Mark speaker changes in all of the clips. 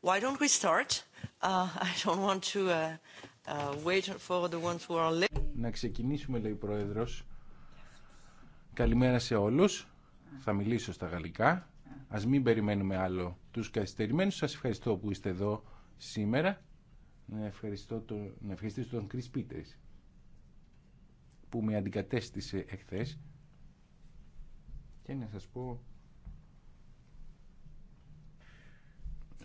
Speaker 1: Why don't we start? Uh, I don't want to uh, uh, wait for the ones who are late. Να ξεκινήσουμε, λέει ο Πρόεδρος. Καλημέρα σε όλους. Θα μιλήσω στα γαλλικά. Ας μην περιμένουμε άλλο τους καθυστερημένους. Σας ευχαριστώ που είστε εδώ σήμερα. Να, ευχαριστώ να ευχαριστήσω τον Κρίς που με αντικατέστησε εχθές. Και να σας πω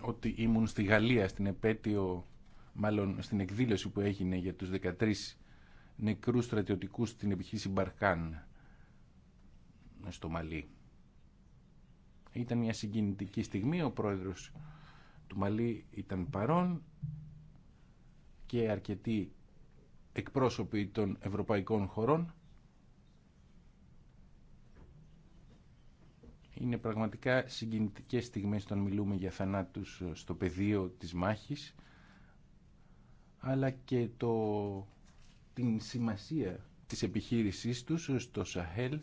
Speaker 1: ότι ήμουν στη Γαλλία στην επέτειο, μάλλον στην εκδήλωση που έγινε για τους 13 νεκρούς στρατιωτικούς στην επιχείρηση Μπαρκάν στο Μαλί. Ήταν μια συγκινητική στιγμή, ο πρόεδρος του Μαλί ήταν παρόν και αρκετοί εκπρόσωποι των ευρωπαϊκών χωρών Είναι πραγματικά συγκινητικές στιγμές όταν μιλούμε για θανάτους ε, στο πεδίο της μάχης αλλά και το, την σημασία της επιχείρησής τους ε, στο Σαχέλ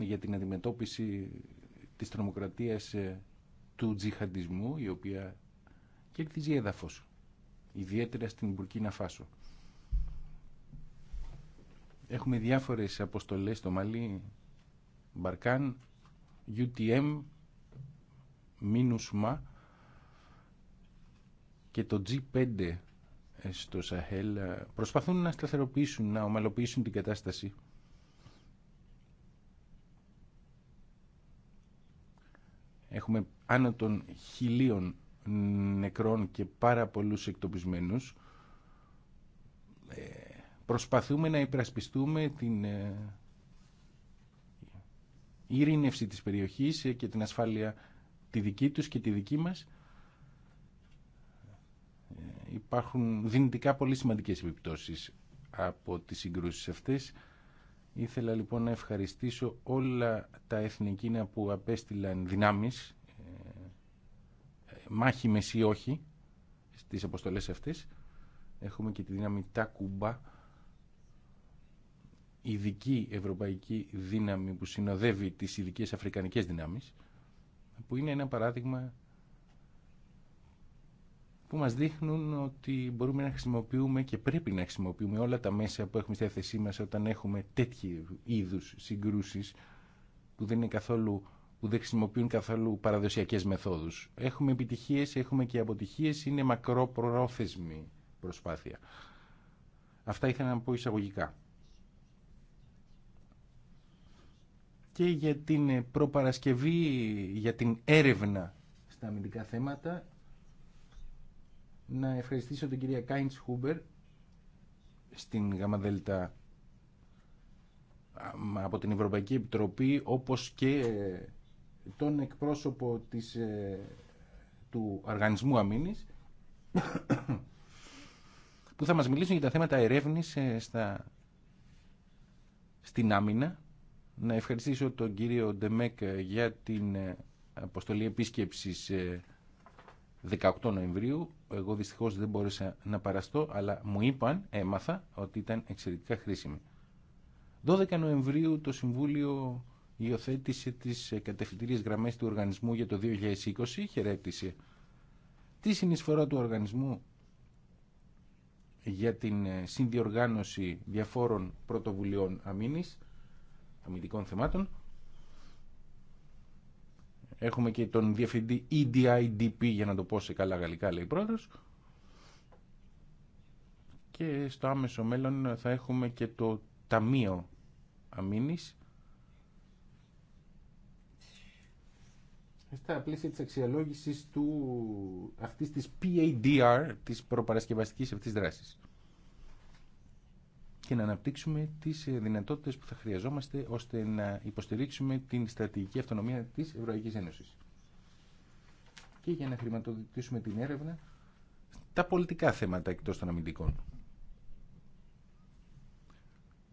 Speaker 1: για την αντιμετώπιση της τρομοκρατίας ε, του τζιχαντισμού η οποία κερδίζει έδαφος ιδιαίτερα στην Μπουρκίνα Φάσο. Έχουμε διάφορες αποστολές στο Μαλί, Μπαρκάν, UTM, Μίνουσμα και το G5 ε, στο Σαχέλ ε, προσπαθούν να σταθεροποιήσουν, να ομαλοποιήσουν την κατάσταση. Έχουμε άνω των χιλίων νεκρών και πάρα πολλούς εκτοπισμένους. Ε, προσπαθούμε να υπερασπιστούμε την ειρήνευση της περιοχής και την ασφάλεια τη δική τους και τη δική μας ε, υπάρχουν δυνητικά πολύ σημαντικές επιπτώσεις από τις συγκρούσεις αυτές. Ήθελα λοιπόν να ευχαριστήσω όλα τα εθνικήνα που απέστειλαν δυνάμεις, ε, μάχημες ή όχι, στις αποστολές αυτές. Έχουμε και τη δύναμη κουμπά ειδική ευρωπαϊκή δύναμη που συνοδεύει τις ειδικέ αφρικανικές δυνάμεις που είναι ένα παράδειγμα που μας δείχνουν ότι μπορούμε να χρησιμοποιούμε και πρέπει να χρησιμοποιούμε όλα τα μέσα που έχουμε στη θέση μας όταν έχουμε τέτοιου είδους συγκρούσεις που δεν, είναι καθόλου, που δεν χρησιμοποιούν καθόλου παραδοσιακές μεθόδους. Έχουμε επιτυχίες, έχουμε και αποτυχίες, είναι μακρόπροθεσμη προσπάθεια. Αυτά ήθελα να πω εισαγωγικά. και για την προπαρασκευή, για την έρευνα στα αμυντικά θέματα. Να ευχαριστήσω την κυρία Κάιντς Χούμπερ στην ΓΑΜΑΔΕΛΤΑ από την Ευρωπαϊκή Επιτροπή όπως και ε, τον εκπρόσωπο της, ε, του Οργανισμού Αμήνης που θα μας μιλήσουν για τα θέματα ερεύνης ε, στα, στην άμυνα να ευχαριστήσω τον κύριο Ντεμέκ για την ε, αποστολή επίσκεψης 18 ε, Νοεμβρίου. Εγώ δυστυχώς δεν μπόρεσα να παραστώ, αλλά μου είπαν, έμαθα, ότι ήταν εξαιρετικά χρήσιμη. 12 Νοεμβρίου το Συμβούλιο υιοθέτησε τις ε, κατευθυντήριες γραμμές του οργανισμού για το 2020, χαιρέτησε τη συνεισφορά του οργανισμού για την συνδιοργάνωση διαφόρων πρωτοβουλειών αμήνης αμυντικών θεμάτων. Έχουμε και τον διευθυντή EDIDP για να το πω σε καλά γαλλικά λέει πρόεδρος. Και στο άμεσο μέλλον θα έχουμε και το Ταμείο Αμήνης. Στα πλαίσια της αξιολόγηση του, αυτής της PADR, της προπαρασκευαστικής αυτής δράσης και να αναπτύξουμε τις δυνατότητες που θα χρειαζόμαστε ώστε να υποστηρίξουμε την στρατηγική αυτονομία της Ευρωπαϊκής Ένωσης. Και για να χρηματοδοτήσουμε την έρευνα τα πολιτικά θέματα εκτός των αμυντικών.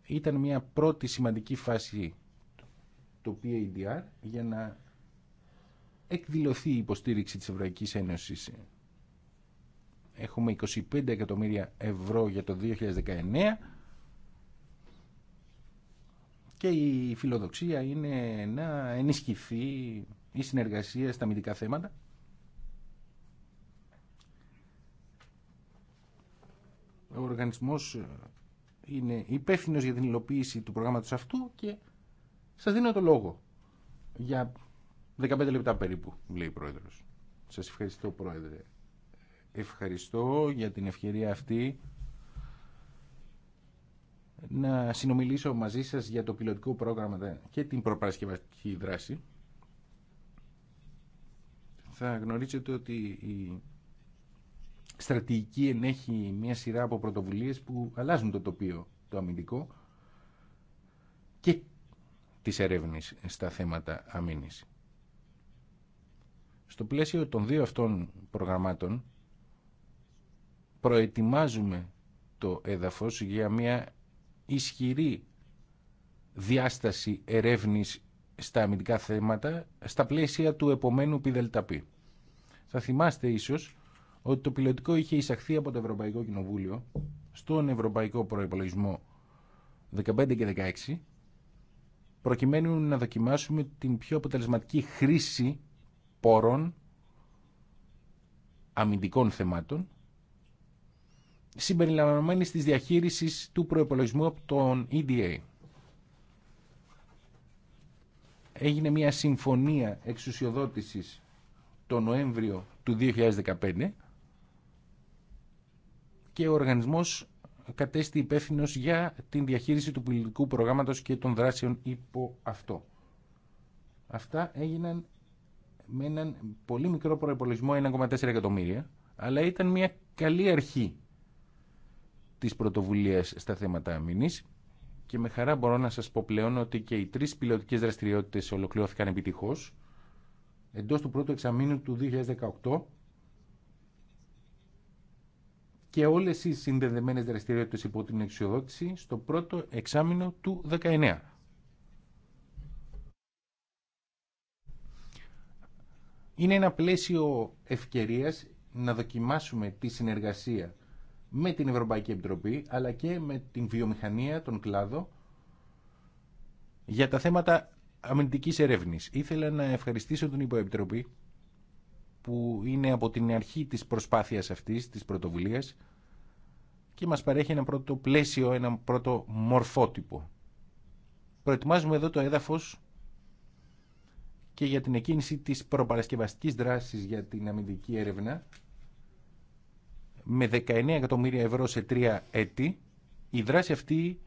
Speaker 1: Ήταν μια πρώτη σημαντική φάση το PADR για να εκδηλωθεί η υποστήριξη της Ευρωπαϊκής Ένωσης. Έχουμε 25 εκατομμύρια ευρώ για το 2019 και η φιλοδοξία είναι να ενισχυθεί η συνεργασία στα αμυντικά θέματα. Ο οργανισμός ε, είναι υπεύθυνο για την υλοποίηση του προγράμματος αυτού και σας δίνω το λόγο για 15 λεπτά περίπου, λέει η Πρόεδρος. Σας ευχαριστώ Πρόεδρε. Ευχαριστώ για την ευκαιρία αυτή να συνομιλήσω μαζί σας για το πιλωτικό πρόγραμμα και την προπαρασκευαστική δράση. Θα γνωρίζετε ότι η στρατηγική ενέχει μια σειρά από πρωτοβουλίες που αλλάζουν το τοπίο, το αμυντικό και της ερεύνης στα θέματα αμήνης. Στο πλαίσιο των δύο αυτών προγραμμάτων προετοιμάζουμε το έδαφος για μια ισχυρή διάσταση ερεύνης στα αμυντικά θέματα στα πλαίσια του επομένου ΠΔΠ. Θα θυμάστε ίσως ότι το πιλωτικό είχε εισαχθεί από το Ευρωπαϊκό Κοινοβούλιο στον Ευρωπαϊκό Προϋπολογισμό 15 και 16 προκειμένου να δοκιμάσουμε την πιο αποτελεσματική χρήση πόρων αμυντικών θεμάτων συμπεριλαμβανομένης της διαχείρισης του προϋπολογισμού από τον EDA. Έγινε μια συμφωνία εξουσιοδότησης το Νοέμβριο του 2015 και ο οργανισμός κατέστη υπεύθυνο για την διαχείριση του πολιτικού προγράμματος και των δράσεων υπό αυτό. Αυτά έγιναν με έναν πολύ μικρό προϋπολογισμό 1,4 εκατομμύρια, αλλά ήταν μια καλή αρχή της πρωτοβουλίας στα θέματα αμήνης και με χαρά μπορώ να σας πω πλέον ότι και οι τρεις πιλωτικές δραστηριότητες ολοκληρώθηκαν επιτυχώς εντός του πρώτου εξαμήνου του 2018 και όλες οι συνδεδεμένες δραστηριότητες υπό την εξοδότηση στο πρώτο εξάμεινο του 2019. Είναι ένα πλαίσιο ευκαιρίας να δοκιμάσουμε τη συνεργασία με την Ευρωπαϊκή Επιτροπή αλλά και με την βιομηχανία, τον κλάδο για τα θέματα αμυντικής ερεύνης. Ήθελα να ευχαριστήσω τον Υποεπιτροπή που είναι από την αρχή της προσπάθειας αυτής, της πρωτοβουλίας και μας παρέχει ένα πρώτο πλαίσιο, ένα πρώτο μορφότυπο. Προετοιμάζουμε εδώ το έδαφος και για την εκκίνηση της προπαρασκευαστικής δράσης για την αμυντική έρευνα με 19 εκατομμύρια ευρώ σε τρία έτη. Η δράση αυτή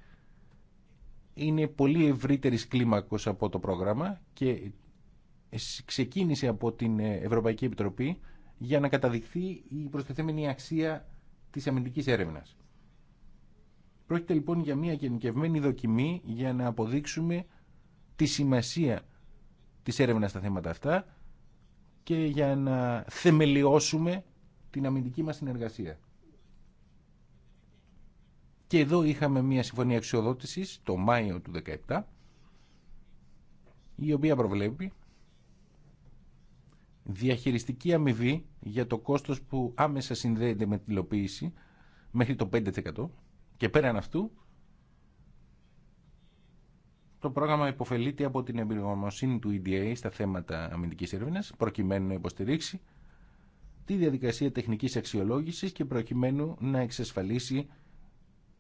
Speaker 1: είναι πολύ ευρύτερης κλίμακος από το πρόγραμμα και ξεκίνησε από την ε, Ευρωπαϊκή Επιτροπή για να καταδειχθεί η προστιθέμενη αξία της αμυντικής έρευνας. Πρόκειται λοιπόν για μια γενικευμένη δοκιμή για να αποδείξουμε τη σημασία της έρευνας στα θέματα αυτά και για να θεμελιώσουμε την αμυντική μας συνεργασία. Και εδώ είχαμε μια συμφωνία αξιοδότησης το Μάιο του 2017 η οποία προβλέπει διαχειριστική αμοιβή για το κόστος που άμεσα συνδέεται με την υλοποίηση μέχρι το 5% και πέραν αυτού το πρόγραμμα υποφελείται από την εμπειρογνωμοσύνη του EDA στα θέματα αμυντικής έρευνας προκειμένου να υποστηρίξει τη διαδικασία τεχνικής αξιολόγησης και προκειμένου να εξασφαλίσει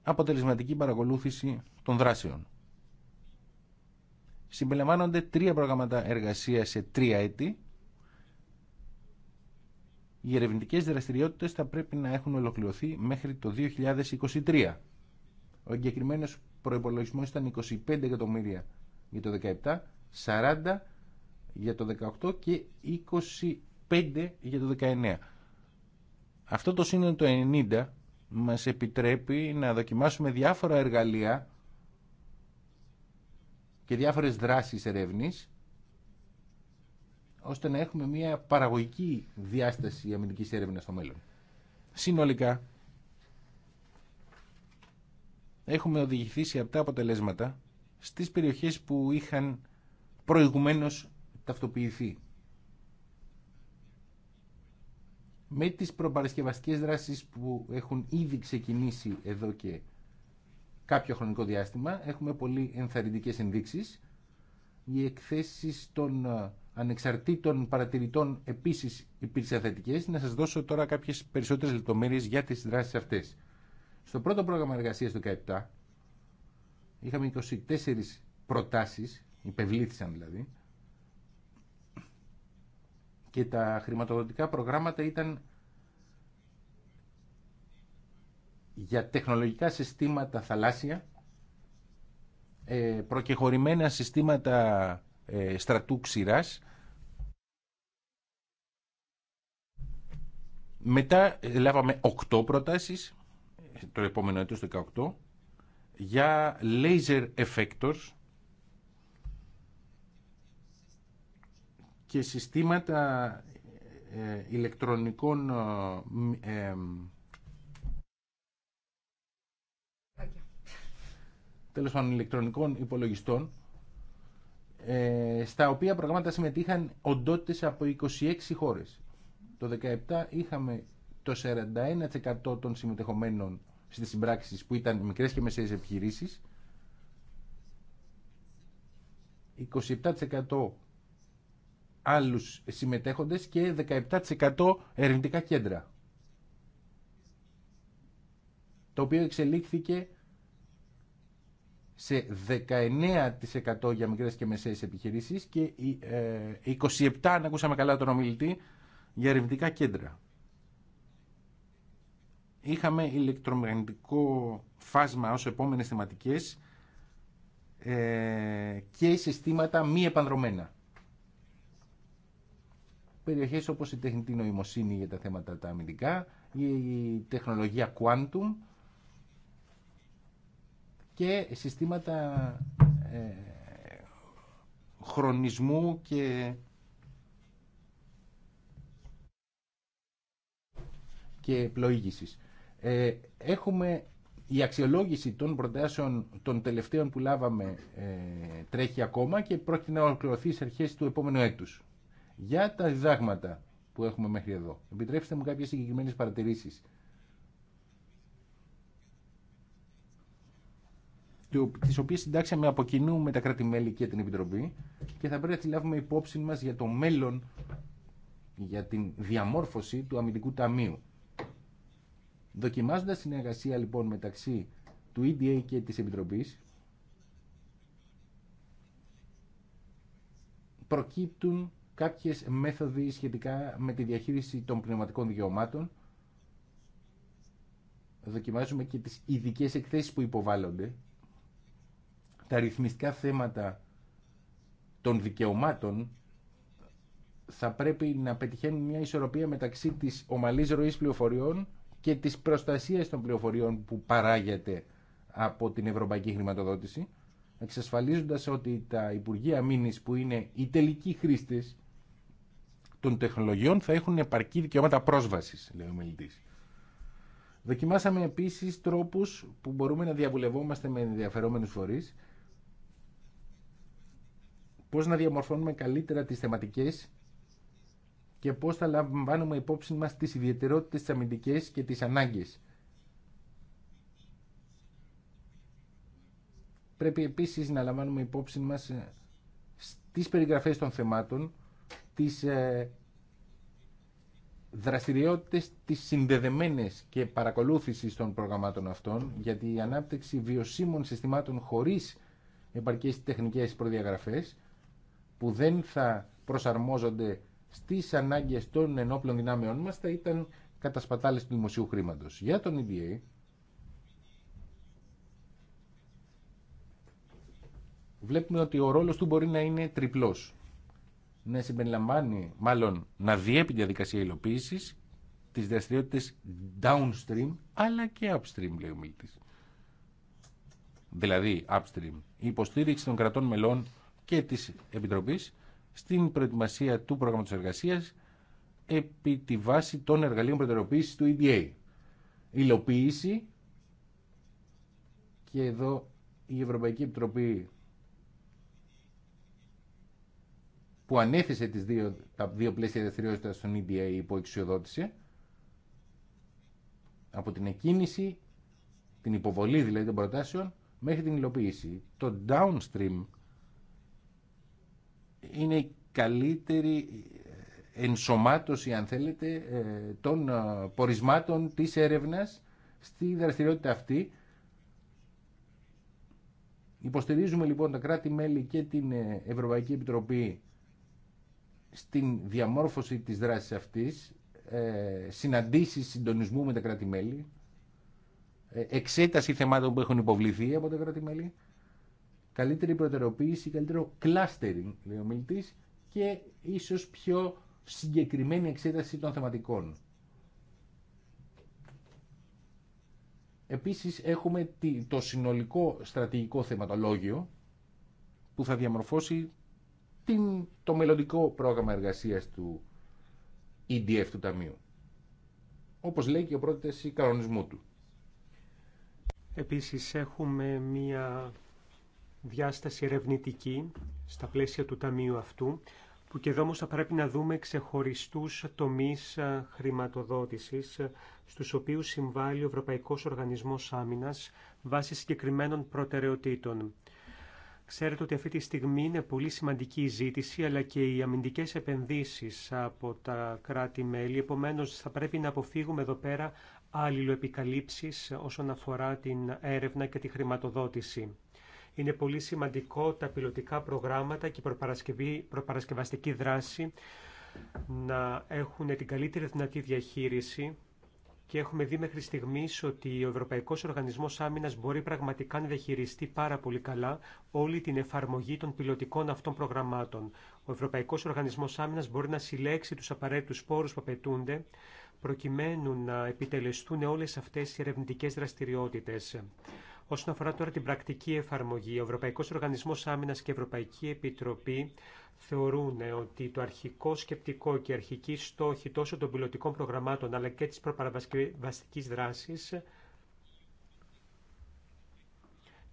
Speaker 1: αποτελεσματική παρακολούθηση των δράσεων. Συμπεριλαμβάνονται τρία προγράμματα εργασία σε τρία έτη. Οι ερευνητικές δραστηριότητες θα πρέπει να έχουν ολοκληρωθεί μέχρι το 2023. Ο εγκεκριμένο προπολογισμό ήταν 25 εκατομμύρια για το 2017, 40 για το 2018 και 5 για το 19. Αυτό το σύνολο το 90 μας επιτρέπει να δοκιμάσουμε διάφορα εργαλεία και διάφορες δράσεις ερεύνης ώστε να έχουμε μια παραγωγική διάσταση αμυντικής έρευνας στο μέλλον. Συνολικά, έχουμε οδηγηθεί σε αυτά αποτελέσματα στις περιοχές που είχαν προηγουμένως ταυτοποιηθεί. με τις προπαρασκευαστικές δράσεις που έχουν ήδη ξεκινήσει εδώ και κάποιο χρονικό διάστημα έχουμε πολύ ενθαρρυντικές ενδείξεις οι εκθέσεις των ε, ανεξαρτήτων παρατηρητών επίσης υπήρξαν θετικές να σας δώσω τώρα κάποιες περισσότερες λεπτομέρειες για τις δράσεις αυτές στο πρώτο πρόγραμμα εργασίας του ΚΑΕΠΤΑ είχαμε 24 προτάσεις υπευλήθησαν δηλαδή και τα χρηματοδοτικά προγράμματα ήταν για τεχνολογικά συστήματα θαλάσσια, ε, προκεχωρημένα συστήματα ε, στρατού ξηράς. Μετά ε, λάβαμε οκτώ προτάσεις, το επόμενο έτος, το 18, για laser effectors, και συστήματα ε, ηλεκτρονικών ε, ε, τέλος πάντων ηλεκτρονικών υπολογιστών στα οποία προγράμματα συμμετείχαν οντότητες από 26 χώρες. Το 2017 είχαμε το 41% των συμμετεχομένων στις συμπράξεις που ήταν μικρές και μεσαίες επιχειρήσεις 27% άλλους συμμετέχοντες και 17% ερευνητικά κέντρα. Το οποίο εξελίχθηκε σε 19% για μικρές και μεσαίες επιχειρήσεις και 27% ε, αν ακούσαμε καλά τον ομιλητή για ερευνητικά κέντρα. Είχαμε ηλεκτρομαγνητικό φάσμα ως επόμενες θεματικές ε, και συστήματα μη επανδρομένα περιοχές όπως η τεχνητή νοημοσύνη για τα θέματα τα αμυντικά, η τεχνολογία quantum και συστήματα ε, χρονισμού και και πλοήγησης. Ε, έχουμε η αξιολόγηση των προτάσεων των τελευταίων που λάβαμε ε, τρέχει ακόμα και πρόκειται να ολοκληρωθεί σε αρχές του επόμενου έτους για τα διδάγματα που έχουμε μέχρι εδώ. Επιτρέψτε μου κάποιες συγκεκριμένε παρατηρήσεις. τις οποίες συντάξαμε από κοινού με τα κράτη-μέλη και την Επιτροπή και θα πρέπει να τη λάβουμε υπόψη μας για το μέλλον, για την διαμόρφωση του αμυντικού ταμείου. Δοκιμάζοντας συνεργασία λοιπόν μεταξύ του EDA και τη Επιτροπή προκύπτουν κάποιες μέθοδοι σχετικά με τη διαχείριση των πνευματικών δικαιωμάτων. Δοκιμάζουμε και τις ειδικέ εκθέσεις που υποβάλλονται. Τα ρυθμιστικά θέματα των δικαιωμάτων θα πρέπει να πετυχαίνουν μια ισορροπία μεταξύ της ομαλής ροής πληροφοριών και της προστασίας των πληροφοριών που παράγεται από την ευρωπαϊκή χρηματοδότηση, εξασφαλίζοντας ότι τα Υπουργεία Μήνης που είναι οι τελικοί χρήστες των τεχνολογιών θα έχουν επαρκή δικαιώματα πρόσβασης, λέει ο μελητή. Δοκιμάσαμε επίσης τρόπους που μπορούμε να διαβουλευόμαστε με ενδιαφερόμενους φορείς, πώς να διαμορφώνουμε καλύτερα τις θεματικές και πώς θα λαμβάνουμε υπόψη μας τις ιδιαιτερότητες της αμυντικής και τις ανάγκες. Πρέπει επίσης να λαμβάνουμε υπόψη μας ε, στις περιγραφές των θεμάτων τις ε, δραστηριότητες της συνδεδεμένες και παρακολούθησης των προγραμμάτων αυτών, γιατί η ανάπτυξη βιωσίμων συστημάτων χωρίς επαρκές τεχνικές προδιαγραφές, που δεν θα προσαρμόζονται στις ανάγκες των ενόπλων δυνάμεών μας, θα ήταν κατασπατάλες του δημοσίου χρήματος. Για τον EBA, βλέπουμε ότι ο ρόλος του μπορεί να είναι τριπλός να συμπεριλαμβάνει, μάλλον να διέπει τη διαδικασία υλοποίηση τη δραστηριότητε downstream αλλά και upstream, λέει ο Δηλαδή, upstream. Η υποστήριξη των κρατών μελών και τη Επιτροπή στην προετοιμασία του προγράμματο εργασία επί τη βάση των εργαλείων προτεραιοποίηση του EDA. Υλοποίηση και εδώ η Ευρωπαϊκή Επιτροπή που ανέθεσε τις δύο, τα δύο πλαίσια δευτεριότητα στον EDA υπό εξοδότηση από την εκκίνηση, την υποβολή δηλαδή των προτάσεων, μέχρι την υλοποίηση. Το downstream είναι η καλύτερη ενσωμάτωση, αν θέλετε, ε, των ε, πορισμάτων της έρευνας στη δραστηριότητα αυτή. Υποστηρίζουμε λοιπόν τα κράτη-μέλη και την ε, Ευρωπαϊκή Επιτροπή στην διαμόρφωση της δράσης αυτής, ε, συναντήσεις συντονισμού με τα κράτη-μέλη, ε, εξέταση θεμάτων που έχουν υποβληθεί από τα κράτη-μέλη, καλύτερη προτεραιοποίηση, καλύτερο clustering, λέει ο μιλητής, και ίσως πιο συγκεκριμένη εξέταση των θεματικών. Επίσης έχουμε το συνολικό στρατηγικό θεματολόγιο που θα διαμορφώσει την, το μελλοντικό πρόγραμμα εργασία του EDF του Ταμείου. Όπως λέει και ο πρόταση κανονισμού του.
Speaker 2: Επίσης έχουμε μία διάσταση ερευνητική στα πλαίσια του Ταμείου αυτού, που και εδώ όμως θα πρέπει να δούμε ξεχωριστούς τομείς ε, χρηματοδότησης, ε, στους οποίους συμβάλλει ο Ευρωπαϊκός Οργανισμός Άμυνας βάσει συγκεκριμένων προτεραιοτήτων. Ξέρετε ότι αυτή τη στιγμή είναι πολύ σημαντική η ζήτηση, αλλά και οι αμυντικές επενδύσεις από τα κράτη-μέλη. Επομένως, θα πρέπει να αποφύγουμε εδώ πέρα αλληλοεπικαλύψεις όσον αφορά την έρευνα και τη χρηματοδότηση. Είναι πολύ σημαντικό τα πιλωτικά προγράμματα και η προπαρασκευαστική δράση να έχουν την καλύτερη δυνατή διαχείριση και έχουμε δει μέχρι στιγμή ότι ο Ευρωπαϊκό Οργανισμό Άμυνα μπορεί πραγματικά να διαχειριστεί πάρα πολύ καλά όλη την εφαρμογή των πιλωτικών αυτών προγραμμάτων. Ο Ευρωπαϊκό Οργανισμό Άμυνα μπορεί να συλλέξει του απαραίτητου πόρου που απαιτούνται προκειμένου να επιτελεστούν όλε αυτέ οι ερευνητικέ δραστηριότητε. Όσον αφορά τώρα την πρακτική εφαρμογή, ο Ευρωπαϊκό Οργανισμό Άμυνα και η Ευρωπαϊκή Επιτροπή θεωρούν ότι το αρχικό σκεπτικό και αρχική στόχη τόσο των πιλωτικών προγραμμάτων αλλά και τη προπαραβαστική δράση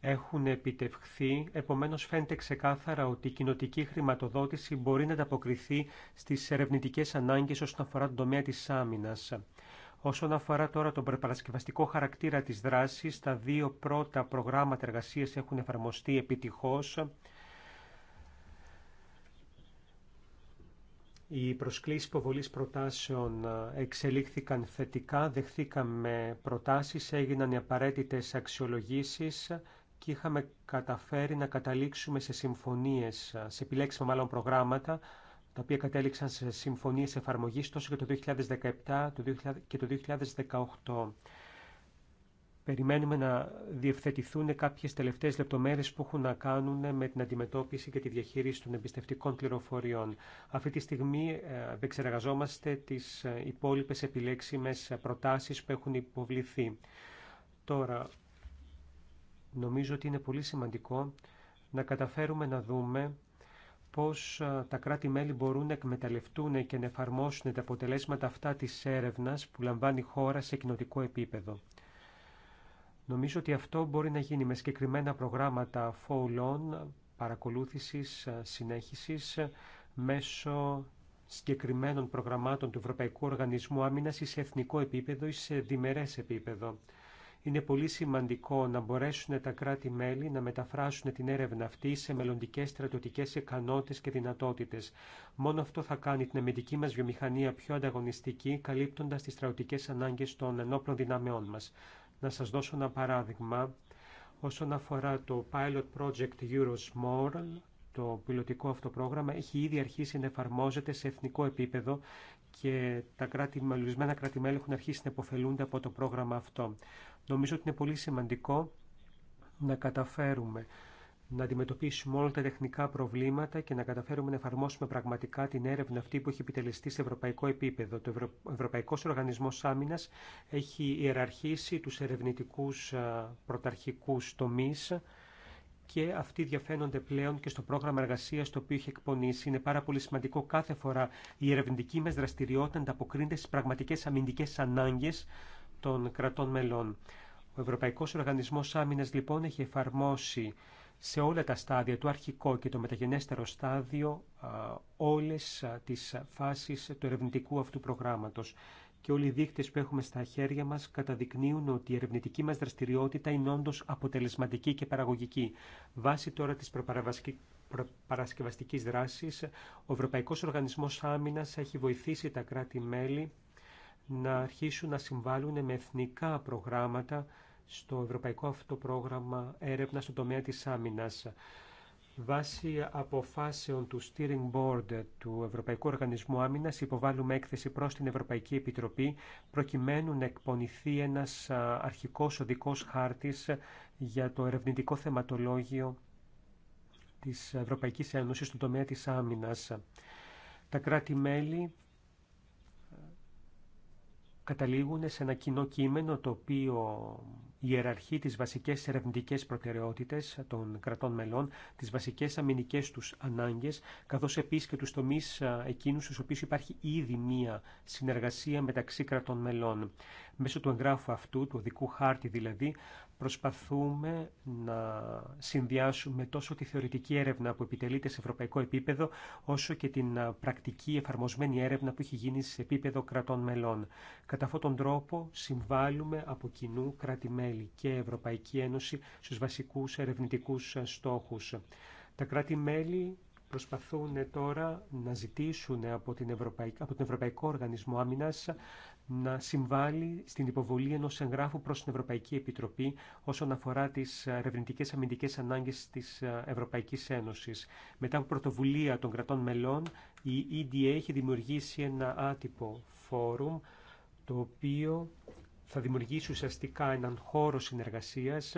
Speaker 2: έχουν επιτευχθεί, επομένως φαίνεται ξεκάθαρα ότι η κοινοτική χρηματοδότηση μπορεί να ανταποκριθεί στι ερευνητικέ ανάγκε όσον αφορά τον τομέα τη Άμυνα. Όσον αφορά τώρα τον προπαρασκευαστικό χαρακτήρα της δράσης, τα δύο πρώτα προγράμματα εργασίας έχουν εφαρμοστεί επιτυχώς. Οι προσκλήσεις υποβολής προτάσεων εξελίχθηκαν θετικά, δεχθήκαμε προτάσεις, έγιναν οι απαραίτητες αξιολογήσεις και είχαμε καταφέρει να καταλήξουμε σε συμφωνίες, σε επιλέξιμα μάλλον προγράμματα, τα οποία κατέληξαν σε συμφωνίες εφαρμογής τόσο και το 2017 και το 2018. Περιμένουμε να διευθετηθούν κάποιες τελευταίες λεπτομέρειες που έχουν να κάνουν με την αντιμετώπιση και τη διαχείριση των εμπιστευτικών πληροφοριών. Αυτή τη στιγμή ε, επεξεργαζόμαστε τις ε, υπόλοιπες επιλέξιμες προτάσεις που έχουν υποβληθεί. Τώρα, νομίζω ότι είναι πολύ σημαντικό να καταφέρουμε να δούμε πώς ε, τα κράτη-μέλη μπορούν να εκμεταλλευτούν και να εφαρμόσουν τα αποτελέσματα αυτά της έρευνας που λαμβάνει η χώρα σε κοινοτικό επίπεδο. Νομίζω ότι αυτό μπορεί να γίνει με συγκεκριμένα προγράμματα follow-on, παρακολούθησης, ε, συνέχισης, ε, μέσω συγκεκριμένων προγραμμάτων του Ευρωπαϊκού Οργανισμού Άμυνας ή σε εθνικό επίπεδο ή σε διμερές επίπεδο. Είναι πολύ σημαντικό να μπορέσουν τα κράτη-μέλη να μεταφράσουν την έρευνα αυτή σε μελλοντικέ στρατιωτικέ ικανότητε και δυνατότητε. Μόνο αυτό θα κάνει την αμυντική μα βιομηχανία πιο ανταγωνιστική, καλύπτοντα τι στρατιωτικέ ανάγκε των ενόπλων δυνάμεών μα. Να σα δώσω ένα παράδειγμα. Όσον αφορά το Pilot Project Eurosmall, το πιλωτικό αυτό πρόγραμμα έχει ήδη αρχίσει να εφαρμόζεται σε εθνικό επίπεδο και τα κράτη, ορισμένα κράτη-μέλη έχουν αρχίσει να υποφελούνται από το πρόγραμμα αυτό. Νομίζω ότι είναι πολύ σημαντικό να καταφέρουμε να αντιμετωπίσουμε όλα τα τεχνικά προβλήματα και να καταφέρουμε να εφαρμόσουμε πραγματικά την έρευνα αυτή που έχει επιτελεστεί σε ευρωπαϊκό επίπεδο. Το Ευρω... Ευρωπαϊκός Οργανισμός Άμυνας έχει ιεραρχήσει τους ερευνητικούς πρωταρχικούς τομείς και αυτοί διαφαίνονται πλέον και στο πρόγραμμα εργασία το οποίο έχει εκπονήσει. Είναι πάρα πολύ σημαντικό κάθε φορά η ερευνητική μα δραστηριότητα να ανταποκρίνεται στι πραγματικέ αμυντικέ ανάγκε των κρατών μελών. Ο Ευρωπαϊκός Οργανισμός Άμυνας λοιπόν έχει εφαρμόσει σε όλα τα στάδια, του αρχικό και το μεταγενέστερο στάδιο, όλες τις φάσεις του ερευνητικού αυτού προγράμματος. Και όλοι οι δείκτες που έχουμε στα χέρια μας καταδεικνύουν ότι η ερευνητική μας δραστηριότητα είναι όντω αποτελεσματική και παραγωγική. Βάσει τώρα της προπαρασκευαστικής δράσης, ο Ευρωπαϊκός Οργανισμός Άμυνας έχει βοηθήσει τα κράτη-μέλη να αρχίσουν να συμβάλλουν με εθνικά προγράμματα στο Ευρωπαϊκό αυτό πρόγραμμα έρευνα στον τομέα της άμυνας. Βάσει αποφάσεων του Steering Board του Ευρωπαϊκού Οργανισμού Άμυνας υποβάλλουμε έκθεση προς την Ευρωπαϊκή Επιτροπή προκειμένου να εκπονηθεί ένας αρχικός οδικός χάρτης για το ερευνητικό θεματολόγιο της Ευρωπαϊκής Ένωσης στον τομέα της άμυνας. Τα κράτη-μέλη καταλήγουν σε ένα κοινό κείμενο το οποίο ιεραρχεί τις βασικές ερευνητικές προτεραιότητες των κρατών μελών, τις βασικές αμυνικές τους ανάγκες, καθώς επίσης και τους τομείς εκείνους στους οποίους υπάρχει ήδη μία συνεργασία μεταξύ κρατών μελών. Μέσω του εγγράφου αυτού, του οδικού χάρτη δηλαδή, προσπαθούμε να συνδυάσουμε τόσο τη θεωρητική έρευνα που επιτελείται σε ευρωπαϊκό επίπεδο, όσο και την πρακτική εφαρμοσμένη έρευνα που έχει γίνει σε επίπεδο κρατών μελών. Κατά αυτόν τον τρόπο συμβάλλουμε από κοινού κράτη-μέλη και Ευρωπαϊκή Ένωση στους βασικούς ερευνητικούς στόχους. Τα κράτη-μέλη προσπαθούν τώρα να ζητήσουν από, την από τον Ευρωπαϊκό Οργανισμό Άμυνας να συμβάλλει στην υποβολή ενός εγγράφου προς την Ευρωπαϊκή Επιτροπή όσον αφορά τις ε, ερευνητικέ αμυντικές ανάγκες της ε, Ευρωπαϊκής Ένωσης. Μετά από πρωτοβουλία των κρατών μελών, η EDA έχει δημιουργήσει ένα άτυπο φόρουμ, το οποίο θα δημιουργήσει ουσιαστικά έναν χώρο συνεργασίας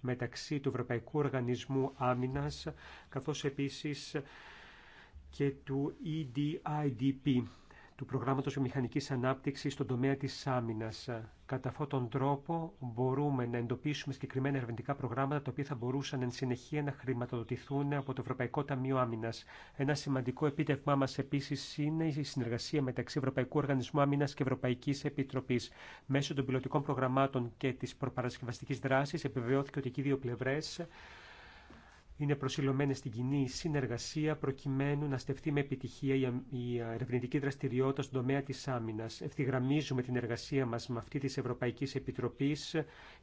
Speaker 2: μεταξύ του Ευρωπαϊκού Οργανισμού Άμυνας, καθώς επίσης και του EDIDP, του προγράμματος μηχανικής ανάπτυξης στον τομέα της άμυνας. Ε, κατά αυτόν τον τρόπο μπορούμε να εντοπίσουμε συγκεκριμένα ερευνητικά προγράμματα τα οποία θα μπορούσαν εν συνεχεία να χρηματοδοτηθούν από το Ευρωπαϊκό Ταμείο Άμυνα. Ένα σημαντικό επίτευγμά μα επίση είναι η συνεργασία μεταξύ Ευρωπαϊκού Οργανισμού Άμυνα και Ευρωπαϊκή Επιτροπή. Μέσω των πιλωτικών προγραμμάτων και τη προπαρασκευαστική δράση επιβεβαιώθηκε ότι οι δύο πλευρέ είναι προσιλωμένε στην κοινή συνεργασία προκειμένου να στεφτεί με επιτυχία η ερευνητική δραστηριότητα στον τομέα της Άμυνα. Ευθυγραμμίζουμε την εργασία μας με αυτή της Ευρωπαϊκής Επιτροπής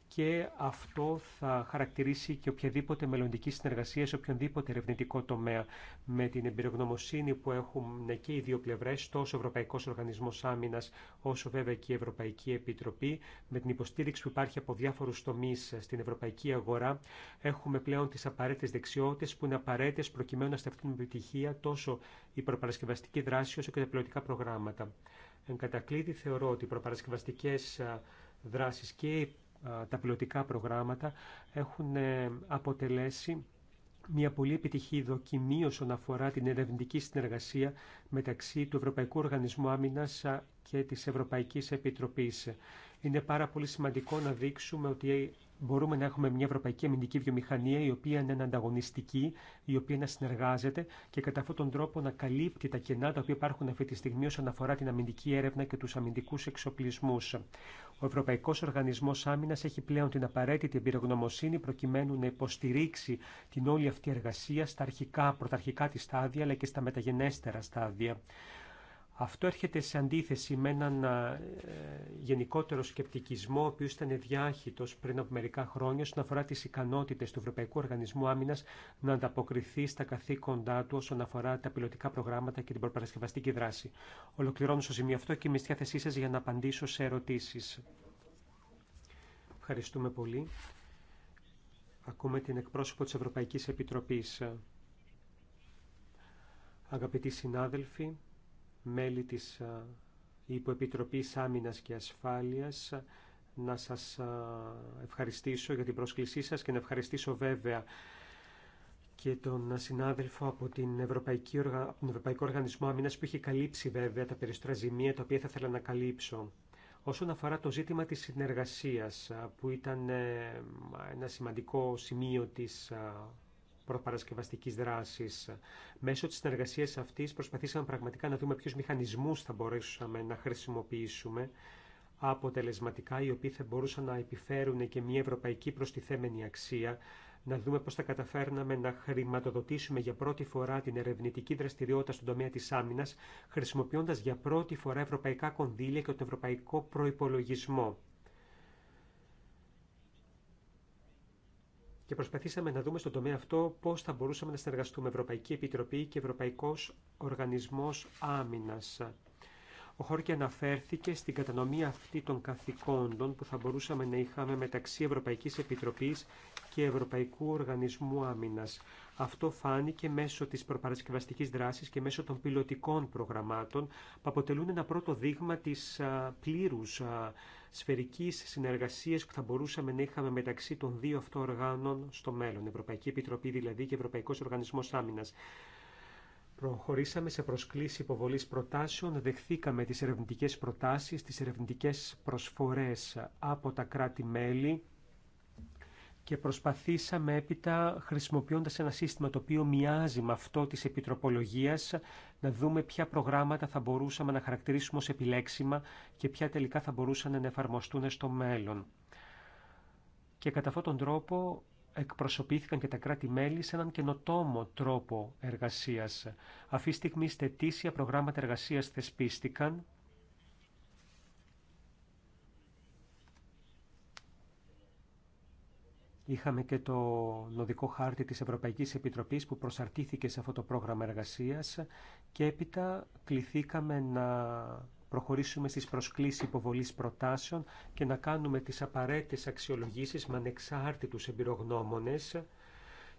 Speaker 2: και αυτό θα χαρακτηρίσει και οποιαδήποτε μελλοντική συνεργασία σε οποιονδήποτε ερευνητικό τομέα. Με την εμπειρογνωμοσύνη που έχουν και οι δύο πλευρέ, τόσο ο Ευρωπαϊκό Οργανισμό Άμυνα, όσο βέβαια και η Ευρωπαϊκή Επιτροπή, με την υποστήριξη που υπάρχει από διάφορου τομεί στην ευρωπαϊκή αγορά, έχουμε πλέον τι απαραίτητε δεξιότητε που είναι απαραίτητε προκειμένου να στεφτούν με επιτυχία τόσο η προπαρασκευαστική δράση όσο και τα πιλωτικά προγράμματα. Εν κατακλείδη θεωρώ ότι οι προπαρασκευαστικές ε, δράσεις και τα πιλωτικά προγράμματα έχουν ε, αποτελέσει μια πολύ επιτυχή δοκιμή όσον αφορά την ερευνητική συνεργασία μεταξύ του Ευρωπαϊκού Οργανισμού Άμυνας και της Ευρωπαϊκής Επιτροπής είναι πάρα πολύ σημαντικό να δείξουμε ότι μπορούμε να έχουμε μια ευρωπαϊκή αμυντική βιομηχανία η οποία είναι ανταγωνιστική, η οποία να συνεργάζεται και κατά αυτόν τον τρόπο να καλύπτει τα κενά τα οποία υπάρχουν αυτή τη στιγμή όσον αφορά την αμυντική έρευνα και του αμυντικού εξοπλισμού. Ο Ευρωπαϊκό Οργανισμό Άμυνα έχει πλέον την απαραίτητη εμπειρογνωμοσύνη προκειμένου να υποστηρίξει την όλη αυτή εργασία στα αρχικά, πρωταρχικά τη στάδια αλλά και στα μεταγενέστερα στάδια. Αυτό έρχεται σε αντίθεση με έναν ε, γενικότερο σκεπτικισμό, ο οποίο ήταν διάχυτο πριν από μερικά χρόνια, όσον αφορά τις ικανότητες του Ευρωπαϊκού Οργανισμού Άμυνα να ανταποκριθεί στα καθήκοντά του όσον αφορά τα πιλωτικά προγράμματα και την προπαρασκευαστική δράση. Ολοκληρώνω στο σημείο αυτό και είμαι στη διάθεσή σα για να απαντήσω σε ερωτήσει. Ευχαριστούμε πολύ. Ακούμε την εκπρόσωπο της Ευρωπαϊκής Επιτροπής. Αγαπητοί συνάδελφοι, μέλη της ε, Υποεπιτροπής Άμυνας και Ασφάλειας να σας ε, ευχαριστήσω για την πρόσκλησή σας και να ευχαριστήσω βέβαια και τον συνάδελφο από, την Ευρωπαϊκή, τον Ευρωπαϊκό Οργανισμό Άμυνας που είχε καλύψει βέβαια τα περισσότερα ζημία τα οποία θα ήθελα να καλύψω. Όσον αφορά το ζήτημα της συνεργασίας ε, που ήταν ένα σημαντικό σημείο της Προπαρασκευαστική δράση. Μέσω τη συνεργασία αυτή, προσπαθήσαμε πραγματικά να δούμε ποιου μηχανισμού θα μπορέσουμε να χρησιμοποιήσουμε αποτελεσματικά, οι οποίοι θα μπορούσαν να επιφέρουν και μια ευρωπαϊκή προστιθέμενη αξία, να δούμε πώς θα καταφέρναμε να χρηματοδοτήσουμε για πρώτη φορά την ερευνητική δραστηριότητα στον τομέα της άμυνας, χρησιμοποιώντας για πρώτη φορά ευρωπαϊκά κονδύλια και τον ευρωπαϊκό προϋπολογισμό. και προσπαθήσαμε να δούμε στον τομέα αυτό πώς θα μπορούσαμε να συνεργαστούμε Ευρωπαϊκή Επιτροπή και Ευρωπαϊκό Οργανισμό Άμυνας. Ο Χόρκε αναφέρθηκε στην κατανομή αυτή των καθηκόντων που θα μπορούσαμε να είχαμε μεταξύ Ευρωπαϊκής Επιτροπής και Ευρωπαϊκού Οργανισμού Άμυνας. Αυτό φάνηκε μέσω της προπαρασκευαστικής δράσης και μέσω των πιλωτικών προγραμμάτων που αποτελούν ένα πρώτο δείγμα της πλήρους σφαιρικής συνεργασίας που θα μπορούσαμε να είχαμε μεταξύ των δύο αυτών οργάνων στο μέλλον, Ευρωπαϊκή Επιτροπή δηλαδή και Ευρωπαϊκός Οργανισμός Άμυνας. Προχωρήσαμε σε προσκλήση υποβολής προτάσεων, δεχθήκαμε τις ερευνητικές προτάσεις, τις ερευνητικές προσφορές από τα κράτη-μέλη και προσπαθήσαμε έπειτα χρησιμοποιώντας ένα σύστημα το οποίο μοιάζει με αυτό της επιτροπολογίας να δούμε ποια προγράμματα θα μπορούσαμε να χαρακτηρίσουμε ως επιλέξιμα και ποια τελικά θα μπορούσαν να εφαρμοστούν στο μέλλον. Και κατά αυτόν τον τρόπο εκπροσωπήθηκαν και τα κράτη-μέλη σε έναν καινοτόμο τρόπο εργασίας. Αυτή τη στιγμή στετήσια προγράμματα εργασίας θεσπίστηκαν Είχαμε και το νοδικό χάρτη της Ευρωπαϊκής Επιτροπής που προσαρτήθηκε σε αυτό το πρόγραμμα εργασίας και έπειτα κληθήκαμε να προχωρήσουμε στις προσκλήσεις υποβολής προτάσεων και να κάνουμε τις απαραίτητες αξιολογήσεις με ανεξάρτητους εμπειρογνώμονες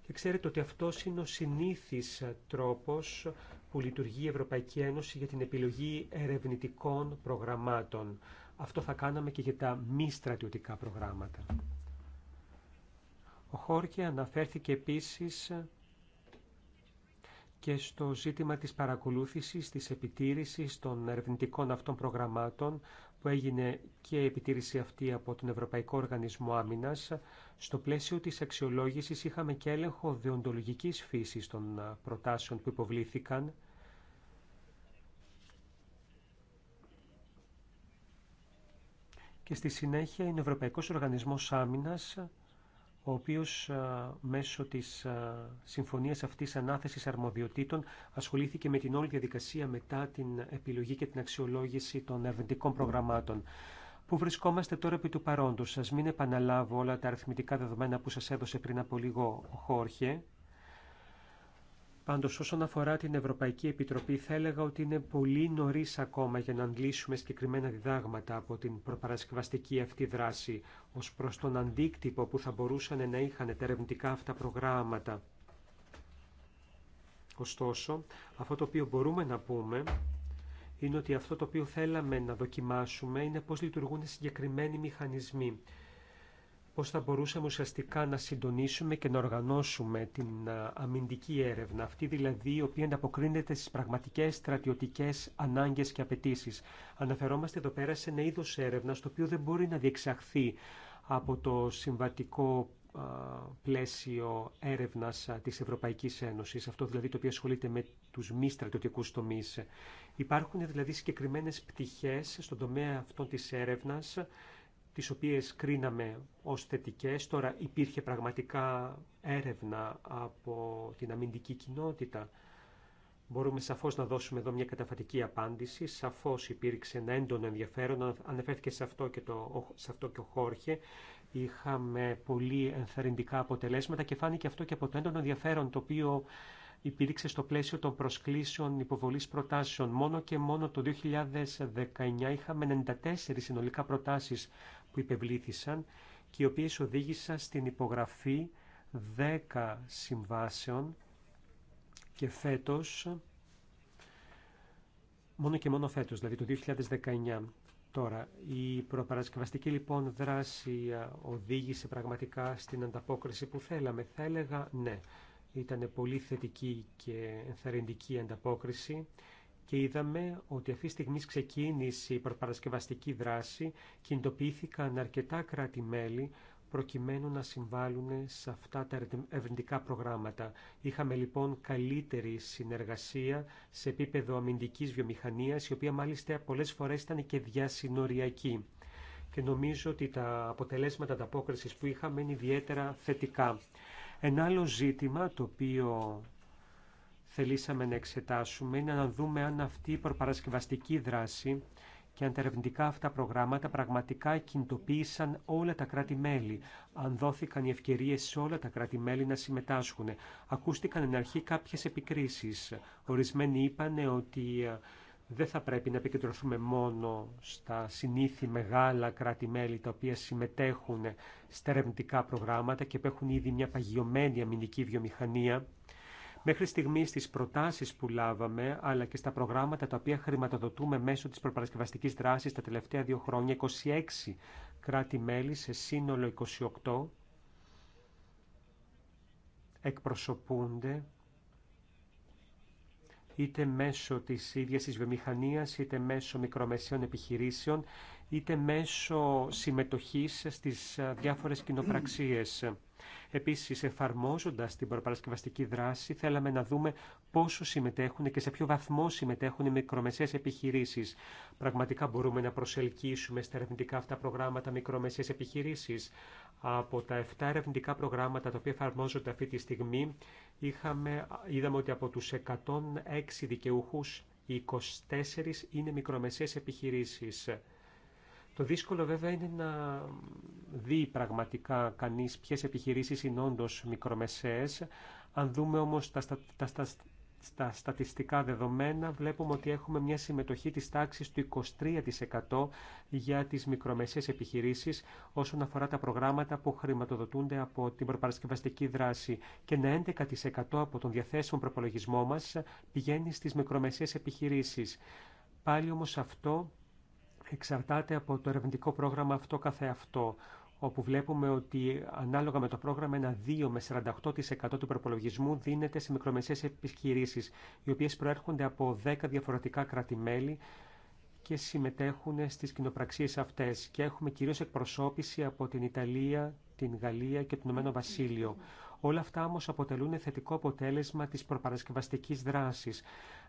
Speaker 2: και ξέρετε ότι αυτό είναι ο συνήθις τρόπος που λειτουργεί η Ευρωπαϊκή Ένωση για την επιλογή ερευνητικών προγραμμάτων. Αυτό θα κάναμε και για τα μη στρατιωτικά προγράμματα. Ο Χόρκε αναφέρθηκε επίσης και στο ζήτημα της παρακολούθησης, της επιτήρησης των ερευνητικών αυτών προγραμμάτων που έγινε και η επιτήρηση αυτή από τον Ευρωπαϊκό Οργανισμό Άμυνας. Στο πλαίσιο της αξιολόγησης είχαμε και έλεγχο δεοντολογικής φύσης των προτάσεων που υποβλήθηκαν. Και στη συνέχεια είναι ο Ευρωπαϊκός Οργανισμός Άμυνας ο οποίος μέσω της συμφωνίας αυτής ανάθεσης αρμοδιοτήτων ασχολήθηκε με την όλη διαδικασία μετά την επιλογή και την αξιολόγηση των ερευνητικών προγραμμάτων. Πού βρισκόμαστε τώρα επί του παρόντος. Σας μην επαναλάβω όλα τα αριθμητικά δεδομένα που σας έδωσε πριν από λίγο ο Χόρχε, Πάντως όσον αφορά την Ευρωπαϊκή Επιτροπή θα έλεγα ότι είναι πολύ νωρίς ακόμα για να αντλήσουμε συγκεκριμένα διδάγματα από την προπαρασκευαστική αυτή δράση ως προς τον αντίκτυπο που θα μπορούσαν να είχαν τα ερευνητικά αυτά προγράμματα. Ωστόσο, αυτό το οποίο μπορούμε να πούμε είναι ότι αυτό το οποίο θέλαμε να δοκιμάσουμε είναι πώς λειτουργούν συγκεκριμένοι μηχανισμοί πώς θα μπορούσαμε ουσιαστικά να συντονίσουμε και να οργανώσουμε την ε, αμυντική έρευνα, αυτή δηλαδή η οποία ανταποκρίνεται στις πραγματικές στρατιωτικές ανάγκες και απαιτήσει. Αναφερόμαστε εδώ πέρα σε ένα είδος έρευνα το οποίο δεν μπορεί να διεξαχθεί από το συμβατικό ε, πλαίσιο έρευνα ε, της Ευρωπαϊκής Ένωσης, αυτό δηλαδή το οποίο ασχολείται με τους μη στρατιωτικού τομεί. Υπάρχουν δηλαδή συγκεκριμένες πτυχές στον τομέα αυτών τη έρευνα, τις οποίες κρίναμε ως θετικές. Τώρα υπήρχε πραγματικά έρευνα από την αμυντική κοινότητα. Μπορούμε σαφώς να δώσουμε εδώ μια καταφατική απάντηση. Σαφώς υπήρξε ένα έντονο ενδιαφέρον. ανεφέρθηκε σε αυτό και, το, σε αυτό και ο Χόρχε. Είχαμε πολύ ενθαρρυντικά αποτελέσματα και φάνηκε αυτό και από το έντονο ενδιαφέρον το οποίο υπήρξε στο πλαίσιο των προσκλήσεων υποβολής προτάσεων. Μόνο και μόνο το 2019 είχαμε 94 συνολικά προτάσεις που υπευλήθησαν και οι οποίες οδήγησαν στην υπογραφή 10 συμβάσεων και φέτος, μόνο και μόνο φέτος, δηλαδή το 2019. Τώρα, η προπαρασκευαστική λοιπόν δράση οδήγησε πραγματικά στην ανταπόκριση που θέλαμε. Θα έλεγα ναι. Ήταν πολύ θετική και ενθαρρυντική ανταπόκριση και είδαμε ότι αυτή τη στιγμή ξεκίνησε η προπαρασκευαστική δράση, κινητοποιήθηκαν αρκετά κράτη-μέλη προκειμένου να συμβάλλουν σε αυτά τα ερευνητικά προγράμματα. Είχαμε λοιπόν καλύτερη συνεργασία σε επίπεδο αμυντικής βιομηχανίας, η οποία μάλιστα πολλές φορές ήταν και διασυνοριακή. Και νομίζω ότι τα αποτελέσματα ανταπόκρισης που είχαμε είναι ιδιαίτερα θετικά. Ένα άλλο ζήτημα το οποίο θελήσαμε να εξετάσουμε είναι να δούμε αν αυτή η προπαρασκευαστική δράση και αν τα ερευνητικά αυτά προγράμματα πραγματικά κινητοποίησαν όλα τα κράτη-μέλη, αν δόθηκαν οι ευκαιρίε σε όλα τα κράτη-μέλη να συμμετάσχουν. Ακούστηκαν εν αρχή κάποιε επικρίσει. Ορισμένοι είπαν ότι ε, δεν θα πρέπει να επικεντρωθούμε μόνο στα συνήθι μεγάλα κράτη-μέλη τα οποία συμμετέχουν στα ερευνητικά προγράμματα και που έχουν ήδη μια παγιωμένη αμυντική βιομηχανία. Μέχρι στιγμή στι προτάσει που λάβαμε, αλλά και στα προγράμματα τα οποία χρηματοδοτούμε μέσω της προπαρασκευαστικής δράσης τα τελευταία δύο χρόνια, 26 κράτη-μέλη σε σύνολο 28 εκπροσωπούνται είτε μέσω της ίδιας της βιομηχανίας, είτε μέσω μικρομεσαίων επιχειρήσεων, είτε μέσω συμμετοχής στις ε, διάφορες κοινοπραξίες. Επίσης, εφαρμόζοντας την προπαρασκευαστική δράση, θέλαμε να δούμε πόσο συμμετέχουν και σε ποιο βαθμό συμμετέχουν οι μικρομεσαίες επιχειρήσεις. Πραγματικά μπορούμε να προσελκύσουμε στα ερευνητικά αυτά προγράμματα μικρομεσαίες επιχειρήσεις. Από τα 7 ερευνητικά προγράμματα τα οποία εφαρμόζονται αυτή τη στιγμή, είχαμε, είδαμε ότι από τους 106 δικαιούχους, οι 24 είναι μικρομεσαίες επιχειρήσεις. Το δύσκολο βέβαια είναι να δει πραγματικά κανείς ποιες επιχειρήσεις είναι όντω μικρομεσαίες. Αν δούμε όμως τα, τα, στατιστικά δεδομένα βλέπουμε ότι έχουμε μια συμμετοχή της τάξης του 23% για τις μικρομεσαίες επιχειρήσεις όσον αφορά τα προγράμματα που χρηματοδοτούνται από την προπαρασκευαστική δράση και ένα 11% από τον διαθέσιμο προπολογισμό μας πηγαίνει στις μικρομεσαίες επιχειρήσεις. Πάλι όμως αυτό εξαρτάται από το ερευνητικό πρόγραμμα αυτό καθεαυτό όπου βλέπουμε ότι ανάλογα με το πρόγραμμα ένα 2 με 48% του προπολογισμού δίνεται σε μικρομεσαίες επιχειρήσεις, οι οποίες προέρχονται από 10 διαφορετικά κράτη-μέλη και συμμετέχουν στις κοινοπραξίες αυτές. Και έχουμε κυρίως εκπροσώπηση από την Ιταλία, την Γαλλία και το Ηνωμένο Βασίλειο. Όλα αυτά όμως αποτελούν θετικό αποτέλεσμα της προπαρασκευαστικής δράσης.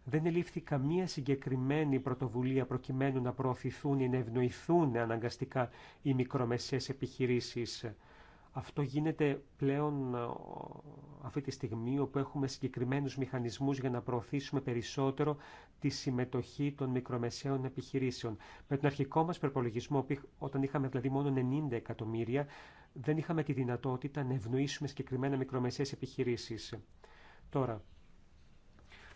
Speaker 2: Δεν ελήφθη καμία συγκεκριμένη πρωτοβουλία προκειμένου να προωθηθούν ή να ευνοηθούν αναγκαστικά οι μικρομεσαίες επιχειρήσεις. Αυτό γίνεται πλέον αυτή τη στιγμή όπου έχουμε συγκεκριμένους μηχανισμούς για να προωθήσουμε περισσότερο τη συμμετοχή των μικρομεσαίων επιχειρήσεων. Με τον αρχικό μας προπολογισμό, όταν είχαμε δηλαδή μόνο 90 εκατομμύρια, δεν είχαμε τη δυνατότητα να ευνοήσουμε συγκεκριμένα μικρομεσαίες επιχειρήσεις. Τώρα,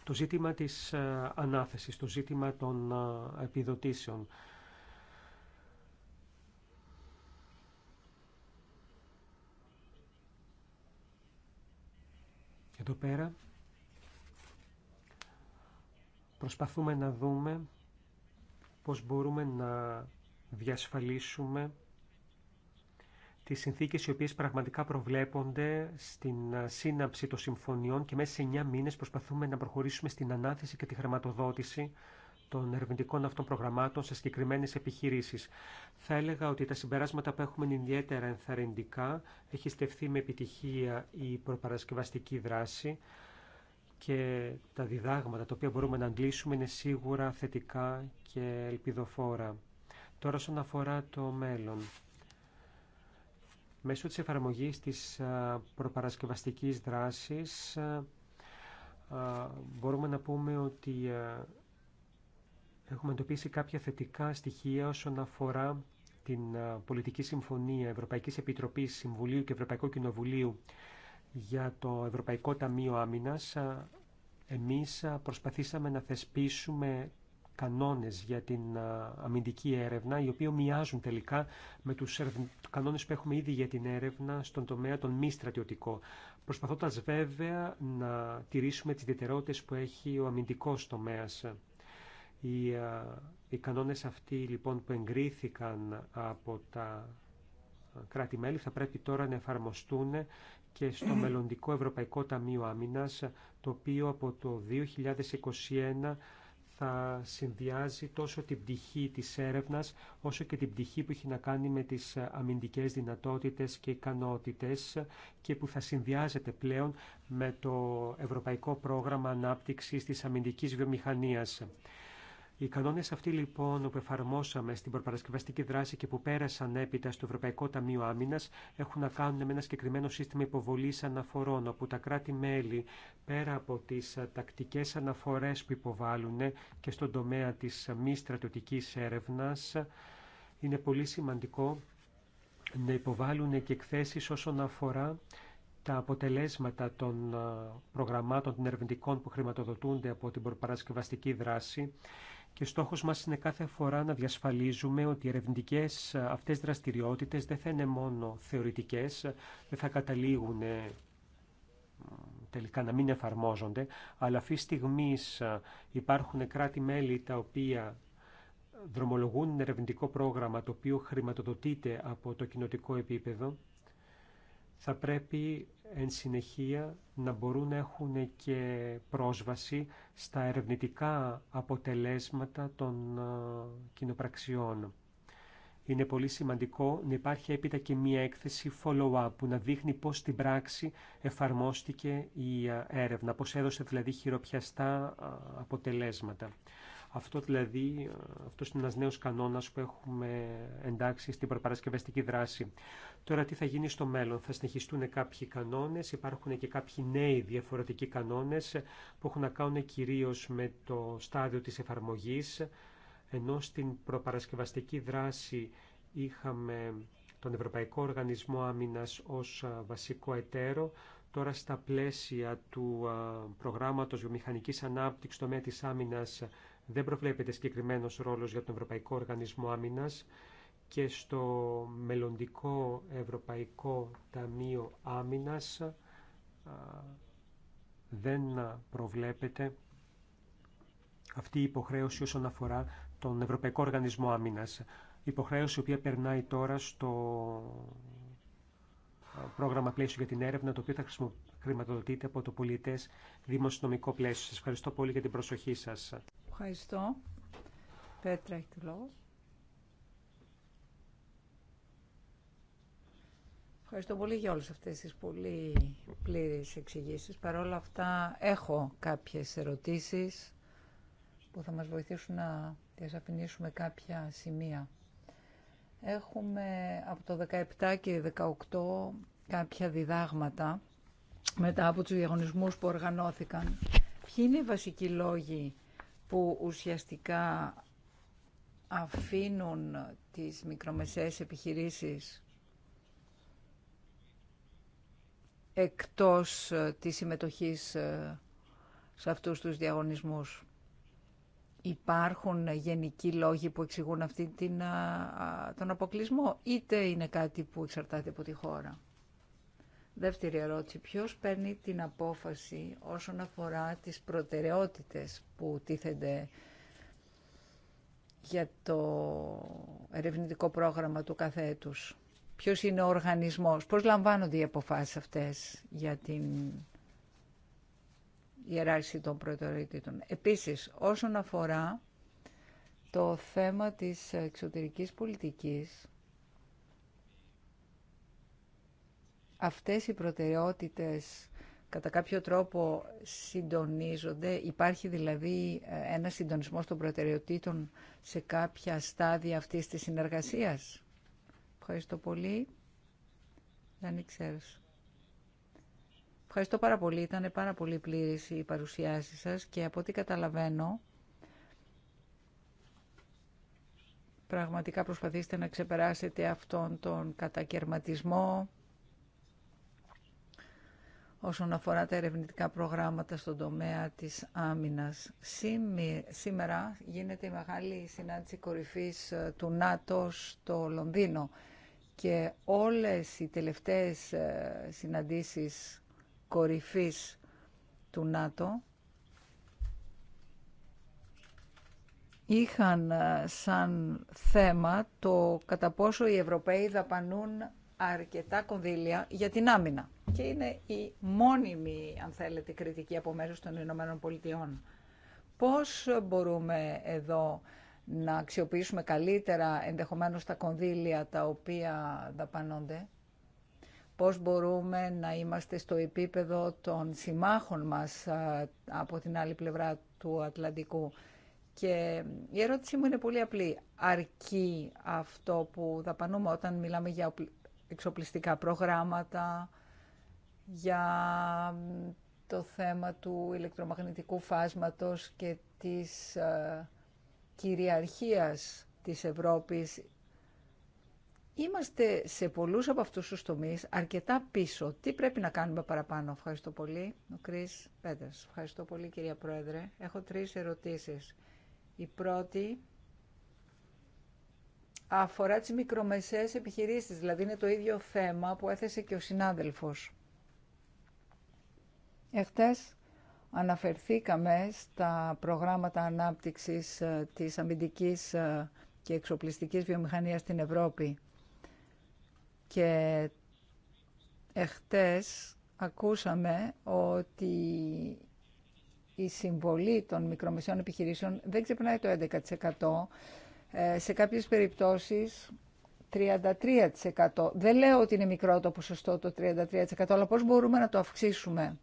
Speaker 2: το ζήτημα της ε, ανάθεσης, το ζήτημα των ε, επιδοτήσεων. Εδώ πέρα προσπαθούμε να δούμε πώς μπορούμε να διασφαλίσουμε τις συνθήκες οι οποίες πραγματικά προβλέπονται στην ε, σύναψη των συμφωνιών και μέσα σε 9 μήνες προσπαθούμε να προχωρήσουμε στην ανάθεση και τη χρηματοδότηση των ερευνητικών αυτών προγραμμάτων σε συγκεκριμένε επιχειρήσει. Θα έλεγα ότι τα συμπεράσματα που έχουμε είναι ιδιαίτερα ενθαρρυντικά. Έχει στεφθεί με επιτυχία η προπαρασκευαστική δράση και τα διδάγματα τα οποία μπορούμε να αντλήσουμε είναι σίγουρα θετικά και ελπιδοφόρα. Τώρα, όσον αφορά το μέλλον. Μέσω της εφαρμογής της ε, προπαρασκευαστικής δράσης ε, ε, μπορούμε να πούμε ότι έχουμε εντοπίσει κάποια θετικά στοιχεία όσον αφορά την πολιτική συμφωνία Ευρωπαϊκής Επιτροπής Συμβουλίου και Ευρωπαϊκού Κοινοβουλίου για το Ευρωπαϊκό Ταμείο Άμυνας. Εμείς προσπαθήσαμε να θεσπίσουμε κανόνες για την αμυντική έρευνα, οι οποίοι μοιάζουν τελικά με τους κανόνες που έχουμε ήδη για την έρευνα στον τομέα των μη στρατιωτικό, προσπαθώντας βέβαια να τηρήσουμε τις ιδιαιτερότητες που έχει ο αμυντικός τομέας. Οι, οι κανόνες αυτοί λοιπόν που εγκρίθηκαν από τα κράτη-μέλη θα πρέπει τώρα να εφαρμοστούν και στο μελλοντικό Ευρωπαϊκό Ταμείο Άμυνας, το οποίο από το 2021 θα συνδυάζει τόσο την πτυχή της έρευνας όσο και την πτυχή που έχει να κάνει με τις ε, αμυντικές δυνατότητες και ικανότητες και που θα συνδυάζεται πλέον με το Ευρωπαϊκό Πρόγραμμα Ανάπτυξης της Αμυντικής Βιομηχανίας. Οι κανόνε αυτοί λοιπόν που εφαρμόσαμε στην προπαρασκευαστική δράση και που πέρασαν έπειτα στο Ευρωπαϊκό Ταμείο Άμυνα, έχουν να κάνουν με ένα συγκεκριμένο σύστημα υποβολή αναφορών όπου τα κράτη-μέλη πέρα από τι ε, τακτικέ αναφορέ που υποβάλλουν και στον τομέα τη ε, μη στρατιωτική έρευνα. είναι πολύ σημαντικό να υποβάλλουν και εκθέσεις όσον αφορά τα αποτελέσματα των ε, προγραμμάτων των ερευνητικών που χρηματοδοτούνται από την προπαρασκευαστική δράση και στόχος μας είναι κάθε φορά να διασφαλίζουμε ότι οι ερευνητικές αυτές δραστηριότητες δεν θα είναι μόνο θεωρητικές, δεν θα καταλήγουν ε, τελικά να μην εφαρμόζονται, αλλά αυτή τη στιγμή υπάρχουν κράτη-μέλη τα οποία δρομολογούν ερευνητικό πρόγραμμα το οποίο χρηματοδοτείται από το κοινοτικό επίπεδο. Θα πρέπει εν συνεχεία να μπορούν να έχουν και πρόσβαση στα ερευνητικά αποτελέσματα των κοινοπραξιών. Είναι πολύ σημαντικό να υπάρχει έπειτα και μία έκθεση follow-up που να δείχνει πώς στην πράξη εφαρμόστηκε η έρευνα, πώς έδωσε δηλαδή χειροπιαστά αποτελέσματα. Αυτό δηλαδή, αυτός είναι ένας νέος κανόνας που έχουμε εντάξει στην προπαρασκευαστική δράση. Τώρα τι θα γίνει στο μέλλον. Θα συνεχιστούν κάποιοι κανόνες, υπάρχουν και κάποιοι νέοι διαφορετικοί κανόνες που έχουν να κάνουν κυρίως με το στάδιο της εφαρμογής, ενώ στην προπαρασκευαστική δράση είχαμε τον Ευρωπαϊκό Οργανισμό Άμυνας ως βασικό εταίρο, Τώρα στα πλαίσια του προγράμματος βιομηχανικής ανάπτυξης τομέα της άμυνας δεν προβλέπεται συγκεκριμένο ρόλο για τον Ευρωπαϊκό Οργανισμό Άμυνα και στο μελλοντικό Ευρωπαϊκό Ταμείο Άμυνα δεν προβλέπεται αυτή η υποχρέωση όσον αφορά τον Ευρωπαϊκό Οργανισμό Άμυνα. Υποχρέωση η οποία περνάει τώρα στο πρόγραμμα πλαίσιο για την έρευνα, το οποίο θα χρηματοδοτείται από το πολιτέ δημοσιονομικό πλαίσιο. Σας ευχαριστώ πολύ για την προσοχή σας.
Speaker 3: Ευχαριστώ. Πέτρα, έχει το λόγο. Ευχαριστώ πολύ για όλες αυτές τις πολύ πλήρες εξηγήσεις. Παρ' όλα αυτά έχω κάποιες ερωτήσεις που θα μας βοηθήσουν να διασαφηνίσουμε κάποια σημεία. Έχουμε από το 17 και 18 κάποια διδάγματα μετά από τους διαγωνισμούς που οργανώθηκαν. Ποιοι είναι οι βασικοί λόγοι που ουσιαστικά αφήνουν τις μικρομεσαίες επιχειρήσεις εκτός της συμμετοχής ε, σε αυτούς τους διαγωνισμούς. Υπάρχουν γενικοί λόγοι που εξηγούν αυτή την, ε, τον αποκλεισμό, είτε είναι κάτι που εξαρτάται από τη χώρα. Δεύτερη ερώτηση, ποιος παίρνει την απόφαση όσον αφορά τις προτεραιότητες που τίθενται για το ερευνητικό πρόγραμμα του κάθε Ποιος είναι ο οργανισμός, πώς λαμβάνονται οι αποφάσεις αυτές για την ιεράρχηση των προτεραιοτήτων. Επίσης, όσον αφορά το θέμα της εξωτερικής πολιτικής, αυτές οι προτεραιότητες κατά κάποιο τρόπο συντονίζονται. Υπάρχει δηλαδή ε, ένα συντονισμό των προτεραιοτήτων σε κάποια στάδια αυτής της συνεργασίας. Ευχαριστώ πολύ. Δεν Ευχαριστώ πάρα πολύ. Ήταν πάρα πολύ πλήρης η παρουσιάση σας και από ό,τι καταλαβαίνω πραγματικά προσπαθήστε να ξεπεράσετε αυτόν τον κατακαιρματισμό όσον αφορά τα ερευνητικά προγράμματα στον τομέα της άμυνας. Σήμερα γίνεται η μεγάλη συνάντηση κορυφής ε, του ΝΑΤΟ στο Λονδίνο και όλες οι τελευταίες ε, συναντήσεις κορυφής του ΝΑΤΟ είχαν ε, σαν θέμα το κατά πόσο οι Ευρωπαίοι δαπανούν αρκετά κονδύλια για την άμυνα και είναι η μόνιμη, αν θέλετε, κριτική από μέρους των Ηνωμένων Πολιτειών. Πώς μπορούμε εδώ να αξιοποιήσουμε καλύτερα ενδεχομένως τα κονδύλια τα οποία δαπανώνται. Πώς μπορούμε να είμαστε στο επίπεδο των συμμάχων μας από την άλλη πλευρά του Ατλαντικού. Και η ερώτησή μου είναι πολύ απλή. Αρκεί αυτό που δαπανούμε όταν μιλάμε για εξοπλιστικά προγράμματα, για το θέμα του ηλεκτρομαγνητικού φάσματος και της ε, κυριαρχίας της Ευρώπης. Είμαστε σε πολλούς από αυτούς τους τομείς αρκετά πίσω. Τι πρέπει να κάνουμε παραπάνω. Ευχαριστώ πολύ. Ο Κρίς Πέτρας. Ευχαριστώ πολύ κυρία Πρόεδρε. Έχω τρεις ερωτήσεις. Η πρώτη αφορά τις μικρομεσαίες επιχειρήσεις. Δηλαδή είναι το ίδιο θέμα που έθεσε και ο συνάδελφος. Εχθές αναφερθήκαμε στα προγράμματα ανάπτυξης ε, της αμυντικής ε, και εξοπλιστικής βιομηχανίας στην Ευρώπη. Και εχθές ακούσαμε ότι η συμβολή των μικρομεσαίων επιχειρήσεων δεν ξεπνάει το 11%. Ε, σε κάποιες περιπτώσεις 33%. Δεν λέω ότι είναι μικρό το ποσοστό το 33%, αλλά πώς μπορούμε να το αυξήσουμε.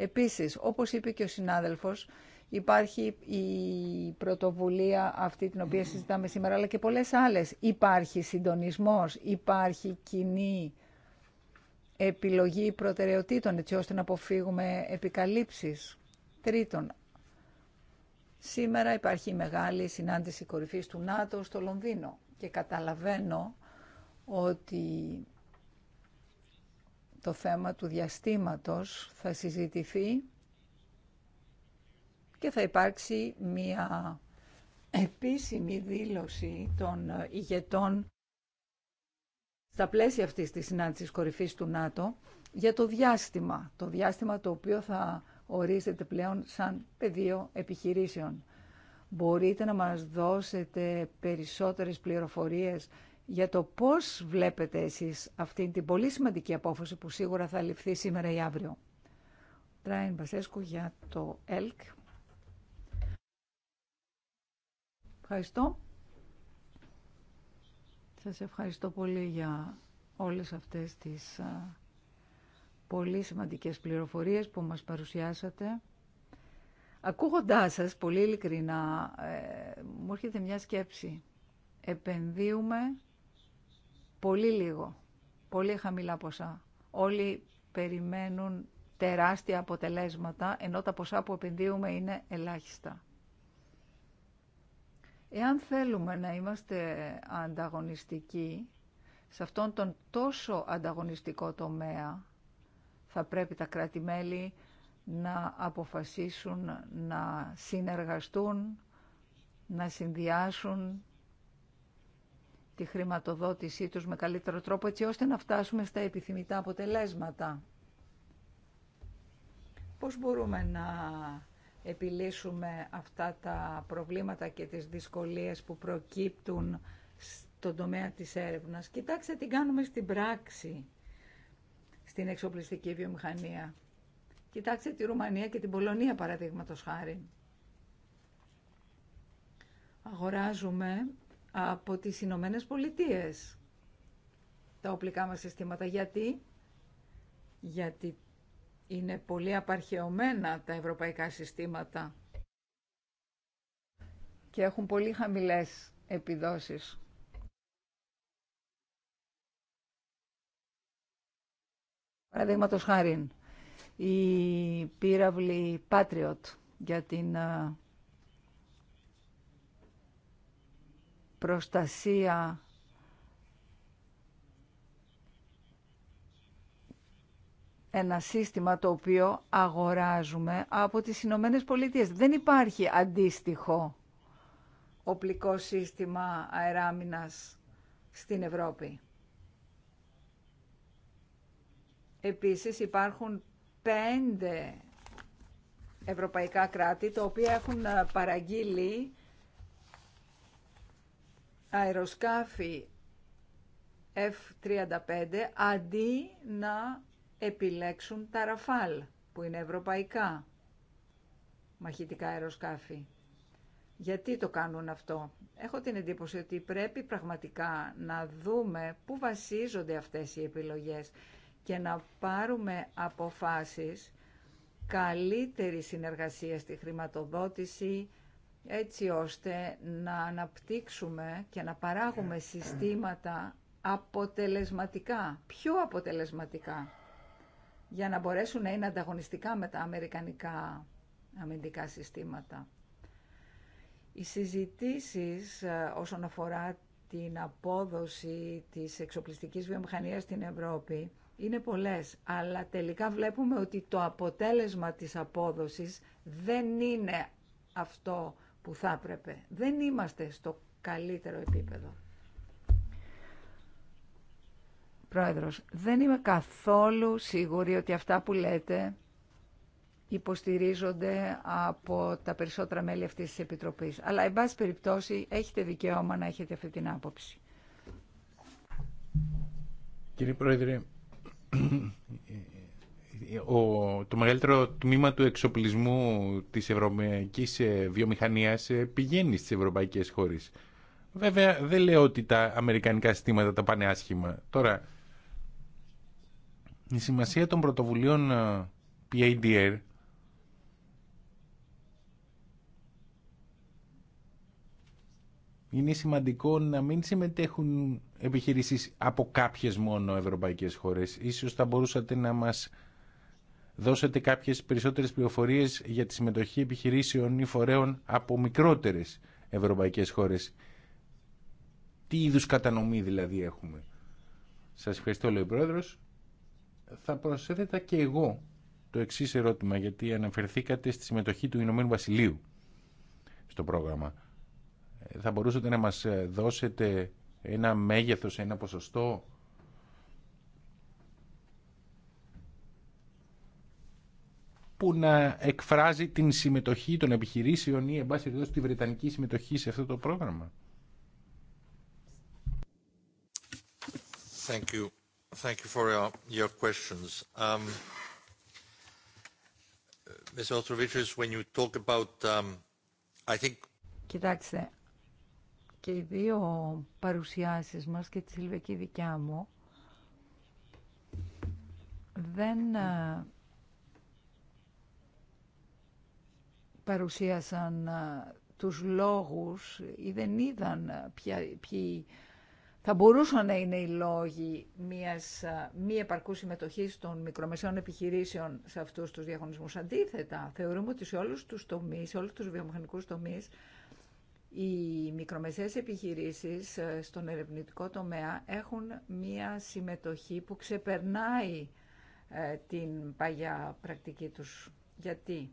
Speaker 3: Επίσης, όπως είπε και ο συνάδελφος, υπάρχει η πρωτοβουλία αυτή την οποία συζητάμε σήμερα, αλλά και πολλές άλλες. Υπάρχει συντονισμός, υπάρχει κοινή επιλογή προτεραιοτήτων, έτσι ώστε να αποφύγουμε επικαλύψεις. Τρίτον, σήμερα υπάρχει η μεγάλη συνάντηση κορυφής του ΝΑΤΟ στο Λονδίνο και καταλαβαίνω ότι το θέμα του διαστήματος θα συζητηθεί και θα υπάρξει μία επίσημη δήλωση των ηγετών στα πλαίσια αυτής της συνάντησης κορυφής του ΝΑΤΟ για το διάστημα, το διάστημα το οποίο θα ορίζεται πλέον σαν πεδίο επιχειρήσεων. Μπορείτε να μας δώσετε περισσότερες πληροφορίες για το πώς βλέπετε εσείς αυτή την πολύ σημαντική απόφαση που σίγουρα θα ληφθεί σήμερα ή αύριο. Τράιν Μπασέσκου για το ΕΛΚ. Ευχαριστώ. Σας ευχαριστώ πολύ για όλες αυτές τις πολύ σημαντικές πληροφορίες που μας παρουσιάσατε. Ακούγοντάς σας, πολύ ειλικρινά, ε, μου έρχεται μια σκέψη. Επενδύουμε πολύ λίγο, πολύ χαμηλά ποσά. Όλοι περιμένουν τεράστια αποτελέσματα, ενώ τα ποσά που επενδύουμε είναι ελάχιστα. Εάν θέλουμε να είμαστε ανταγωνιστικοί, σε αυτόν τον τόσο ανταγωνιστικό τομέα, θα πρέπει τα κράτη-μέλη να αποφασίσουν να συνεργαστούν, να συνδυάσουν τη χρηματοδότησή τους με καλύτερο τρόπο έτσι ώστε να φτάσουμε στα επιθυμητά αποτελέσματα. Πώς μπορούμε να επιλύσουμε αυτά τα προβλήματα και τις δυσκολίες που προκύπτουν στον τομέα της έρευνας. Κοιτάξτε τι κάνουμε στην πράξη, στην εξοπλιστική βιομηχανία. Κοιτάξτε τη Ρουμανία και την Πολωνία παραδείγματος χάρη. Αγοράζουμε από τις Ηνωμένε Πολιτείε, τα οπλικά μας συστήματα. Γιατί? Γιατί είναι πολύ απαρχαιωμένα τα ευρωπαϊκά συστήματα και έχουν πολύ χαμηλές επιδόσεις. Παραδείγματο χάρη, η πύραυλη Patriot για την ε, προστασία ένα σύστημα το οποίο αγοράζουμε από τις Ηνωμένε Πολιτείες. Δεν υπάρχει αντίστοιχο οπλικό σύστημα αεράμινας στην Ευρώπη. Επίσης υπάρχουν πέντε ευρωπαϊκά κράτη τα οποία έχουν παραγγείλει αεροσκάφη F-35 αντί να επιλέξουν τα Ραφάλ που είναι ευρωπαϊκά μαχητικά αεροσκάφη. Γιατί το κάνουν αυτό. Έχω την εντύπωση ότι πρέπει πραγματικά να δούμε πού βασίζονται αυτές οι επιλογές και να πάρουμε αποφάσεις καλύτερη συνεργασία στη χρηματοδότηση, έτσι ώστε να αναπτύξουμε και να παράγουμε συστήματα αποτελεσματικά, πιο αποτελεσματικά, για να μπορέσουν να είναι ανταγωνιστικά με τα αμερικανικά αμυντικά συστήματα. Οι συζητήσεις ε, όσον αφορά την απόδοση της εξοπλιστικής βιομηχανίας στην Ευρώπη είναι πολλές, αλλά τελικά βλέπουμε ότι το αποτέλεσμα της απόδοσης δεν είναι αυτό που θα έπρεπε. Δεν είμαστε στο καλύτερο επίπεδο. Πρόεδρος, δεν είμαι καθόλου σίγουρη ότι αυτά που λέτε υποστηρίζονται από τα περισσότερα μέλη αυτής της Επιτροπής. Αλλά, εν πάση περιπτώσει, έχετε δικαίωμα να έχετε αυτή την άποψη.
Speaker 1: Κύριε Πρόεδρε, το μεγαλύτερο τμήμα του εξοπλισμού της ευρωπαϊκής ε, βιομηχανίας ε, πηγαίνει στις ευρωπαϊκές χώρες. Βέβαια δεν λέω ότι τα αμερικανικά συστήματα τα πάνε άσχημα. Τώρα, η σημασία των πρωτοβουλίων ε, PADR είναι σημαντικό να μην συμμετέχουν επιχειρήσεις από κάποιες μόνο ευρωπαϊκές χώρες. Ίσως θα μπορούσατε να μας δώσετε κάποιες περισσότερες πληροφορίες για τη συμμετοχή επιχειρήσεων ή φορέων από μικρότερες ευρωπαϊκές χώρες. Τι είδους κατανομή δηλαδή έχουμε. Σας ευχαριστώ λέει ο Πρόεδρος. Θα προσέθετα και εγώ το εξή ερώτημα γιατί αναφερθήκατε στη συμμετοχή του Ηνωμένου Βασιλείου στο πρόγραμμα. Ε, θα μπορούσατε να μας ε, δώσετε ένα μέγεθος, ένα ποσοστό που να εκφράζει την συμμετοχή των επιχειρήσεων ή εν πάση περιπτώσει τη βρετανική συμμετοχή σε αυτό το πρόγραμμα. Thank you. Thank you for your, your questions. Um, Mr. Otrovicius, when you talk about, um, I think...
Speaker 3: Κοιτάξτε, και οι δύο παρουσιάσεις μας και τη Σιλβεκή δικιά μου δεν uh, παρουσίασαν ε, τους λόγους ή δεν είδαν ε, ποια, ποιοι θα μπορούσαν να είναι οι λόγοι μιας ε, μη επαρκούς συμμετοχής των μικρομεσαίων επιχειρήσεων σε αυτούς τους διαγωνισμούς. Αντίθετα, θεωρούμε ότι σε όλους τους τομείς, σε όλους τους βιομηχανικούς τομείς, οι μικρομεσαίες επιχειρήσεις στον ερευνητικό τομέα έχουν μία συμμετοχή που ξεπερνάει την παλιά πρακτική τους. Γιατί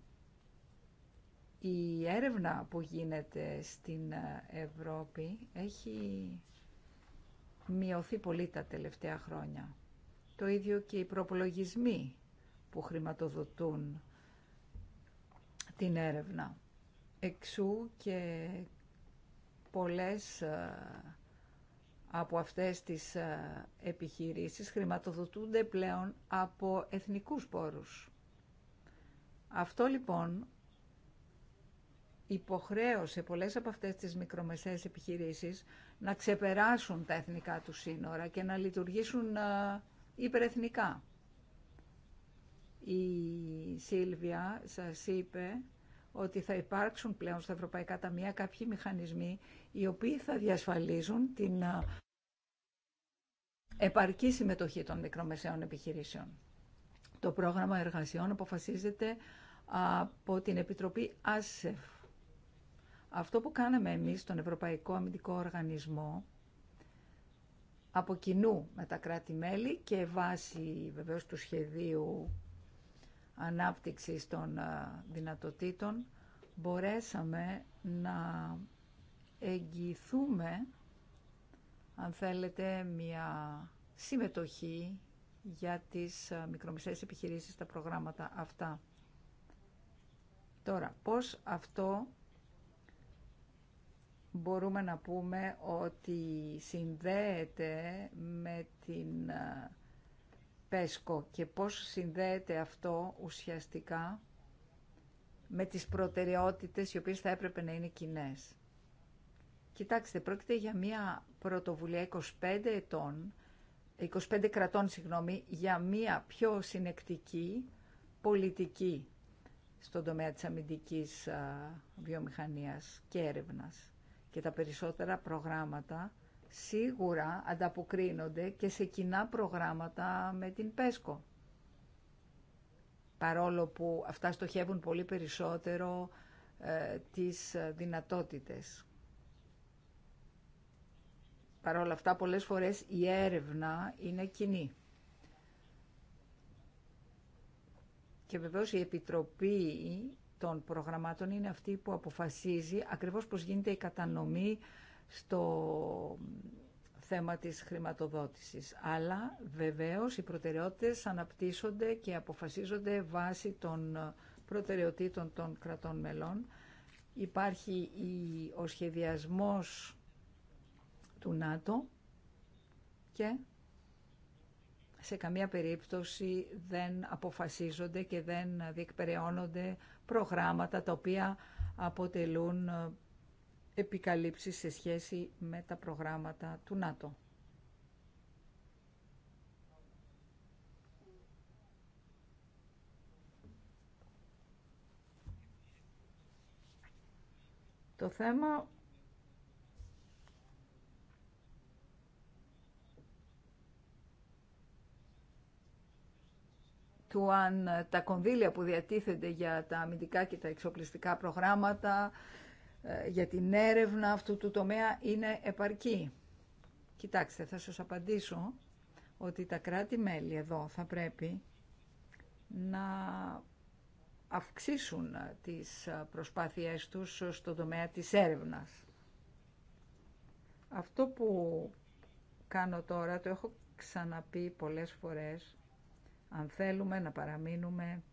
Speaker 3: η έρευνα που γίνεται στην Ευρώπη έχει μειωθεί πολύ τα τελευταία χρόνια. Το ίδιο και οι προπολογισμοί που χρηματοδοτούν την έρευνα. Εξού και πολλές ε, από αυτές τις ε, επιχειρήσεις χρηματοδοτούνται πλέον από εθνικούς πόρους. Αυτό λοιπόν υποχρέωσε πολλές από αυτές τις μικρομεσαίες επιχειρήσεις να ξεπεράσουν τα εθνικά του σύνορα και να λειτουργήσουν ε, υπερεθνικά. Η Σίλβια σας είπε ότι θα υπάρξουν πλέον στα Ευρωπαϊκά Ταμεία κάποιοι μηχανισμοί οι οποίοι θα διασφαλίζουν την ε, επαρκή συμμετοχή των μικρομεσαίων επιχειρήσεων. Το πρόγραμμα εργασιών αποφασίζεται από την Επιτροπή ΑΣΕΦ αυτό που κάναμε εμείς στον Ευρωπαϊκό Αμυντικό Οργανισμό από κοινού με τα κράτη-μέλη και βάσει βεβαίως του σχεδίου ανάπτυξης των δυνατοτήτων μπορέσαμε να εγγυηθούμε αν θέλετε μια συμμετοχή για τις μικρομεσαίες επιχειρήσεις στα προγράμματα αυτά. Τώρα, πώς αυτό μπορούμε να πούμε ότι συνδέεται με την ΠΕΣΚΟ και πώς συνδέεται αυτό ουσιαστικά με τις προτεραιότητες οι οποίες θα έπρεπε να είναι κοινέ. Κοιτάξτε, πρόκειται για μια πρωτοβουλία 25 ετών, 25 κρατών, συγγνώμη, για μια πιο συνεκτική πολιτική στον τομέα της αμυντικής βιομηχανίας και έρευνας και τα περισσότερα προγράμματα σίγουρα ανταποκρίνονται και σε κοινά προγράμματα με την ΠΕΣΚΟ. Παρόλο που αυτά στοχεύουν πολύ περισσότερο ε, τις δυνατότητες. Παρόλα αυτά πολλές φορές η έρευνα είναι κοινή. Και βεβαίως η Επιτροπή των προγραμμάτων είναι αυτή που αποφασίζει ακριβώς πώς γίνεται η κατανομή στο θέμα της χρηματοδότησης. Αλλά βεβαίως οι προτεραιότητες αναπτύσσονται και αποφασίζονται βάσει των προτεραιοτήτων των κρατών μελών. Υπάρχει ο σχεδιασμός του ΝΑΤΟ και σε καμία περίπτωση δεν αποφασίζονται και δεν διεκπεραιώνονται προγράμματα τα οποία αποτελούν ε, επικαλύψεις σε σχέση με τα προγράμματα του ΝΑΤΟ. Το θέμα αν τα κονδύλια που διατίθενται για τα αμυντικά και τα εξοπλιστικά προγράμματα, ε, για την έρευνα αυτού του τομέα είναι επαρκή. Κοιτάξτε, θα σας απαντήσω ότι τα κράτη-μέλη εδώ θα πρέπει να αυξήσουν τις προσπάθειές τους στον τομέα της έρευνας. Αυτό που κάνω τώρα το έχω ξαναπεί πολλές φορές αν θέλουμε να παραμείνουμε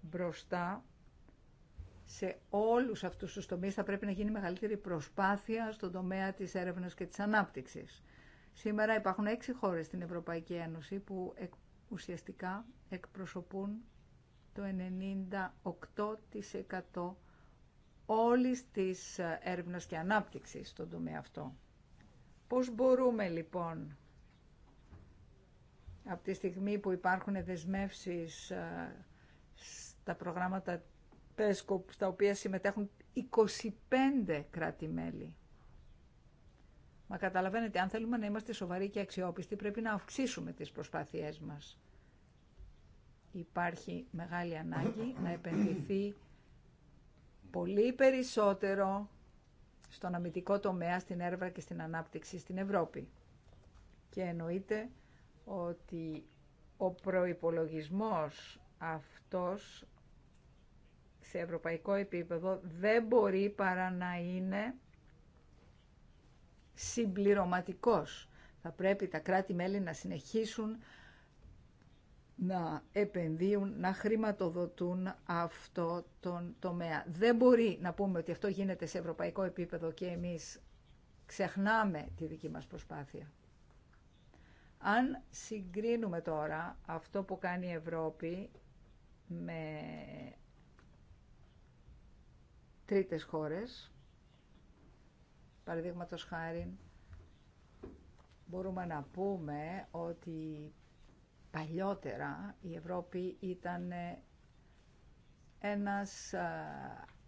Speaker 3: μπροστά σε όλους αυτούς τους τομείς θα πρέπει να γίνει μεγαλύτερη προσπάθεια στον τομέα της έρευνας και της ανάπτυξης. Σήμερα υπάρχουν έξι χώρες στην Ευρωπαϊκή Ένωση που ουσιαστικά εκπροσωπούν το 98% όλης της έρευνας και ανάπτυξης στον τομέα αυτό. Πώς μπορούμε λοιπόν από τη στιγμή που υπάρχουν δεσμεύσει ε, στα προγράμματα PESCO, στα οποία συμμετέχουν 25 κράτη-μέλη. Μα καταλαβαίνετε, αν θέλουμε να είμαστε σοβαροί και αξιόπιστοι, πρέπει να αυξήσουμε τις προσπάθειές μας. Υπάρχει μεγάλη ανάγκη να επενδυθεί πολύ περισσότερο στον αμυντικό τομέα, στην έρευνα και στην ανάπτυξη στην Ευρώπη. Και εννοείται ότι ο προϋπολογισμός αυτός σε ευρωπαϊκό επίπεδο δεν μπορεί παρά να είναι συμπληρωματικός. Θα πρέπει τα κράτη-μέλη να συνεχίσουν να επενδύουν, να χρηματοδοτούν αυτό τον τομέα. Δεν μπορεί να πούμε ότι αυτό γίνεται σε ευρωπαϊκό επίπεδο και εμείς ξεχνάμε τη δική μας προσπάθεια. Αν συγκρίνουμε τώρα αυτό που κάνει η Ευρώπη με τρίτες χώρες, παραδείγματος χάρη, μπορούμε να πούμε ότι παλιότερα η Ευρώπη ήταν ένας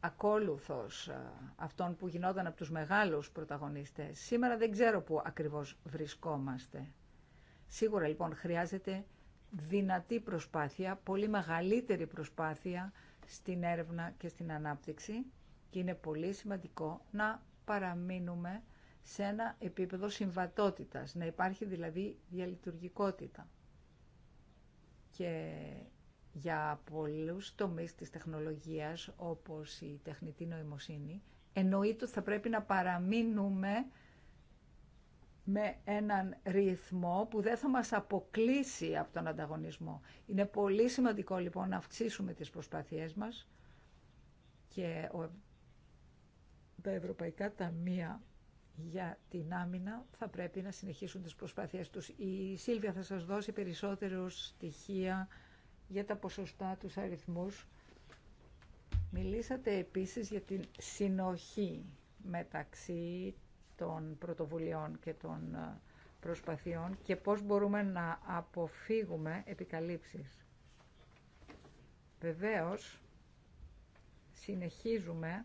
Speaker 3: ακόλουθος αυτών που γινόταν από τους μεγάλους πρωταγωνίστες. Σήμερα δεν ξέρω πού ακριβώς βρισκόμαστε. Σίγουρα λοιπόν χρειάζεται δυνατή προσπάθεια, πολύ μεγαλύτερη προσπάθεια στην έρευνα και στην ανάπτυξη και είναι πολύ σημαντικό να παραμείνουμε σε ένα επίπεδο συμβατότητας, να υπάρχει δηλαδή διαλειτουργικότητα. Και για πολλούς τομείς της τεχνολογίας, όπως η τεχνητή νοημοσύνη, εννοείται ότι θα πρέπει να παραμείνουμε με έναν ρυθμό που δεν θα μας αποκλείσει από τον ανταγωνισμό. Είναι πολύ σημαντικό λοιπόν να αυξήσουμε τις προσπάθειές μας και τα Ευρωπαϊκά Ταμεία για την άμυνα θα πρέπει να συνεχίσουν τις προσπάθειές τους. Η Σίλβια θα σας δώσει περισσότερους στοιχεία για τα ποσοστά τους αριθμούς. Μιλήσατε επίσης για την συνοχή μεταξύ των πρωτοβουλειών και των ε, προσπαθειών και πώς μπορούμε να αποφύγουμε επικαλύψεις. Βεβαίως, συνεχίζουμε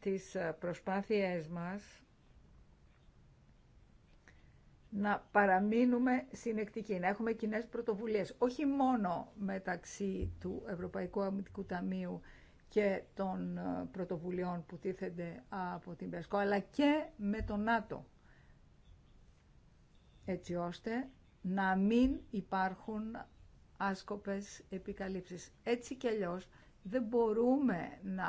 Speaker 3: τις ε, προσπάθειές μας να παραμείνουμε συνεκτικοί, να έχουμε κοινέ πρωτοβουλίες, όχι μόνο μεταξύ του Ευρωπαϊκού Αμυντικού Ταμείου και των ε, πρωτοβουλειών που τίθενται από την ΠΕΣΚΟ, αλλά και με τον ΝΑΤΟ, έτσι ώστε να μην υπάρχουν άσκοπες επικαλύψεις. Έτσι κι αλλιώς δεν μπορούμε να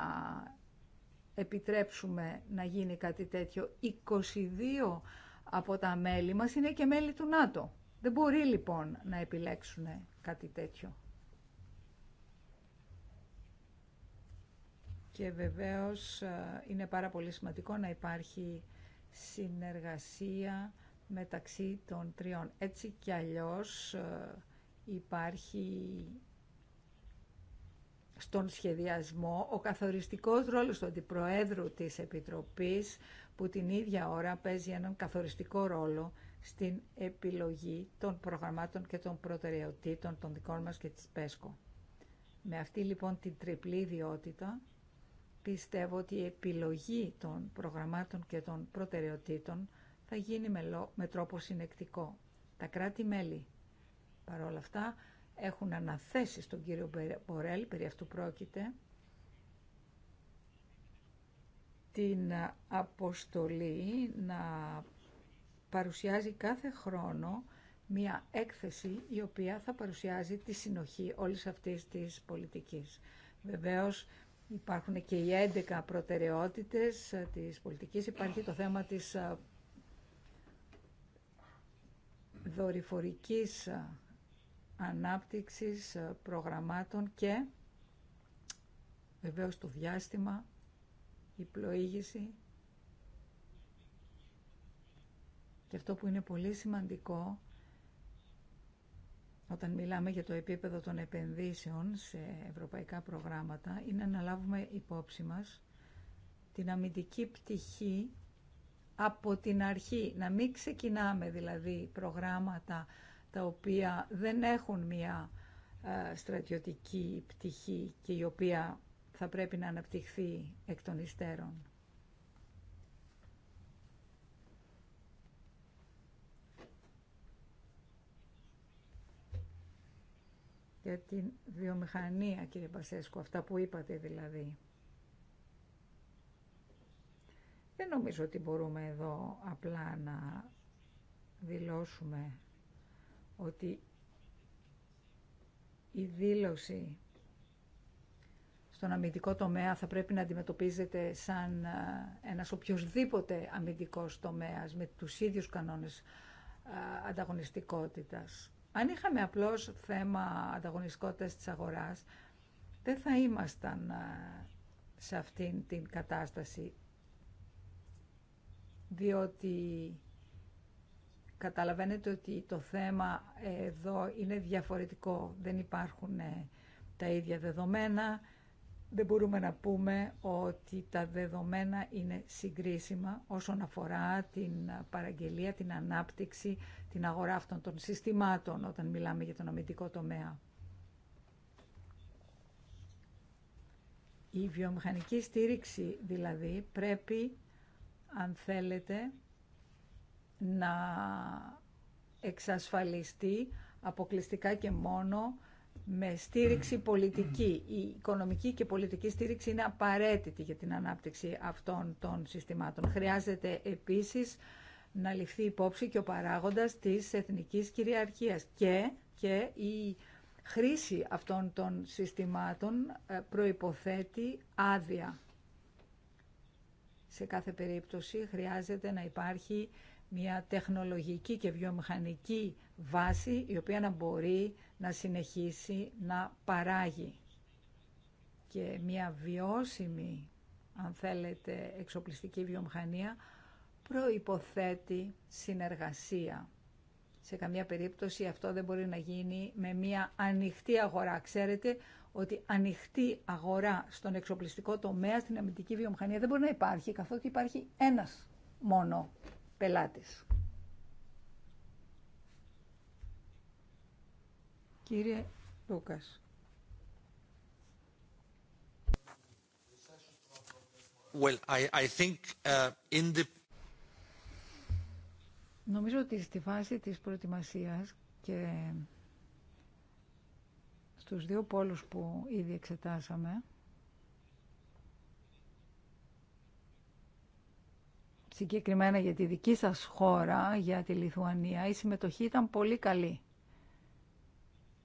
Speaker 3: επιτρέψουμε να γίνει κάτι τέτοιο. 22 από τα μέλη μας είναι και μέλη του ΝΑΤΟ. Δεν μπορεί λοιπόν να επιλέξουν κάτι τέτοιο. και βεβαίως ε, είναι πάρα πολύ σημαντικό να υπάρχει συνεργασία μεταξύ των τριών. Έτσι κι αλλιώς ε, υπάρχει στον σχεδιασμό ο καθοριστικός ρόλος του Αντιπροέδρου της Επιτροπής που την ίδια ώρα παίζει έναν καθοριστικό ρόλο στην επιλογή των προγραμμάτων και των προτεραιοτήτων των δικών μας και της ΠΕΣΚΟ. Με αυτή λοιπόν την τριπλή ιδιότητα πιστεύω ότι η επιλογή των προγραμμάτων και των προτεραιοτήτων θα γίνει με τρόπο συνεκτικό. Τα κράτη-μέλη, παρόλα αυτά, έχουν αναθέσει στον κύριο Μπορέλ, περί αυτού πρόκειται, την ε, αποστολή να παρουσιάζει κάθε χρόνο μία έκθεση η οποία θα παρουσιάζει τη συνοχή όλης αυτής της πολιτικής. Βεβαίως Υπάρχουν και οι 11 προτεραιότητες της πολιτικής. Υπάρχει το θέμα της δορυφορικής ανάπτυξης προγραμμάτων και βεβαίως το διάστημα, η πλοήγηση. Και αυτό που είναι πολύ σημαντικό όταν μιλάμε για το επίπεδο των επενδύσεων σε ευρωπαϊκά προγράμματα είναι να λάβουμε υπόψη μας την αμυντική πτυχή από την αρχή. Να μην ξεκινάμε δηλαδή προγράμματα τα οποία δεν έχουν μια ε, στρατιωτική πτυχή και η οποία θα πρέπει να αναπτυχθεί εκ των υστέρων. για την βιομηχανία, κύριε Πασέσκου, αυτά που είπατε δηλαδή. Δεν νομίζω ότι μπορούμε εδώ απλά να δηλώσουμε ότι η δήλωση στον αμυντικό τομέα θα πρέπει να αντιμετωπίζεται σαν ε, ένας οποιοδήποτε αμυντικός τομέας με τους ίδιους κανόνες ε, ανταγωνιστικότητας. Αν είχαμε απλώς θέμα ανταγωνιστικότητας της αγοράς, δεν θα ήμασταν ε, σε αυτήν την κατάσταση, διότι καταλαβαίνετε ότι το θέμα ε, εδώ είναι διαφορετικό. Δεν υπάρχουν ε, τα ίδια δεδομένα. Δεν μπορούμε να πούμε ότι τα δεδομένα είναι συγκρίσιμα όσον αφορά την παραγγελία, την ανάπτυξη την αγορά αυτών των συστημάτων όταν μιλάμε για τον αμυντικό τομέα. Η βιομηχανική στήριξη δηλαδή πρέπει, αν θέλετε, να εξασφαλιστεί αποκλειστικά και μόνο με στήριξη πολιτική. Η οικονομική και πολιτική στήριξη είναι απαραίτητη για την ανάπτυξη αυτών των συστημάτων. Χρειάζεται επίσης να ληφθεί υπόψη και ο παράγοντας της εθνικής κυριαρχίας και, και η χρήση αυτών των συστημάτων ε, προϋποθέτει άδεια. Σε κάθε περίπτωση χρειάζεται να υπάρχει μια τεχνολογική και βιομηχανική βάση η οποία να μπορεί να συνεχίσει να παράγει και μια βιώσιμη αν θέλετε εξοπλιστική βιομηχανία προϋποθέτει συνεργασία. Σε καμία περίπτωση αυτό δεν μπορεί να γίνει με μια ανοιχτή αγορά. Ξέρετε ότι ανοιχτή αγορά στον εξοπλιστικό τομέα, στην αμυντική βιομηχανία δεν μπορεί να υπάρχει, καθότι υπάρχει ένας μόνο πελάτης. Κύριε Λούκας.
Speaker 1: Well, I, I think uh, in the
Speaker 3: Νομίζω ότι στη φάση της προετοιμασίας και στους δύο πόλους που ήδη εξετάσαμε, συγκεκριμένα για τη δική σας χώρα, για τη Λιθουανία, η συμμετοχή ήταν πολύ καλή.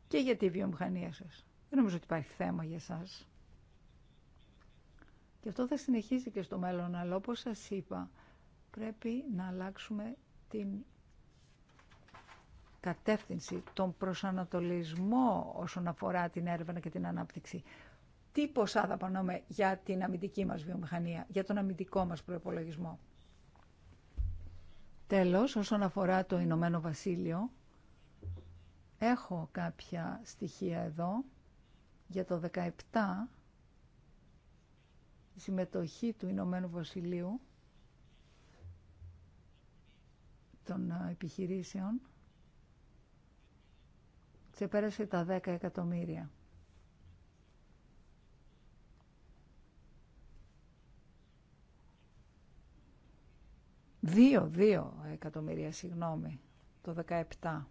Speaker 3: Και για τη βιομηχανία σας. Δεν νομίζω ότι υπάρχει θέμα για σας. Και αυτό θα συνεχίσει και στο μέλλον, αλλά όπως σας είπα, πρέπει να αλλάξουμε την κατεύθυνση, τον προσανατολισμό όσον αφορά την έρευνα και την ανάπτυξη. Τι ποσά θα πανώμε για την αμυντική μας βιομηχανία, για τον αμυντικό μας προϋπολογισμό. Τέλος, όσον αφορά το Ηνωμένο Βασίλειο, έχω κάποια στοιχεία εδώ. Για το 17, η συμμετοχή του Ηνωμένου Βασιλείου των ε, επιχειρήσεων ξεπέρασε τα 10 εκατομμύρια. Δύο, δύο εκατομμύρια, συγγνώμη, το 17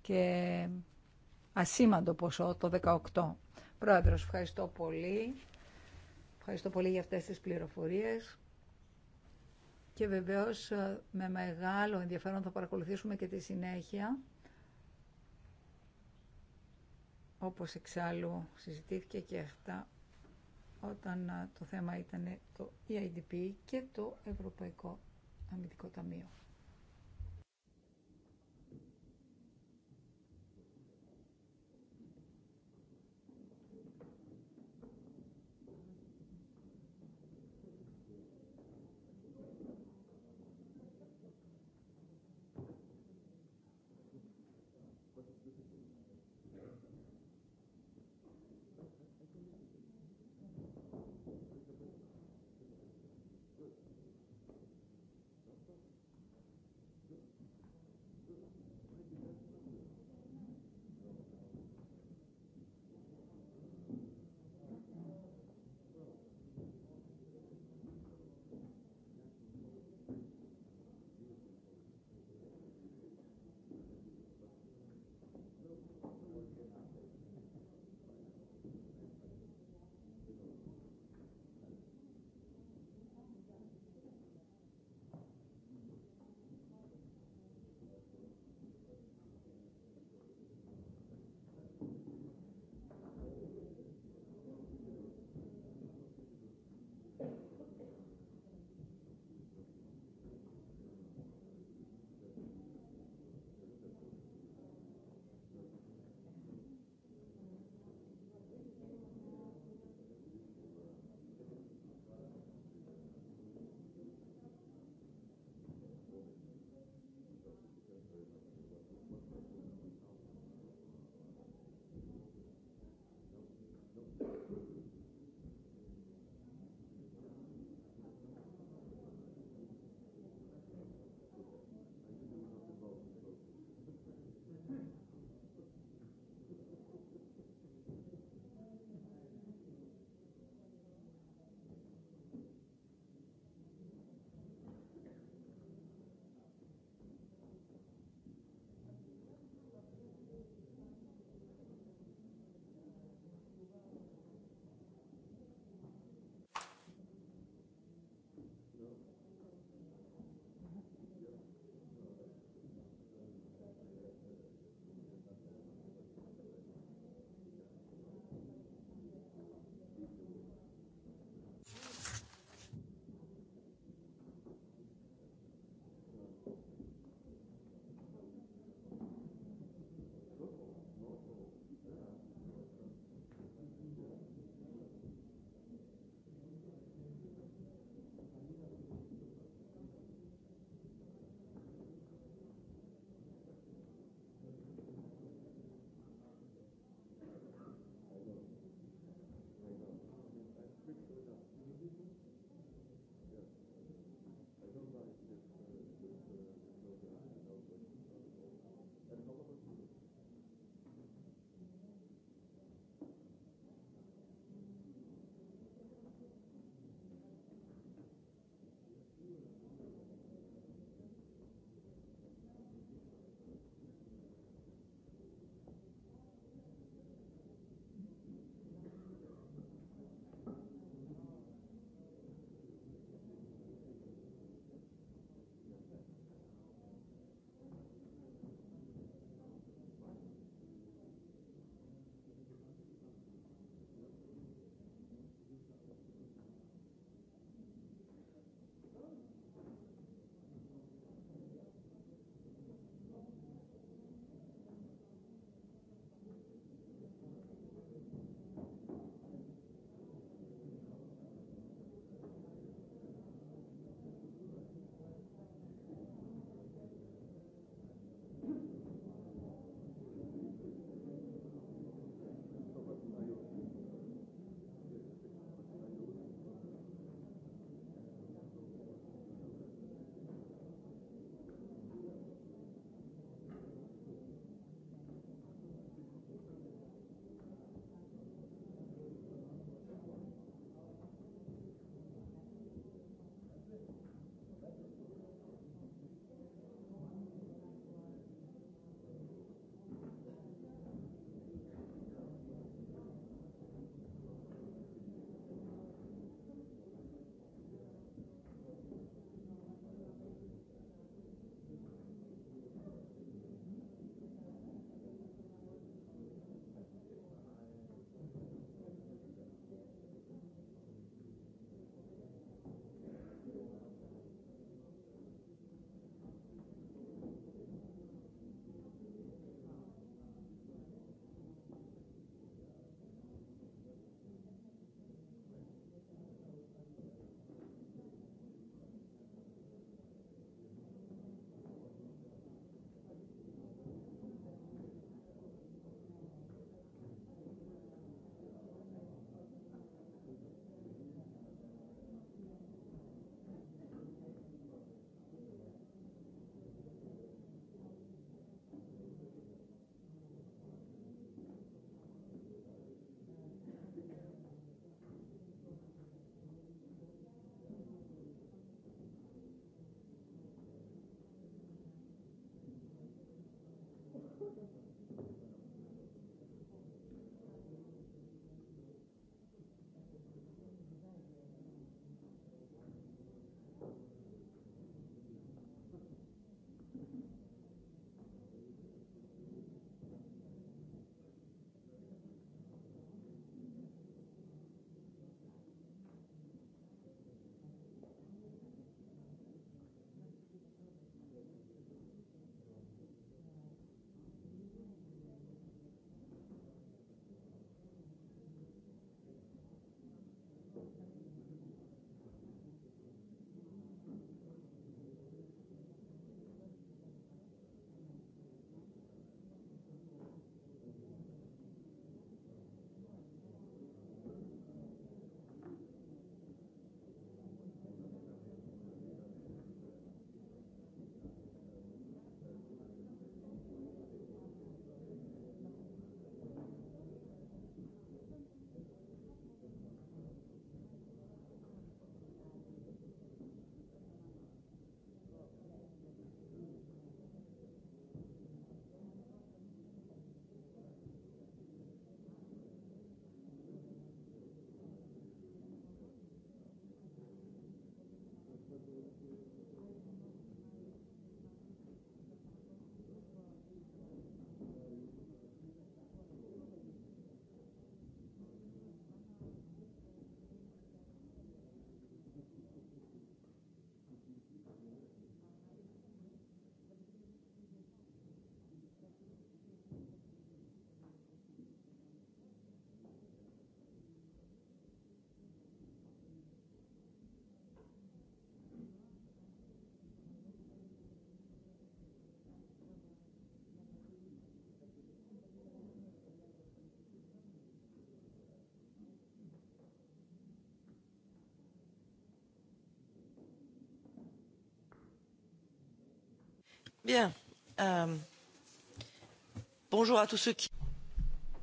Speaker 3: και ασήμαντο ποσό το 18. Πρόεδρος, ευχαριστώ πολύ. Ευχαριστώ πολύ για αυτές τις πληροφορίες και βεβαίως ε, με μεγάλο ενδιαφέρον θα παρακολουθήσουμε και τη συνέχεια όπως εξάλλου συζητήθηκε και αυτά όταν ε, το θέμα ήταν το EIDP και το Ευρωπαϊκό Αμυντικό Ταμείο.
Speaker 1: Euh,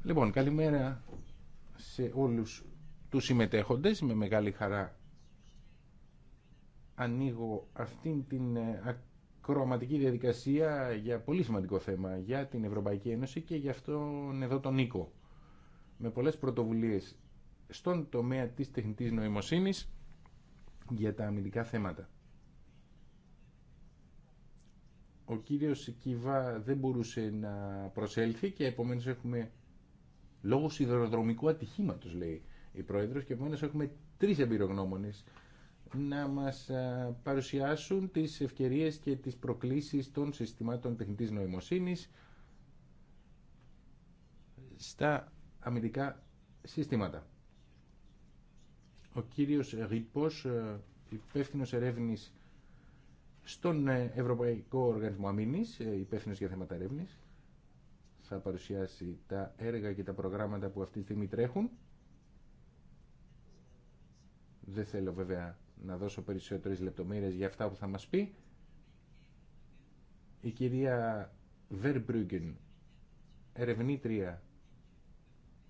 Speaker 1: λοιπόν, καλημέρα σε όλους τους συμμετέχοντες. Με μεγάλη χαρά ανοίγω αυτήν την ε, ακροαματική διαδικασία για πολύ σημαντικό θέμα για την Ευρωπαϊκή Ένωση και για αυτόν εδώ τον Νίκο. Με πολλές πρωτοβουλίες στον τομέα της τεχνητής νοημοσύνης για τα αμυντικά θέματα. Ο κύριος Κιβά δεν μπορούσε να προσέλθει και επομένως έχουμε λόγω σιδηροδρομικού ατυχήματος λέει η Πρόεδρος και επομένως έχουμε τρεις εμπειρογνώμονες να μας παρουσιάσουν τις ευκαιρίες και τις προκλήσεις των συστημάτων τεχνητής νοημοσύνης στα αμυντικά συστήματα. Ο κύριος Ρίπος, ε, υπεύθυνο ερεύνης στον ε, Ευρωπαϊκό Οργανισμό Αμήνη, ε, υπεύθυνο για θέματα ερεύνη, θα παρουσιάσει τα έργα και τα προγράμματα που αυτή τη στιγμή τρέχουν. Δεν θέλω βέβαια να δώσω περισσότερες λεπτομέρειες για αυτά που θα μας πει. Η κυρία Βερμπρούγκεν, ερευνήτρια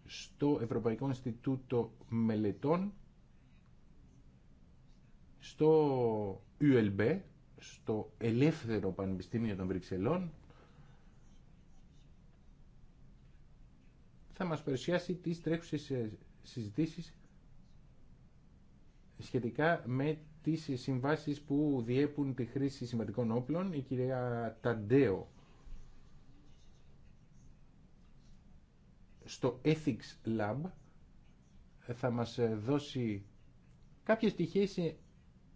Speaker 1: στο Ευρωπαϊκό Ινστιτούτο Μελετών, στο ULB, στο Ελεύθερο Πανεπιστήμιο των Βρυξελών θα μας παρουσιάσει τις τρέχουσες ε, συζητήσεις σχετικά με τις συμβάσεις που διέπουν τη χρήση σημαντικών όπλων. Η κυρία Ταντέο στο Ethics Lab θα μας ε, δώσει κάποιες στοιχείες ε,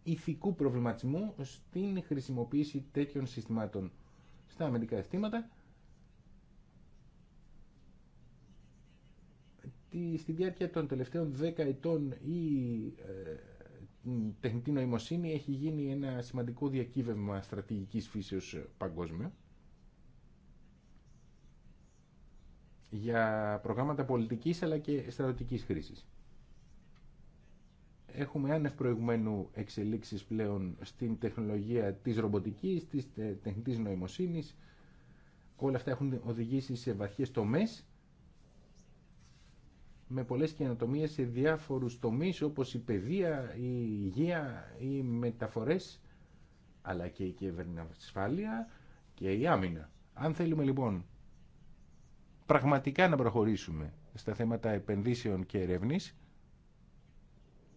Speaker 1: ηθικού προβληματισμού στην χρησιμοποίηση τέτοιων συστημάτων στα αμερικά αισθήματα στη διάρκεια των τελευταίων 10 ετών η ε, τεχνητή νοημοσύνη έχει γίνει ένα σημαντικό διακύβευμα στρατηγικής φύσεως παγκόσμιο για προγράμματα πολιτικής αλλά και στρατιωτικής χρήσης έχουμε άνευ προηγουμένου εξελίξεις πλέον στην τεχνολογία της ρομποτικής, της τεχνητής νοημοσύνης. Όλα αυτά έχουν οδηγήσει σε βαθιές τομές με πολλές καινοτομίες σε διάφορους τομείς όπως η παιδεία, η υγεία, οι μεταφορές αλλά και η κυβερνασφάλεια και η άμυνα. Αν θέλουμε λοιπόν πραγματικά να προχωρήσουμε στα θέματα επενδύσεων και ερεύνης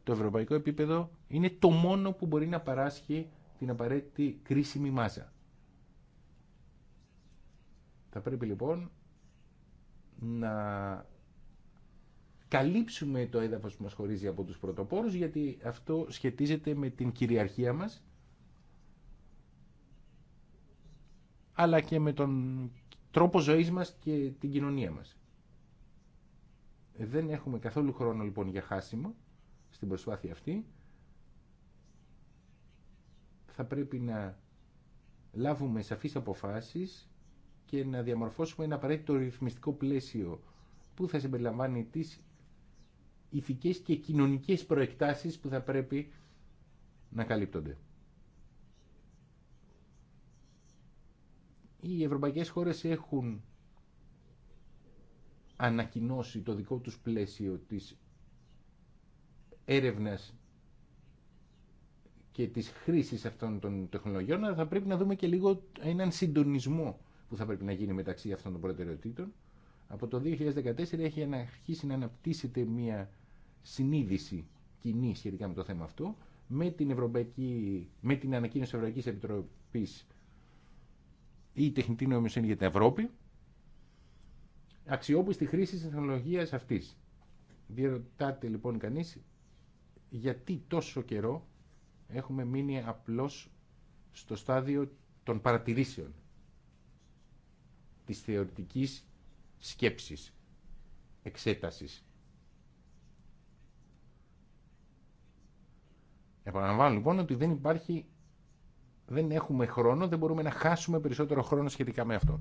Speaker 1: το ευρωπαϊκό επίπεδο είναι το μόνο που μπορεί να παράσχει την απαραίτητη κρίσιμη μάζα. Θα πρέπει λοιπόν να καλύψουμε το έδαφος που μας χωρίζει από τους πρωτοπόρους γιατί αυτό σχετίζεται με την κυριαρχία μας αλλά και με τον τρόπο ζωής μας και την κοινωνία μας. Δεν έχουμε καθόλου χρόνο λοιπόν για χάσιμο στην προσπάθεια αυτή θα πρέπει να λάβουμε σαφείς αποφάσεις και να διαμορφώσουμε ένα απαραίτητο ρυθμιστικό πλαίσιο που θα συμπεριλαμβάνει τις ηθικές και κοινωνικές προεκτάσεις που θα πρέπει να καλύπτονται. Οι ευρωπαϊκές χώρες έχουν ανακοινώσει το δικό τους πλαίσιο της έρευνας και της χρήσης αυτών των τεχνολογιών, αλλά θα πρέπει να δούμε και λίγο έναν συντονισμό που θα πρέπει να γίνει μεταξύ αυτών των προτεραιοτήτων. Από το 2014 έχει αρχίσει να αναπτύσσεται μια συνείδηση κοινή σχετικά με το θέμα αυτό, με την, Ευρωπαϊκή, με την ανακοίνωση της Ευρωπαϊκής Επιτροπής ή τεχνητή νοημοσύνη για την Ευρώπη, αξιόπιστη χρήση τη τεχνολογίας αυτής. Διερωτάται λοιπόν κανείς γιατί τόσο καιρό έχουμε μείνει απλώς στο στάδιο των παρατηρήσεων της θεωρητικής σκέψης, εξέτασης. Επαναλαμβάνω λοιπόν ότι δεν υπάρχει, δεν έχουμε χρόνο, δεν μπορούμε να χάσουμε περισσότερο χρόνο σχετικά με αυτό.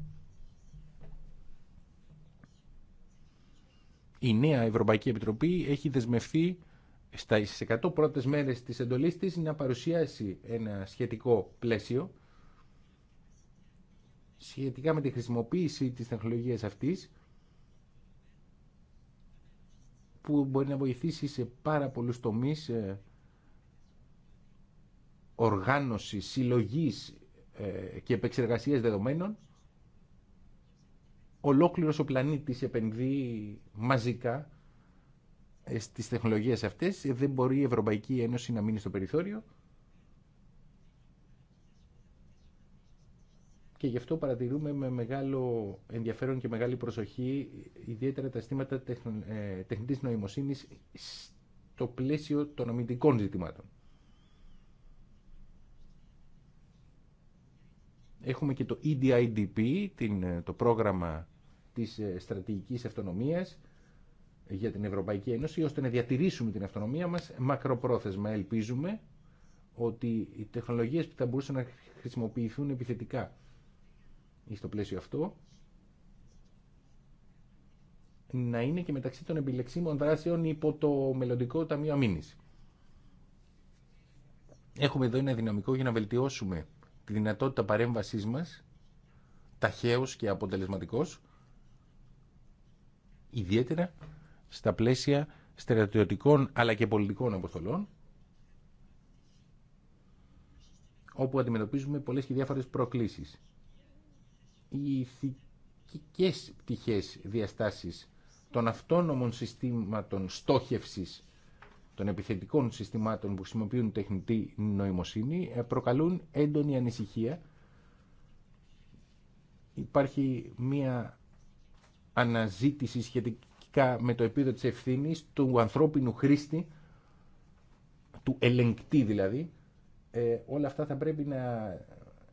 Speaker 1: Η νέα Ευρωπαϊκή Επιτροπή έχει δεσμευθεί στα 100 πρώτες μέρες της εντολής της να παρουσιάσει ένα σχετικό πλαίσιο σχετικά με τη χρησιμοποίηση της τεχνολογίας αυτής που μπορεί να βοηθήσει σε πάρα πολλούς τομείς ε, οργάνωση, συλλογής ε, και επεξεργασίας δεδομένων ολόκληρος ο πλανήτης επενδύει μαζικά ε, στις τεχνολογίες αυτές δεν μπορεί η Ευρωπαϊκή Ένωση να μείνει στο περιθώριο και γι' αυτό παρατηρούμε με μεγάλο ενδιαφέρον και μεγάλη προσοχή ιδιαίτερα τα αισθήματα ε, τεχνητής νοημοσύνης στο πλαίσιο των αμυντικών ζητημάτων. Έχουμε και το EDIDP, ε, το πρόγραμμα της στρατηγικής αυτονομίας, για την Ευρωπαϊκή Ένωση ώστε να διατηρήσουμε την αυτονομία μας μακροπρόθεσμα. Ελπίζουμε ότι οι τεχνολογίες που θα μπορούσαν να χρησιμοποιηθούν επιθετικά στο πλαίσιο αυτό να είναι και μεταξύ των επιλεξίμων δράσεων υπό το μελλοντικό Ταμείο Αμήνης. Έχουμε εδώ ένα δυναμικό για να βελτιώσουμε τη δυνατότητα παρέμβασής μας ταχαίως και αποτελεσματικός ιδιαίτερα στα πλαίσια στρατιωτικών αλλά και πολιτικών αποστολών όπου αντιμετωπίζουμε πολλές και διάφορες προκλήσεις. Οι ηθικές πτυχές διαστάσεις των αυτόνομων συστήματων στόχευσης των επιθετικών συστημάτων που χρησιμοποιούν τεχνητή νοημοσύνη ε, προκαλούν έντονη ανησυχία. Υπάρχει μία αναζήτηση σχετική με το επίδο της ευθύνης του ανθρώπινου χρήστη, του ελεγκτή δηλαδή, ε, όλα αυτά θα πρέπει να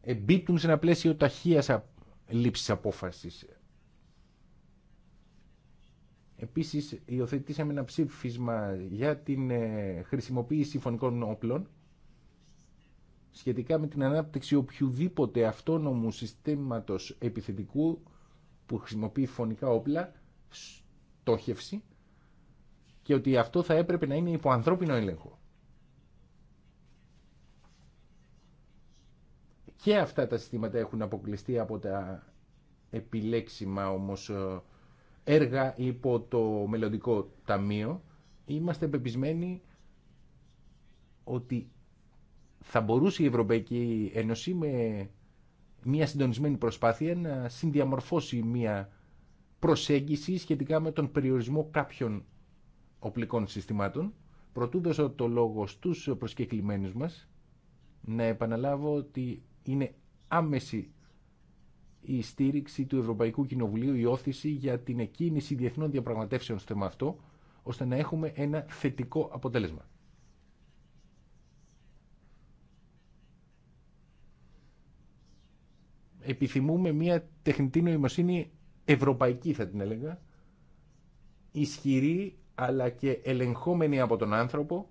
Speaker 1: εμπίπτουν σε ένα πλαίσιο ταχεία λήψη απόφασης. Επίσης, υιοθετήσαμε ένα ψήφισμα για την ε, χρησιμοποίηση φωνικών όπλων σχετικά με την ανάπτυξη οποιοδήποτε αυτόνομου συστήματος επιθετικού που χρησιμοποιεί φωνικά όπλα στόχευση και ότι αυτό θα έπρεπε να είναι υπό ανθρώπινο έλεγχο. Και αυτά τα συστήματα έχουν αποκλειστεί από τα επιλέξιμα όμως ε, έργα υπό το μελλοντικό ταμείο. Είμαστε πεπισμένοι ότι θα μπορούσε η Ευρωπαϊκή Ένωση με μια συντονισμένη προσπάθεια να συνδιαμορφώσει μια προσέγγιση σχετικά με τον περιορισμό κάποιων οπλικών συστημάτων. Προτού δώσω το λόγο στους προσκεκλημένους μας, να επαναλάβω ότι είναι άμεση η στήριξη του Ευρωπαϊκού Κοινοβουλίου, η όθηση για την εκκίνηση διεθνών διαπραγματεύσεων στο θέμα αυτό, ώστε να έχουμε ένα θετικό αποτέλεσμα. Επιθυμούμε μια τεχνητή νοημοσύνη ευρωπαϊκή θα την έλεγα, ισχυρή αλλά και ελεγχόμενη από τον άνθρωπο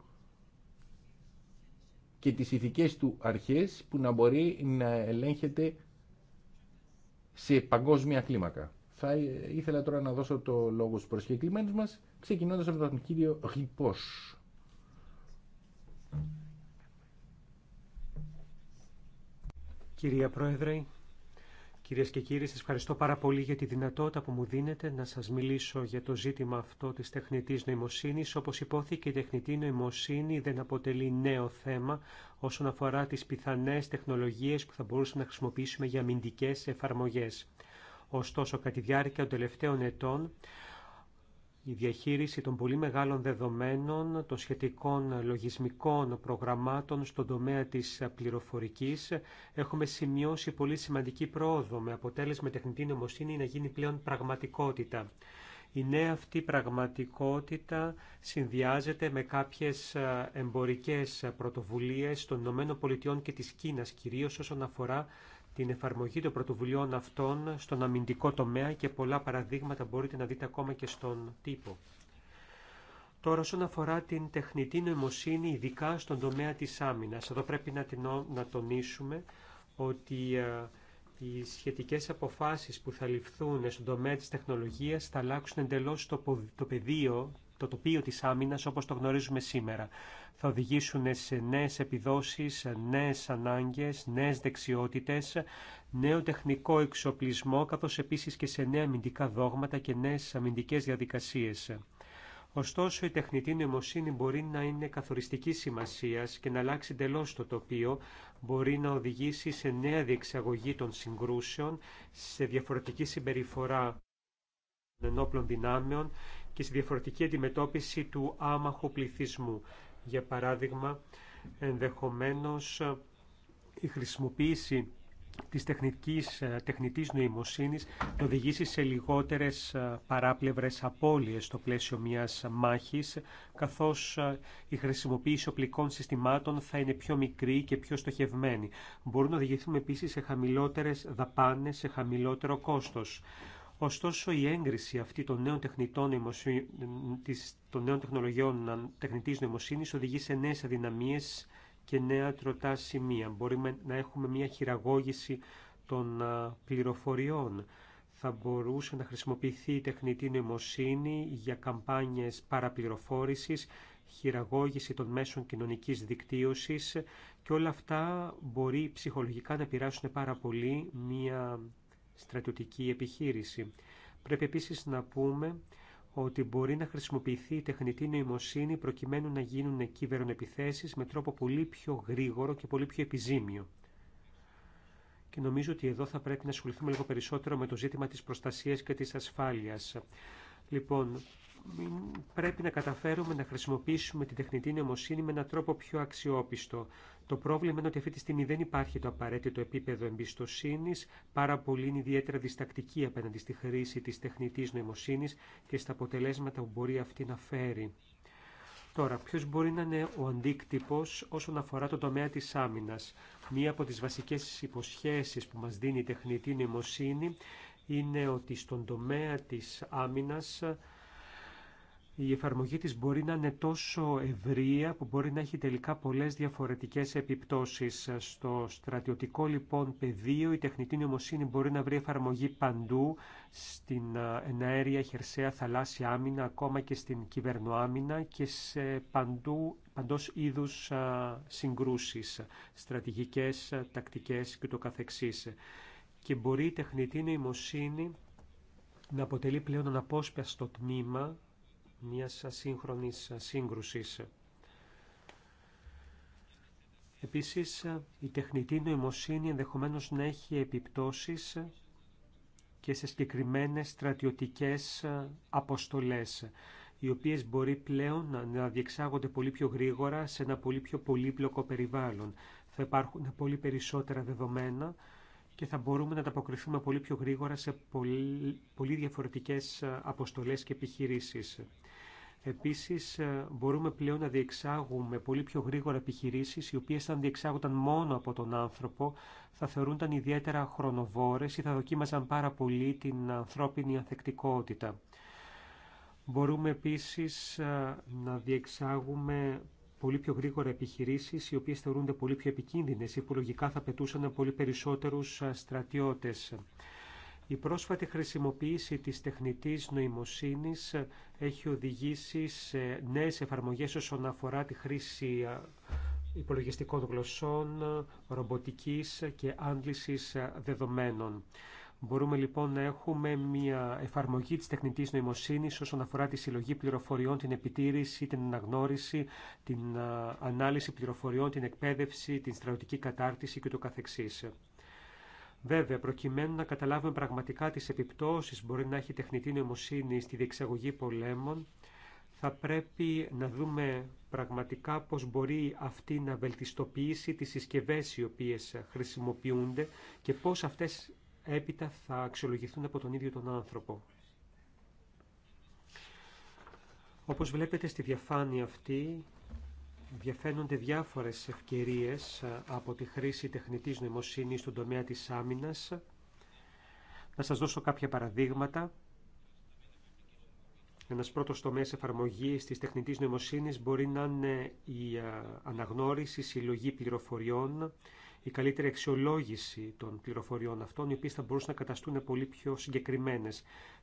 Speaker 1: και τις ηθικές του αρχές που να μπορεί να ελέγχεται σε παγκόσμια κλίμακα. Θα ήθελα τώρα να δώσω το λόγο στους προσκεκλημένους μας, ξεκινώντας από τον κύριο
Speaker 2: Ρυπός. Κυρία Πρόεδρε, Κυρίες και κύριοι, σας ευχαριστώ πάρα πολύ για τη δυνατότητα που μου δίνετε να σας μιλήσω για το ζήτημα αυτό της τεχνητής νοημοσύνης. Όπως υπόθηκε, η τεχνητή νοημοσύνη δεν αποτελεί νέο θέμα όσον αφορά τις πιθανές τεχνολογίες που θα μπορούσαμε να χρησιμοποιήσουμε για αμυντικές εφαρμογές. Ωστόσο, κατά τη διάρκεια των τελευταίων ετών, η διαχείριση των πολύ μεγάλων δεδομένων, των σχετικών λογισμικών προγραμμάτων στον τομέα της πληροφορικής. Έχουμε σημειώσει πολύ σημαντική πρόοδο με αποτέλεσμα τεχνητή νομοσύνη να γίνει πλέον πραγματικότητα. Η νέα αυτή πραγματικότητα συνδυάζεται με κάποιες ε, εμπορικές πρωτοβουλίες των ΗΠΑ και της Κίνας, κυρίως όσον αφορά την εφαρμογή των πρωτοβουλειών αυτών στον αμυντικό τομέα και πολλά παραδείγματα μπορείτε να δείτε ακόμα και στον τύπο. Τώρα όσον αφορά την τεχνητή νοημοσύνη, ειδικά στον τομέα της άμυνας, εδώ πρέπει να, την, να τονίσουμε ότι ε, οι σχετικές αποφάσεις που θα ληφθούν στον τομέα της τεχνολογίας θα αλλάξουν εντελώς το πεδίο το τοπίο της άμυνας όπως το γνωρίζουμε σήμερα. Θα οδηγήσουν σε νέες επιδόσεις, νέες ανάγκες, νέες δεξιότητες, νέο τεχνικό εξοπλισμό, καθώς επίσης και σε νέα αμυντικά δόγματα και νέες αμυντικές διαδικασίες. Ωστόσο, η τεχνητή νοημοσύνη μπορεί να είναι καθοριστική σημασία και να αλλάξει εντελώ το τοπίο, μπορεί να οδηγήσει σε νέα διεξαγωγή των συγκρούσεων, σε διαφορετική συμπεριφορά των ενόπλων δυνάμεων και στη διαφορετική αντιμετώπιση του άμαχου πληθυσμού. Για παράδειγμα, ενδεχομένως η χρησιμοποίηση της τεχνικής, ε, τεχνητής νοημοσύνης να οδηγήσει σε λιγότερες ε, παράπλευρες απώλειες στο πλαίσιο μιας μάχης, καθώς ε, η χρησιμοποίηση οπλικών συστημάτων θα είναι πιο μικρή και πιο στοχευμένη. Μπορούν να οδηγηθούμε επίσης σε χαμηλότερες δαπάνες, σε χαμηλότερο κόστος. Ωστόσο, η έγκριση αυτή των νέων, τεχνητών των νέων τεχνολογιών τεχνητής νοημοσύνης οδηγεί σε νέες αδυναμίες και νέα τροτά σημεία. Μπορούμε να έχουμε μια χειραγώγηση των πληροφοριών. Θα μπορούσε να χρησιμοποιηθεί η τεχνητή νοημοσύνη για καμπάνιες παραπληροφόρησης, χειραγώγηση των μέσων κοινωνικής δικτύωσης και όλα αυτά μπορεί ψυχολογικά να πειράσουν πάρα πολύ μια στρατιωτική επιχείρηση. Πρέπει επίσης να πούμε ότι μπορεί να χρησιμοποιηθεί η τεχνητή νοημοσύνη προκειμένου να γίνουν επιθέσεις με τρόπο πολύ πιο γρήγορο και πολύ πιο επιζήμιο. Και νομίζω ότι εδώ θα πρέπει να ασχοληθούμε λίγο περισσότερο με το ζήτημα της προστασίας και της ασφάλειας. Λοιπόν, πρέπει να καταφέρουμε να χρησιμοποιήσουμε την τεχνητή νοημοσύνη με έναν τρόπο πιο αξιόπιστο. Το πρόβλημα είναι ότι αυτή τη στιγμή δεν υπάρχει το απαραίτητο επίπεδο εμπιστοσύνη, πάρα πολύ είναι ιδιαίτερα διστακτική απέναντι στη χρήση τη τεχνητή νοημοσύνη και στα αποτελέσματα που μπορεί αυτή να φέρει. Τώρα, ποιο μπορεί να είναι ο αντίκτυπο όσον αφορά το τομέα τη άμυνα. Μία από τι βασικέ υποσχέσει που μα δίνει η τεχνητή νοημοσύνη είναι ότι στον τομέα της άμυνας η εφαρμογή της μπορεί να είναι τόσο ευρεία που μπορεί να έχει τελικά πολλές διαφορετικές επιπτώσεις. Στο στρατιωτικό λοιπόν πεδίο η τεχνητή νομοσύνη μπορεί να βρει εφαρμογή παντού, στην εναέρια, χερσαία, θαλάσσια άμυνα, ακόμα και στην κυβερνοάμυνα και σε παντού, παντός είδους συγκρούσεις, στρατηγικές, τακτικές και το καθεξής και μπορεί η τεχνητή νοημοσύνη να αποτελεί πλέον στο τμήμα μιας ασύγχρονης σύγκρουσης. Επίσης, η τεχνητή νοημοσύνη ενδεχομένως να έχει επιπτώσεις και σε συγκεκριμένες στρατιωτικές αποστολές, οι οποίες μπορεί πλέον να διεξάγονται πολύ πιο γρήγορα σε ένα πολύ πιο πολύπλοκο περιβάλλον. Θα υπάρχουν πολύ περισσότερα δεδομένα, και θα μπορούμε να ανταποκριθούμε πολύ πιο γρήγορα σε πολύ, πολύ διαφορετικές ε, αποστολές και επιχειρήσεις. Επίσης, ε, μπορούμε πλέον να διεξάγουμε πολύ πιο γρήγορα επιχειρήσεις, οι οποίες αν διεξάγονταν μόνο από τον άνθρωπο, θα θεωρούνταν ιδιαίτερα χρονοβόρες ή θα δοκίμαζαν πάρα πολύ την ανθρώπινη ανθεκτικότητα. Μπορούμε επίσης ε, να διεξάγουμε πολύ πιο γρήγορα επιχειρήσει οι οποίε θεωρούνται πολύ πιο επικίνδυνε ή που λογικά θα πετούσαν πολύ περισσότερου στρατιώτε. Η που θα πετουσαν πολυ χρησιμοποίηση της τεχνητής νοημοσύνης έχει οδηγήσει σε νέες εφαρμογές όσον αφορά τη χρήση υπολογιστικών γλωσσών, ρομποτικής και άντλησης δεδομένων. Μπορούμε λοιπόν να έχουμε μια εφαρμογή της τεχνητής νοημοσύνης όσον αφορά τη συλλογή πληροφοριών, την επιτήρηση, την αναγνώριση, την ανάλυση πληροφοριών, την εκπαίδευση, την στρατιωτική κατάρτιση και το καθεξής. Βέβαια, προκειμένου να καταλάβουμε πραγματικά τις επιπτώσεις μπορεί να έχει τεχνητή νοημοσύνη στη διεξαγωγή πολέμων, θα πρέπει να δούμε πραγματικά πώς μπορεί αυτή να βελτιστοποιήσει τις συσκευές οι οποίες χρησιμοποιούνται και πώς αυτές έπειτα θα αξιολογηθούν από τον ίδιο τον άνθρωπο. Όπως βλέπετε στη διαφάνεια αυτή, διαφαίνονται διάφορες ευκαιρίες ε, από τη χρήση τεχνητής νοημοσύνης στον τομέα της άμυνας. Να σας δώσω κάποια παραδείγματα. Ένας πρώτος τομέας εφαρμογής της τεχνητής νοημοσύνης μπορεί να είναι η ε, αναγνώριση, η συλλογή πληροφοριών, η καλύτερη αξιολόγηση των πληροφοριών αυτών, οι οποίε θα μπορούσαν να καταστούν πολύ πιο συγκεκριμένε.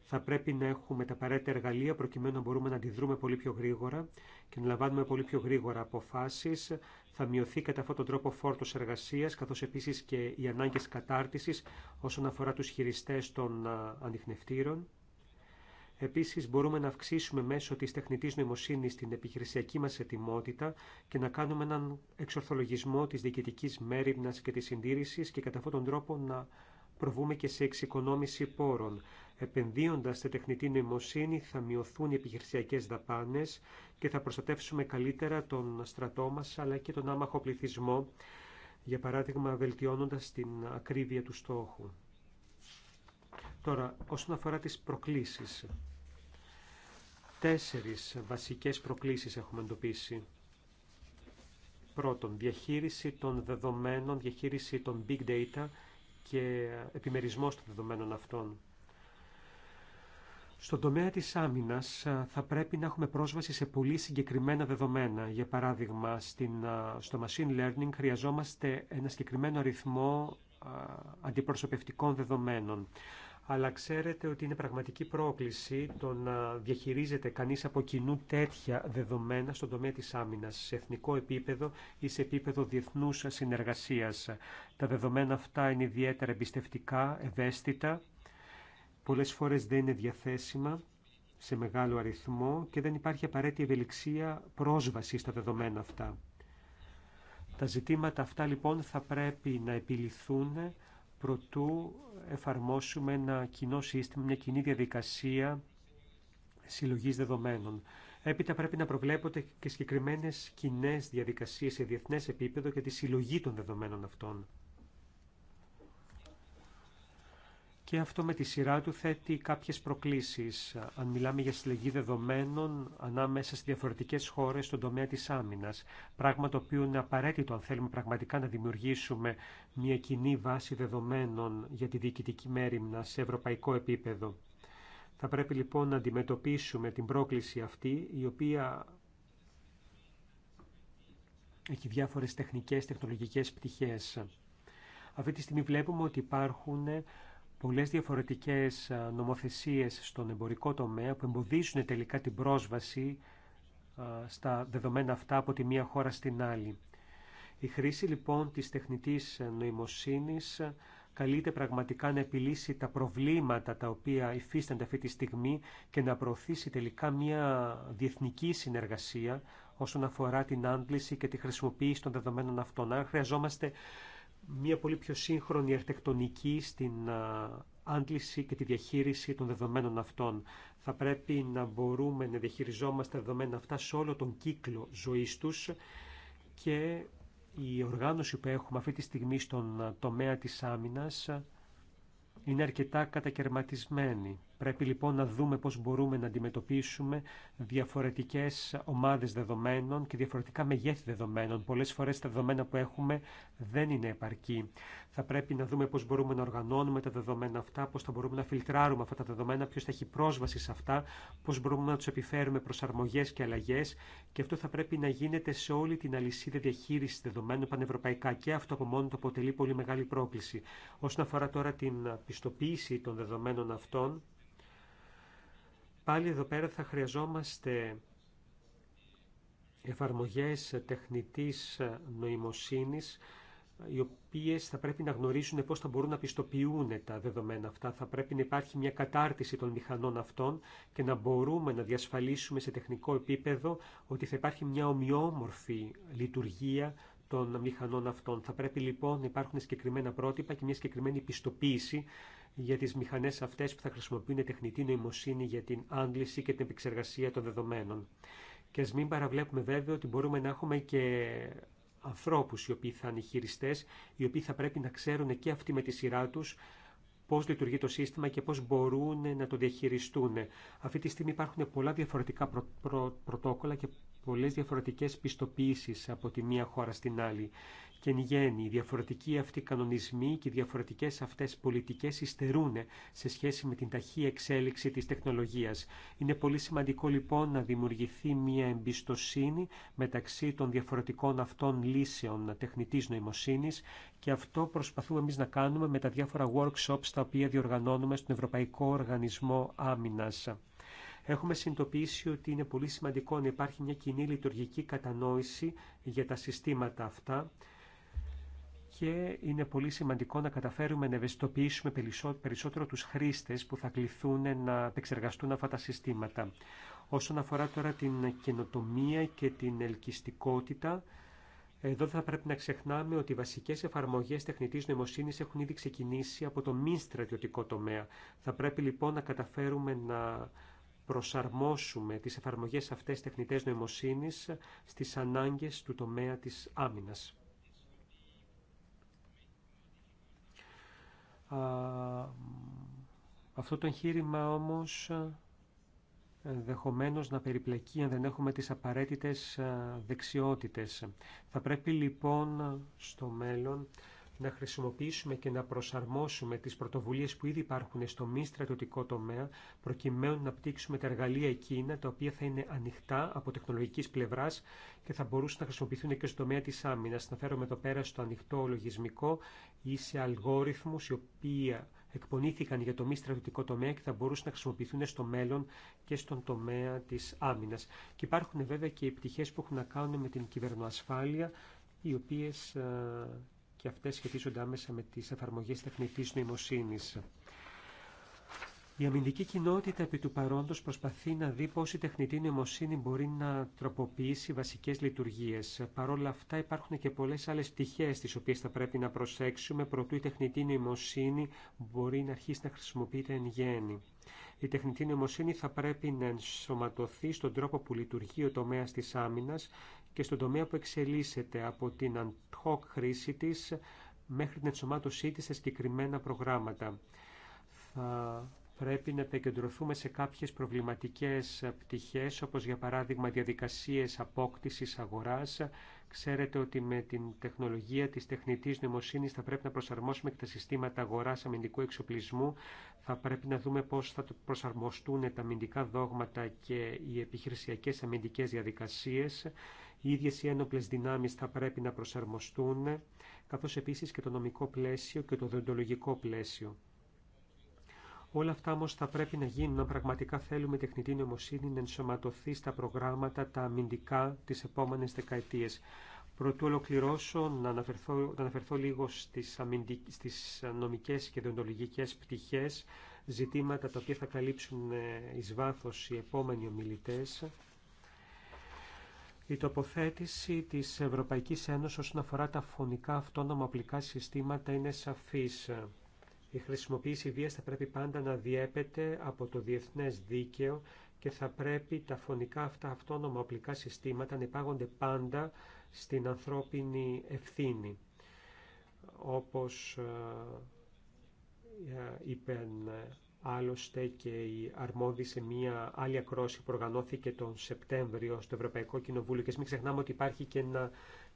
Speaker 2: Θα πρέπει να έχουμε τα απαραίτητα εργαλεία προκειμένου να μπορούμε να αντιδρούμε πολύ πιο γρήγορα και να λαμβάνουμε πολύ πιο γρήγορα αποφάσει. Θα μειωθεί κατά αυτόν τον τρόπο φόρτο εργασία, καθώ επίση και οι ανάγκε κατάρτιση όσον αφορά του χειριστέ των ανιχνευτήρων. Επίση, μπορούμε να αυξήσουμε μέσω τη τεχνητή νοημοσύνη την επιχειρησιακή μα ετοιμότητα και να κάνουμε έναν εξορθολογισμό της διοικητική μέρημνα και τη συντήρηση και κατά αυτόν τον τρόπο να προβούμε και σε εξοικονόμηση πόρων. Επενδύοντας στη τεχνητή νοημοσύνη θα μειωθούν οι επιχειρησιακέ δαπάνε και θα προστατεύσουμε καλύτερα τον στρατό μα αλλά και τον άμαχο πληθυσμό, για παράδειγμα βελτιώνοντας την ακρίβεια του στόχου. Τώρα, όσον αφορά τις προκλήσεις, Τέσσερις βασικές προκλήσεις έχουμε εντοπίσει. Πρώτον, διαχείριση των δεδομένων, διαχείριση των big data και επιμερισμός των δεδομένων αυτών. Στον τομέα της άμυνας θα πρέπει να έχουμε πρόσβαση σε πολύ συγκεκριμένα δεδομένα. Για παράδειγμα, στην, στο machine learning χρειαζόμαστε ένα συγκεκριμένο αριθμό αντιπροσωπευτικών δεδομένων αλλά ξέρετε ότι είναι πραγματική πρόκληση το να διαχειρίζεται κανείς από κοινού τέτοια δεδομένα στον τομέα της άμυνας, σε εθνικό επίπεδο ή σε επίπεδο διεθνούς συνεργασίας. Τα δεδομένα αυτά είναι ιδιαίτερα εμπιστευτικά, ευαίσθητα, πολλές φορές δεν είναι διαθέσιμα σε μεγάλο αριθμό και δεν υπάρχει απαραίτητη ευελιξία πρόσβαση στα δεδομένα αυτά. Τα ζητήματα αυτά λοιπόν θα πρέπει να επιληθούν προτού εφαρμόσουμε ένα κοινό σύστημα, μια κοινή διαδικασία συλλογής δεδομένων. Έπειτα πρέπει να προβλέπονται και συγκεκριμένες κοινέ διαδικασίες σε διεθνές επίπεδο για τη συλλογή των δεδομένων αυτών. και αυτό με τη σειρά του θέτει κάποιες προκλήσεις, αν μιλάμε για συλλεγή δεδομένων ανάμεσα στις διαφορετικές χώρες στον τομέα της άμυνας, πράγμα το οποίο είναι απαραίτητο αν θέλουμε πραγματικά να δημιουργήσουμε μια κοινή βάση δεδομένων για τη διοικητική μέρημνα σε ευρωπαϊκό επίπεδο. Θα πρέπει λοιπόν να αντιμετωπίσουμε την πρόκληση αυτή, η οποία έχει διάφορες τεχνικές, τεχνολογικές πτυχές. Αυτή τη στιγμή βλέπουμε ότι υπάρχουν πολλές διαφορετικές νομοθεσίες στον εμπορικό τομέα που εμποδίζουν τελικά την πρόσβαση στα δεδομένα αυτά από τη μία χώρα στην άλλη. Η χρήση λοιπόν της τεχνητής νοημοσύνης καλείται πραγματικά να επιλύσει τα προβλήματα τα οποία υφίστανται αυτή τη στιγμή και να προωθήσει τελικά μια διεθνική συνεργασία όσον αφορά την άντληση και τη χρησιμοποίηση των δεδομένων αυτών. Άρα χρειαζόμαστε μια πολύ πιο σύγχρονη αρχιτεκτονική στην άντληση και τη διαχείριση των δεδομένων αυτών. Θα πρέπει να μπορούμε να διαχειριζόμαστε τα δεδομένα αυτά σε όλο τον κύκλο ζωής τους και η οργάνωση που έχουμε αυτή τη στιγμή στον τομέα της άμυνας είναι αρκετά κατακαιρματισμένη. Πρέπει λοιπόν να δούμε πώς μπορούμε να αντιμετωπίσουμε διαφορετικές ομάδες δεδομένων και διαφορετικά μεγέθη δεδομένων. Πολλές φορές τα δεδομένα που έχουμε δεν είναι επαρκή. Θα πρέπει να δούμε πώς μπορούμε να οργανώνουμε τα δεδομένα αυτά, πώς θα μπορούμε να φιλτράρουμε αυτά τα δεδομένα, ποιος θα έχει πρόσβαση σε αυτά, πώς μπορούμε να τους επιφέρουμε προσαρμογές και αλλαγές και αυτό θα πρέπει να γίνεται σε όλη την αλυσίδα διαχείριση δεδομένων πανευρωπαϊκά και αυτό από μόνο το αποτελεί πολύ μεγάλη πρόκληση. Όσον αφορά τώρα την πιστοποίηση των δεδομένων αυτών, Πάλι εδώ πέρα θα χρειαζόμαστε εφαρμογές τεχνητής νοημοσύνης οι οποίες θα πρέπει να γνωρίζουν πώς θα μπορούν να πιστοποιούν τα δεδομένα αυτά. Θα πρέπει να υπάρχει μια κατάρτιση των μηχανών αυτών και να μπορούμε να διασφαλίσουμε σε τεχνικό επίπεδο ότι θα υπάρχει μια ομοιόμορφη λειτουργία των μηχανών αυτών. Θα πρέπει λοιπόν να υπάρχουν συγκεκριμένα πρότυπα και μια συγκεκριμένη πιστοποίηση για τις μηχανές αυτές που θα χρησιμοποιούν τεχνητή νοημοσύνη για την άντληση και την επεξεργασία των δεδομένων. Και ας μην παραβλέπουμε βέβαια ότι μπορούμε να έχουμε και ανθρώπους οι οποίοι θα είναι χειριστές, οι οποίοι θα πρέπει να ξέρουν και αυτοί με τη σειρά τους πώς λειτουργεί το σύστημα και πώς μπορούν να το διαχειριστούν. Αυτή τη στιγμή υπάρχουν πολλά διαφορετικά πρωτόκολλα και πολλές διαφορετικές πιστοποίησεις από τη μία χώρα στην άλλη και εν γέννη. Οι διαφορετικοί αυτοί κανονισμοί και οι διαφορετικές αυτές πολιτικές υστερούν σε σχέση με την ταχεία εξέλιξη της τεχνολογίας. Είναι πολύ σημαντικό λοιπόν να δημιουργηθεί μια εμπιστοσύνη μεταξύ των διαφορετικών αυτών λύσεων τεχνητής νοημοσύνης και αυτό προσπαθούμε εμείς να κάνουμε με τα διάφορα workshops τα οποία διοργανώνουμε στον Ευρωπαϊκό Οργανισμό Άμυνας. Έχουμε συνειδητοποιήσει ότι είναι πολύ σημαντικό να υπάρχει μια κοινή λειτουργική κατανόηση για τα συστήματα αυτά και είναι πολύ σημαντικό να καταφέρουμε να ευαισθητοποιήσουμε περισσότερο τους χρήστες που θα κληθούν να επεξεργαστούν αυτά τα συστήματα. Όσον αφορά τώρα την καινοτομία και την ελκυστικότητα, εδώ θα πρέπει να ξεχνάμε ότι οι βασικέ εφαρμογέ τεχνητή νοημοσύνη έχουν ήδη ξεκινήσει από το μη στρατιωτικό τομέα. Θα πρέπει λοιπόν να καταφέρουμε να προσαρμόσουμε τις εφαρμογές αυτές τεχνητές νοημοσύνης στις ανάγκες του τομέα της άμυνας. αυτό το εγχείρημα όμως ε, ενδεχομένως να περιπλακεί αν δεν έχουμε τις απαραίτητες ε, δεξιότητες. Θα πρέπει λοιπόν ε, στο μέλλον να χρησιμοποιήσουμε και να προσαρμόσουμε τις πρωτοβουλίες που ήδη υπάρχουν στο μη στρατιωτικό τομέα, προκειμένου να πτύξουμε τα εργαλεία εκείνα τα οποία θα είναι ανοιχτά από τεχνολογικής πλευράς και θα μπορούσαν να χρησιμοποιηθούν και στο τομέα της άμυνας. Να φέρουμε εδώ πέρα στο ανοιχτό λογισμικό ή σε αλγόριθμους οι οποίοι εκπονήθηκαν για το μη στρατιωτικό τομέα και θα μπορούσαν να χρησιμοποιηθούν στο μέλλον και στον τομέα της άμυνας. Και υπάρχουν βέβαια και οι πτυχές που έχουν να κάνουν με την κυβερνοασφάλεια, οι οποίες ε, και αυτές σχετίζονται άμεσα με τις εφαρμογές τεχνητής νοημοσύνης. Η αμυντική κοινότητα επί του παρόντος προσπαθεί να δει πώς η τεχνητή νοημοσύνη μπορεί να τροποποιήσει βασικές λειτουργίες. Παρ' όλα αυτά υπάρχουν και πολλές άλλες πτυχές τις οποίες θα πρέπει να προσέξουμε προτού η τεχνητή νοημοσύνη μπορεί να αρχίσει να χρησιμοποιείται εν γέννη. Η τεχνητή νοημοσύνη θα πρέπει να ενσωματωθεί στον τρόπο που λειτουργεί ο τομέας της άμυνας και στον τομέα που εξελίσσεται από την ad hoc χρήση της μέχρι την ενσωμάτωσή της σε συγκεκριμένα προγράμματα. Θα πρέπει να επικεντρωθούμε σε κάποιες προβληματικές πτυχές, όπως για παράδειγμα διαδικασίες απόκτησης αγοράς. Ξέρετε ότι με την τεχνολογία της τεχνητής νοημοσύνης θα πρέπει να προσαρμόσουμε και τα συστήματα αγοράς αμυντικού εξοπλισμού. Θα πρέπει να δούμε πώς θα προσαρμοστούν τα αμυντικά δόγματα και οι επιχειρησιακές αμυντικές διαδικασίες οι ίδιες οι ένοπλες δυνάμεις θα πρέπει να προσαρμοστούν, καθώς επίσης και το νομικό πλαίσιο και το δοντολογικό πλαίσιο. Όλα αυτά όμω θα πρέπει να γίνουν αν πραγματικά θέλουμε η τεχνητή νοημοσύνη να ενσωματωθεί στα προγράμματα τα αμυντικά τι επόμενε δεκαετίε. Προτού ολοκληρώσω, να αναφερθώ, να αναφερθώ λίγο στις, αμυντικ... στις νομικές και διοντολογικές πτυχές, ζητήματα τα οποία θα καλύψουν ε, εις βάθος οι επόμενοι ομιλητές η τοποθέτηση της Ευρωπαϊκής Ένωσης όσον αφορά τα φωνικά αυτόνομα οπλικά συστήματα είναι σαφής. Η χρησιμοποίηση βίας θα πρέπει πάντα να διέπεται από το διεθνές δίκαιο και θα πρέπει τα φωνικά αυτά αυτόνομα οπλικά συστήματα να υπάγονται πάντα στην ανθρώπινη ευθύνη. Όπως ε, ε, είπαν ε, Άλλωστε και η αρμόδη σε μια άλλη ακρόση που οργανώθηκε τον Σεπτέμβριο στο Ευρωπαϊκό Κοινοβούλιο και μην ξεχνάμε ότι υπάρχει και ένα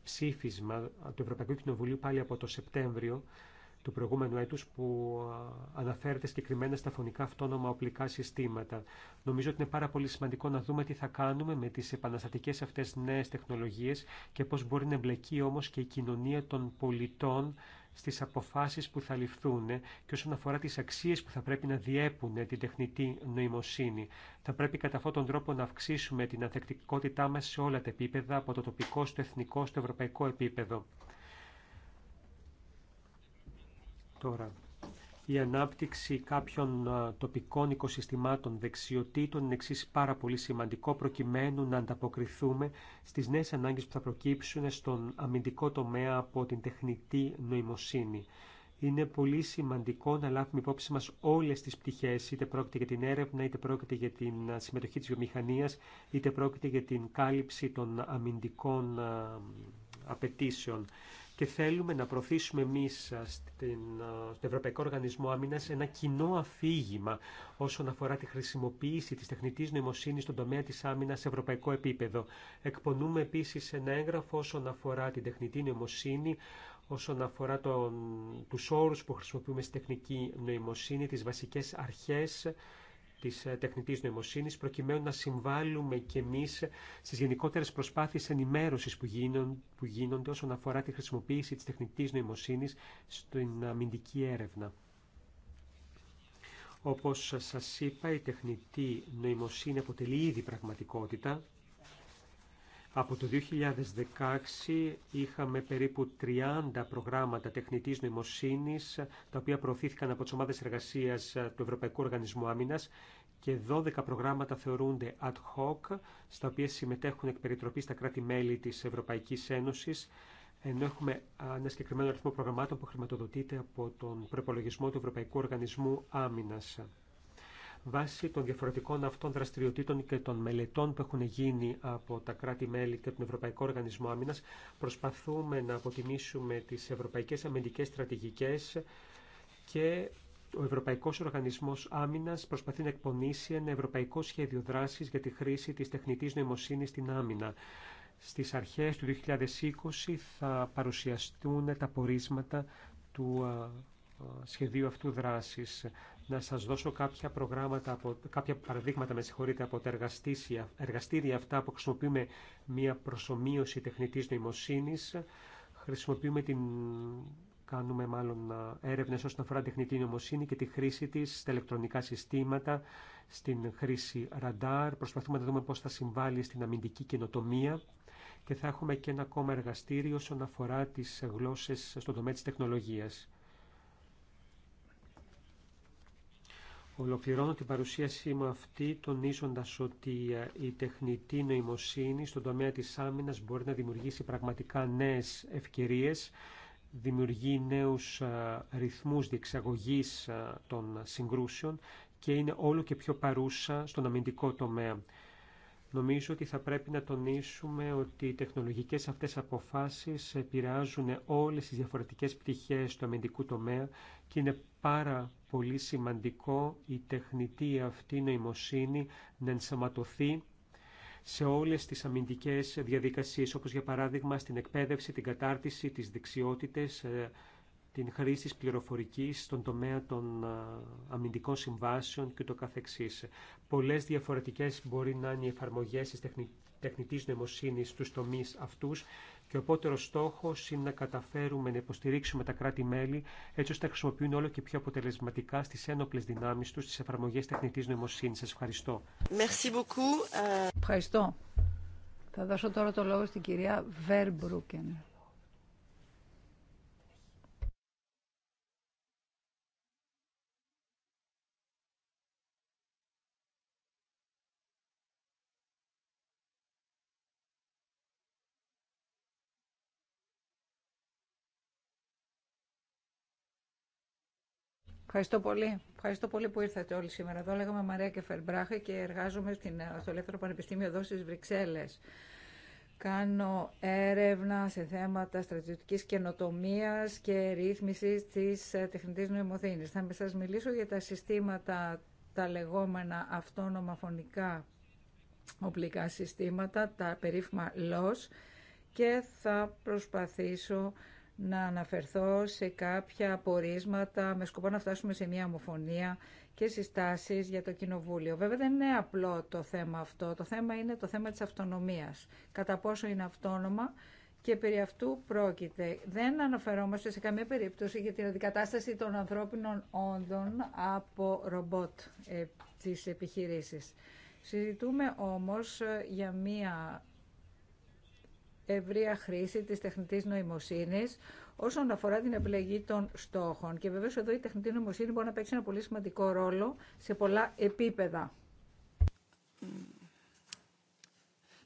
Speaker 2: ψήφισμα του Ευρωπαϊκού Κοινοβουλίου πάλι από το Σεπτέμβριο του προηγούμενου έτους που αναφέρεται συγκεκριμένα στα φωνικά αυτόνομα οπλικά συστήματα. Νομίζω ότι είναι πάρα πολύ σημαντικό να δούμε τι θα κάνουμε με τις επαναστατικές αυτές νέες τεχνολογίες και πώς μπορεί να εμπλεκεί όμως και η κοινωνία των πολιτών στις αποφάσεις που θα ληφθούν και όσον αφορά τις αξίες που θα πρέπει να διέπουν την τεχνητή νοημοσύνη. Θα πρέπει κατά αυτόν τον τρόπο να αυξήσουμε την ανθεκτικότητά μας σε όλα τα επίπεδα, από το τοπικό στο εθνικό στο ευρωπαϊκό επίπεδο. Τώρα, η ανάπτυξη κάποιων τοπικών οικοσυστημάτων δεξιοτήτων είναι εξή πάρα πολύ σημαντικό προκειμένου να ανταποκριθούμε στις νέες ανάγκες που θα προκύψουν στον αμυντικό τομέα από την τεχνητή νοημοσύνη. Είναι πολύ σημαντικό να λάβουμε υπόψη μας όλες τις πτυχές, είτε πρόκειται για την έρευνα, είτε πρόκειται για την συμμετοχή της βιομηχανίας, είτε πρόκειται για την κάλυψη των αμυντικών απαιτήσεων και θέλουμε να προωθήσουμε εμεί στον Ευρωπαϊκό Οργανισμό Άμυνα ένα κοινό αφήγημα όσον αφορά τη χρησιμοποίηση τη τεχνητή νοημοσύνη στον τομέα τη άμυνα σε ευρωπαϊκό επίπεδο. Εκπονούμε επίση ένα έγγραφο όσον αφορά την τεχνητή νοημοσύνη, όσον αφορά τον, τους όρους που χρησιμοποιούμε στη τεχνική νοημοσύνη, τις βασικές αρχές Τη ε, τεχνητή νοημοσύνης προκειμένου να συμβάλλουμε και εμείς στις γενικότερες προσπάθειες ενημέρωσης που, που γίνονται όσον αφορά τη χρησιμοποίηση της τεχνητή νοημοσύνης στην αμυντική έρευνα. Όπως σας είπα, η τεχνητή νοημοσύνη αποτελεί ήδη πραγματικότητα από το 2016 είχαμε περίπου 30 προγράμματα τεχνητής νοημοσύνης, τα οποία προωθήθηκαν από τις ομάδες εργασίας του Ευρωπαϊκού Οργανισμού Άμυνας και 12 προγράμματα θεωρούνται ad hoc, στα οποία συμμετέχουν εκ περιτροπής τα κράτη-μέλη της Ευρωπαϊκής Ένωσης, ενώ έχουμε ένα συγκεκριμένο αριθμό προγραμμάτων που χρηματοδοτείται από τον προπολογισμό του Ευρωπαϊκού Οργανισμού Άμυνας. Βάσει των διαφορετικών αυτών δραστηριοτήτων και των μελετών που έχουν γίνει από τα κράτη-μέλη και τον Ευρωπαϊκό Οργανισμό Άμυνας, προσπαθούμε να αποτιμήσουμε τις ευρωπαϊκές αμυντικές στρατηγικές και ο Ευρωπαϊκό Οργανισμό Άμυνα προσπαθεί να εκπονήσει ένα ευρωπαϊκό σχέδιο δράση για τη χρήση τη τεχνητή νοημοσύνη στην άμυνα. Στι αρχέ του 2020 θα παρουσιαστούν τα πορίσματα του σχεδίου αυτού δράσης να σας δώσω κάποια, προγράμματα από, κάποια παραδείγματα με συγχωρείτε, από τα εργαστήρια, εργαστήρια αυτά που χρησιμοποιούμε μια προσωμείωση τεχνητής νοημοσύνης. Χρησιμοποιούμε την κάνουμε μάλλον έρευνες όσον αφορά τεχνητή νοημοσύνη και τη χρήση της στα ηλεκτρονικά συστήματα, στην χρήση ραντάρ. Προσπαθούμε να δούμε πώς θα συμβάλλει στην αμυντική καινοτομία και θα έχουμε και ένα ακόμα εργαστήριο όσον αφορά τις γλώσσες στον τομέα της τεχνολογίας. Ολοκληρώνω την παρουσίασή μου αυτή τονίζοντας ότι ε, η τεχνητή νοημοσύνη στον τομέα της άμυνας μπορεί να δημιουργήσει πραγματικά νέες ευκαιρίες, δημιουργεί νέους ε, ρυθμούς διεξαγωγής ε, των συγκρούσεων και είναι όλο και πιο παρούσα στον αμυντικό τομέα. Νομίζω ότι θα πρέπει να τονίσουμε ότι οι τεχνολογικές αυτές αποφάσεις επηρεάζουν όλες τις διαφορετικές πτυχές του αμυντικού τομέα και είναι πάρα πολύ σημαντικό η τεχνητή αυτή νοημοσύνη να ενσωματωθεί σε όλες τις αμυντικές διαδικασίες, όπως για παράδειγμα στην εκπαίδευση, την κατάρτιση, τις δεξιότητες, ε, την χρήση της πληροφορικής στον τομέα των ε, αμυντικών συμβάσεων και το καθεξής. Πολλές διαφορετικές μπορεί να είναι οι εφαρμογές της τεχνητής νοημοσύνης στους τομείς αυτούς και ο επότερο στόχος είναι να καταφέρουμε να υποστηρίξουμε τα κράτη-μέλη έτσι ώστε να χρησιμοποιούν όλο και πιο αποτελεσματικά στις ένοπλες δυνάμεις τους στις εφαρμογές τεχνητής νοημοσύνης. Σας ευχαριστώ.
Speaker 3: Merci beaucoup. Ευχαριστώ. Θα δώσω τώρα το λόγο στην κυρία Βέρμπρουκεν. Ευχαριστώ πολύ. Ευχαριστώ πολύ που ήρθατε όλοι σήμερα εδώ. λέγαμε Μαρία Κεφερμπράχα και εργάζομαι στην, ε, στο Ελεύθερο Πανεπιστήμιο εδώ στις Βρυξέλλες. Κάνω έρευνα σε θέματα στρατιωτικής καινοτομίας και ρύθμισης της ε, τεχνητής νοημοθήνης. Θα σας μιλήσω για τα συστήματα, τα λεγόμενα αυτόνομα φωνικά οπλικά συστήματα, τα περίφημα LOS και θα προσπαθήσω να αναφερθώ σε κάποια απορίσματα με σκοπό να φτάσουμε σε μια ομοφωνία και συστάσεις για το Κοινοβούλιο. Βέβαια δεν είναι απλό το θέμα αυτό. Το θέμα είναι το θέμα της αυτονομίας. Κατά πόσο είναι αυτόνομα και περί αυτού πρόκειται. Δεν αναφερόμαστε σε καμία περίπτωση για την αντικατάσταση των ανθρώπινων όντων από ρομπότ ε, της Συζητούμε όμως ε, για μία ευρεία χρήση της τεχνητής νοημοσύνης όσον αφορά την επιλογή των στόχων. Και βεβαίως εδώ η τεχνητή νοημοσύνη μπορεί να παίξει ένα πολύ σημαντικό ρόλο σε πολλά επίπεδα.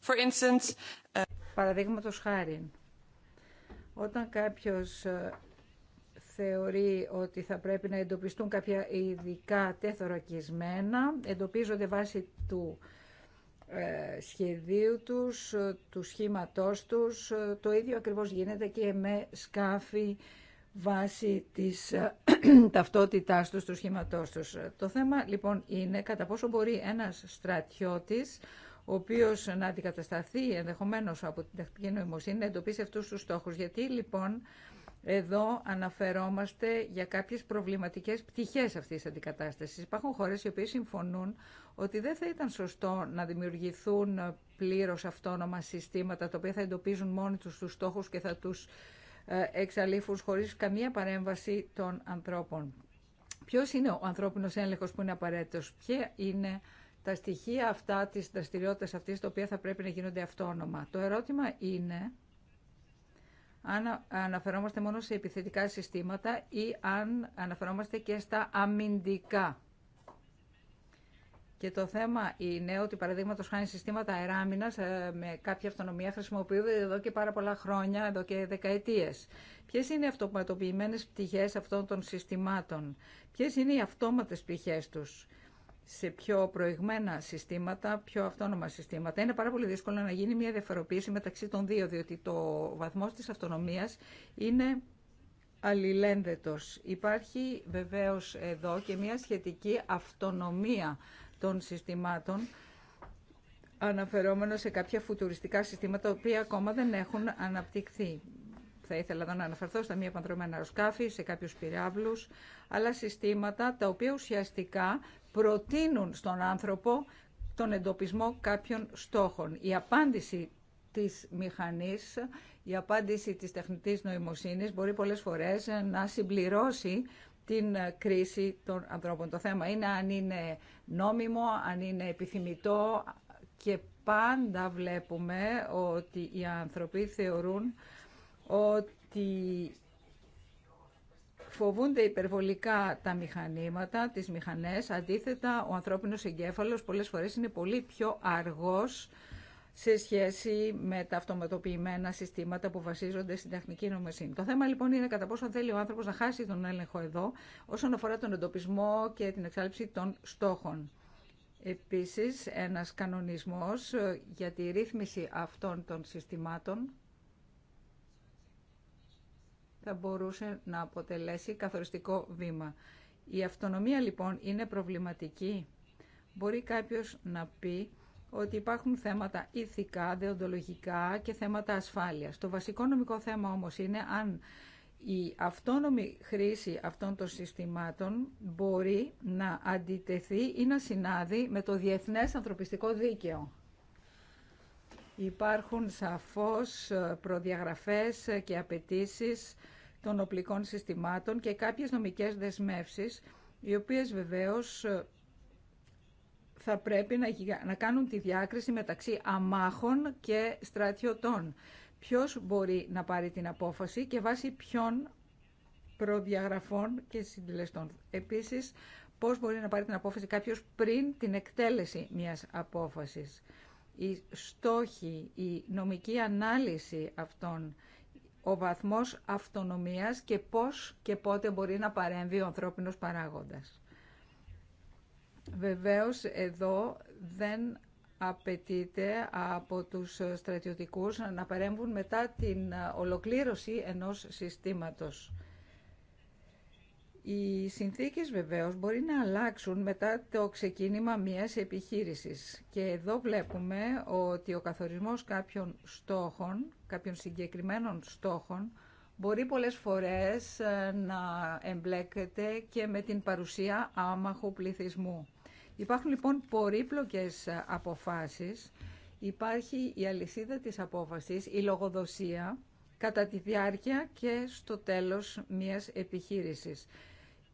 Speaker 3: For instance, ε, Παραδείγματος χάρη, όταν κάποιος ε, θεωρεί ότι θα πρέπει να εντοπιστούν κάποια ειδικά τεθωρακισμένα, εντοπίζονται βάσει του ε, σχεδίου τους, ε, του σχήματός τους. Ε, το ίδιο ακριβώς γίνεται και με σκάφη βάση της ταυτότητάς τους, του σχήματός τους. Το θέμα λοιπόν είναι κατά πόσο μπορεί ένας στρατιώτης, ο οποίος να αντικατασταθεί ενδεχομένω από την τεχνική νοημοσύνη, να εντοπίσει αυτούς του στόχου, Γιατί λοιπόν εδώ αναφερόμαστε για κάποιες προβληματικές πτυχές αυτής της αντικατάστασης. Υπάρχουν χώρες οι οποίες συμφωνούν ότι δεν θα ήταν σωστό να δημιουργηθούν πλήρως αυτόνομα συστήματα τα οποία θα εντοπίζουν μόνοι τους τους στόχους και θα τους ε, εξαλείφουν χωρίς καμία παρέμβαση των ανθρώπων. Ποιο είναι ο ανθρώπινος έλεγχος που είναι απαραίτητο, ποια είναι τα στοιχεία αυτά της δραστηριότητα αυτής τα οποία θα πρέπει να γίνονται αυτόνομα. Το ερώτημα είναι αν αναφερόμαστε μόνο σε επιθετικά συστήματα ή αν αναφερόμαστε και στα αμυντικά. Και το θέμα είναι ότι παραδείγματο χάνει συστήματα αεράμινα ε, με κάποια αυτονομία χρησιμοποιούνται εδώ και πάρα πολλά χρόνια, εδώ και δεκαετίες. Ποιε είναι οι αυτοματοποιημένε πτυχέ αυτών των συστημάτων, ποιε είναι οι αυτόματε πτυχέ του, σε πιο προηγμένα συστήματα, πιο αυτόνομα συστήματα. Είναι πάρα πολύ δύσκολο να γίνει μια διαφοροποίηση μεταξύ των δύο, διότι το βαθμός της αυτονομίας είναι αλληλένδετος. Υπάρχει βεβαίως εδώ και μια σχετική αυτονομία των συστημάτων, αναφερόμενο σε κάποια φουτουριστικά συστήματα, τα οποία ακόμα δεν έχουν αναπτυχθεί. Θα ήθελα να αναφερθώ στα μη επανδρομένα αεροσκάφη, σε κάποιους πυράβλους, αλλά συστήματα τα οποία ουσιαστικά προτείνουν στον άνθρωπο τον εντοπισμό κάποιων στόχων. Η απάντηση της μηχανής, η απάντηση της τεχνητής νοημοσύνης μπορεί πολλές φορές να συμπληρώσει την κρίση των ανθρώπων. Το θέμα είναι αν είναι νόμιμο, αν είναι επιθυμητό και πάντα βλέπουμε ότι οι άνθρωποι θεωρούν ότι φοβούνται υπερβολικά τα μηχανήματα, τις μηχανές. Αντίθετα, ο ανθρώπινος εγκέφαλος πολλές φορές είναι πολύ πιο αργός σε σχέση με τα αυτοματοποιημένα συστήματα που βασίζονται στην τεχνική νομοσύνη. Το θέμα λοιπόν είναι κατά πόσο θέλει ο άνθρωπος να χάσει τον έλεγχο εδώ όσον αφορά τον εντοπισμό και την εξάλληψη των στόχων. Επίσης, ένας κανονισμός για τη ρύθμιση αυτών των συστημάτων θα μπορούσε να αποτελέσει καθοριστικό βήμα. Η αυτονομία λοιπόν είναι προβληματική. Μπορεί κάποιος να πει ότι υπάρχουν θέματα ηθικά, δεοντολογικά και θέματα ασφάλειας. Το βασικό νομικό θέμα όμως είναι αν η αυτόνομη χρήση αυτών των συστημάτων μπορεί να αντιτεθεί ή να συνάδει με το διεθνές ανθρωπιστικό δίκαιο. Υπάρχουν σαφώς προδιαγραφές και απαιτήσεις των οπλικών συστημάτων και κάποιες νομικές δεσμεύσεις, οι οποίες βεβαίως ε, θα πρέπει να, να κάνουν τη διάκριση μεταξύ αμάχων και στρατιωτών. Ποιος μπορεί να πάρει την απόφαση και βάσει ποιον προδιαγραφών και συντελεστών Επίσης, πώς μπορεί να πάρει την απόφαση κάποιος πριν την εκτέλεση μιας απόφασης. Η στόχη, η νομική ανάλυση αυτών ο βαθμός αυτονομίας και πώς και πότε μπορεί να παρέμβει ο ανθρώπινος παράγοντας. Βεβαίως εδώ δεν απαιτείται από τους στρατιωτικούς να παρέμβουν μετά την ολοκλήρωση ενός συστήματος. Οι συνθήκες βεβαίως μπορεί να αλλάξουν μετά το ξεκίνημα μιας επιχείρησης και εδώ βλέπουμε ότι ο καθορισμός κάποιων στόχων, κάποιων συγκεκριμένων στόχων, μπορεί πολλές φορές ε, να εμπλέκεται και με την παρουσία άμαχου πληθυσμού. Υπάρχουν λοιπόν πορύπλοκες αποφάσεις, υπάρχει η αλυσίδα της απόφασης, η λογοδοσία κατά τη διάρκεια και στο τέλος μιας επιχείρησης.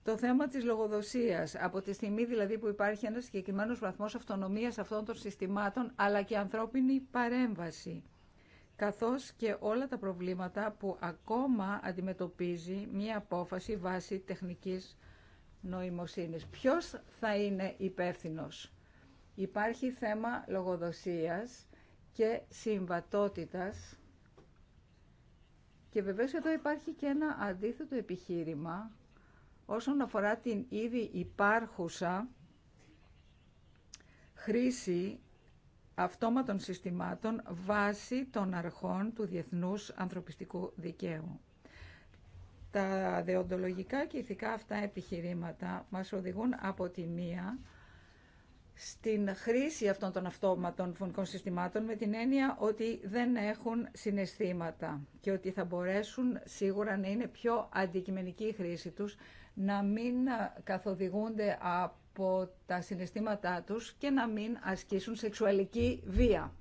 Speaker 3: Το θέμα της λογοδοσίας, από τη στιγμή δηλαδή που υπάρχει ένας συγκεκριμένος βαθμός αυτονομίας αυτών των συστημάτων, αλλά και ανθρώπινη παρέμβαση, καθώς και όλα τα προβλήματα που ακόμα αντιμετωπίζει μία απόφαση βάσει τεχνικής νοημοσύνης. Ποιος θα είναι υπεύθυνο, Υπάρχει θέμα λογοδοσίας και συμβατότητας και βεβαίως εδώ υπάρχει και ένα αντίθετο επιχείρημα όσον αφορά την ήδη υπάρχουσα χρήση αυτόματων συστημάτων βάσει των αρχών του διεθνούς ανθρωπιστικού δικαίου. Τα δεοντολογικά και ηθικά αυτά επιχειρήματα μας οδηγούν από τη μία στην χρήση αυτών των αυτόματων φωνικών συστημάτων με την έννοια ότι δεν έχουν συναισθήματα και ότι θα μπορέσουν σίγουρα να είναι πιο αντικειμενική η χρήση τους να μην καθοδηγούνται από τα συναισθήματά τους και να μην ασκήσουν σεξουαλική βία.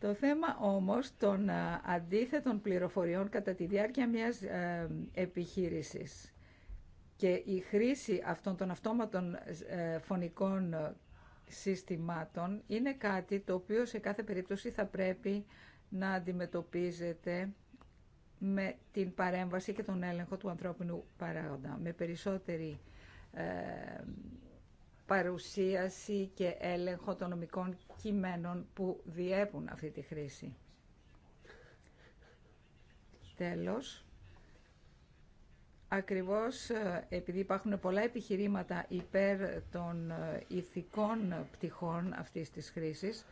Speaker 3: Το θέμα όμως των ε, αντίθετων πληροφοριών κατά τη διάρκεια μιας ε, επιχείρησης και η χρήση αυτών των αυτόματων ε, φωνικών συστημάτων είναι κάτι το οποίο σε κάθε περίπτωση θα πρέπει να αντιμετωπίζεται με την παρέμβαση και τον έλεγχο του ανθρώπινου παράγοντα, με περισσότερη ε, παρουσίαση και έλεγχο των νομικών κειμένων που διέπουν αυτή τη χρήση. Τέλος, ακριβώς ε, επειδή υπάρχουν πολλά επιχειρήματα υπέρ των ε, ηθικών πτυχών αυτής της χρήσης,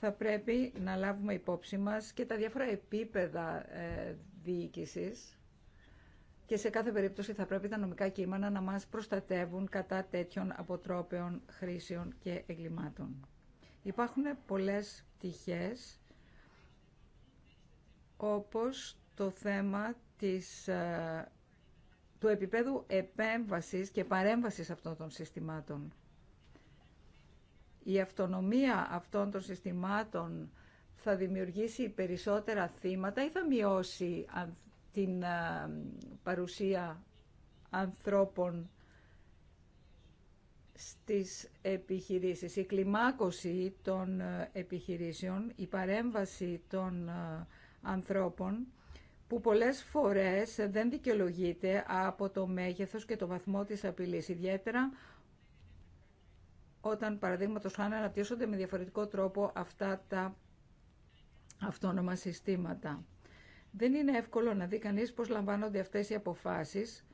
Speaker 3: θα πρέπει να λάβουμε υπόψη μας και τα διάφορα επίπεδα ε, διοίκησης και σε κάθε περίπτωση θα πρέπει τα νομικά κείμενα να μας προστατεύουν κατά τέτοιων αποτρόπαιων χρήσεων και εγκλημάτων. Υπάρχουν πολλές πτυχές όπως το θέμα της, ε, του επίπεδου επέμβασης και παρέμβασης αυτών των συστημάτων. Η αυτονομία αυτών των συστημάτων θα δημιουργήσει περισσότερα θύματα ή θα μειώσει την ε, παρουσία ανθρώπων στις επιχειρήσεις. Η κλιμάκωση των ε, επιχειρήσεων, η παρέμβαση των ε, ανθρώπων που πολλές φορές δεν δικαιολογείται από το μέγεθος και το βαθμό της απειλής, ιδιαίτερα όταν παραδείγματος χάνει αναπτύσσονται με διαφορετικό τρόπο αυτά τα αυτόνομα συστήματα. Δεν είναι εύκολο να δει κανείς πώς λαμβάνονται αυτές οι αποφάσεις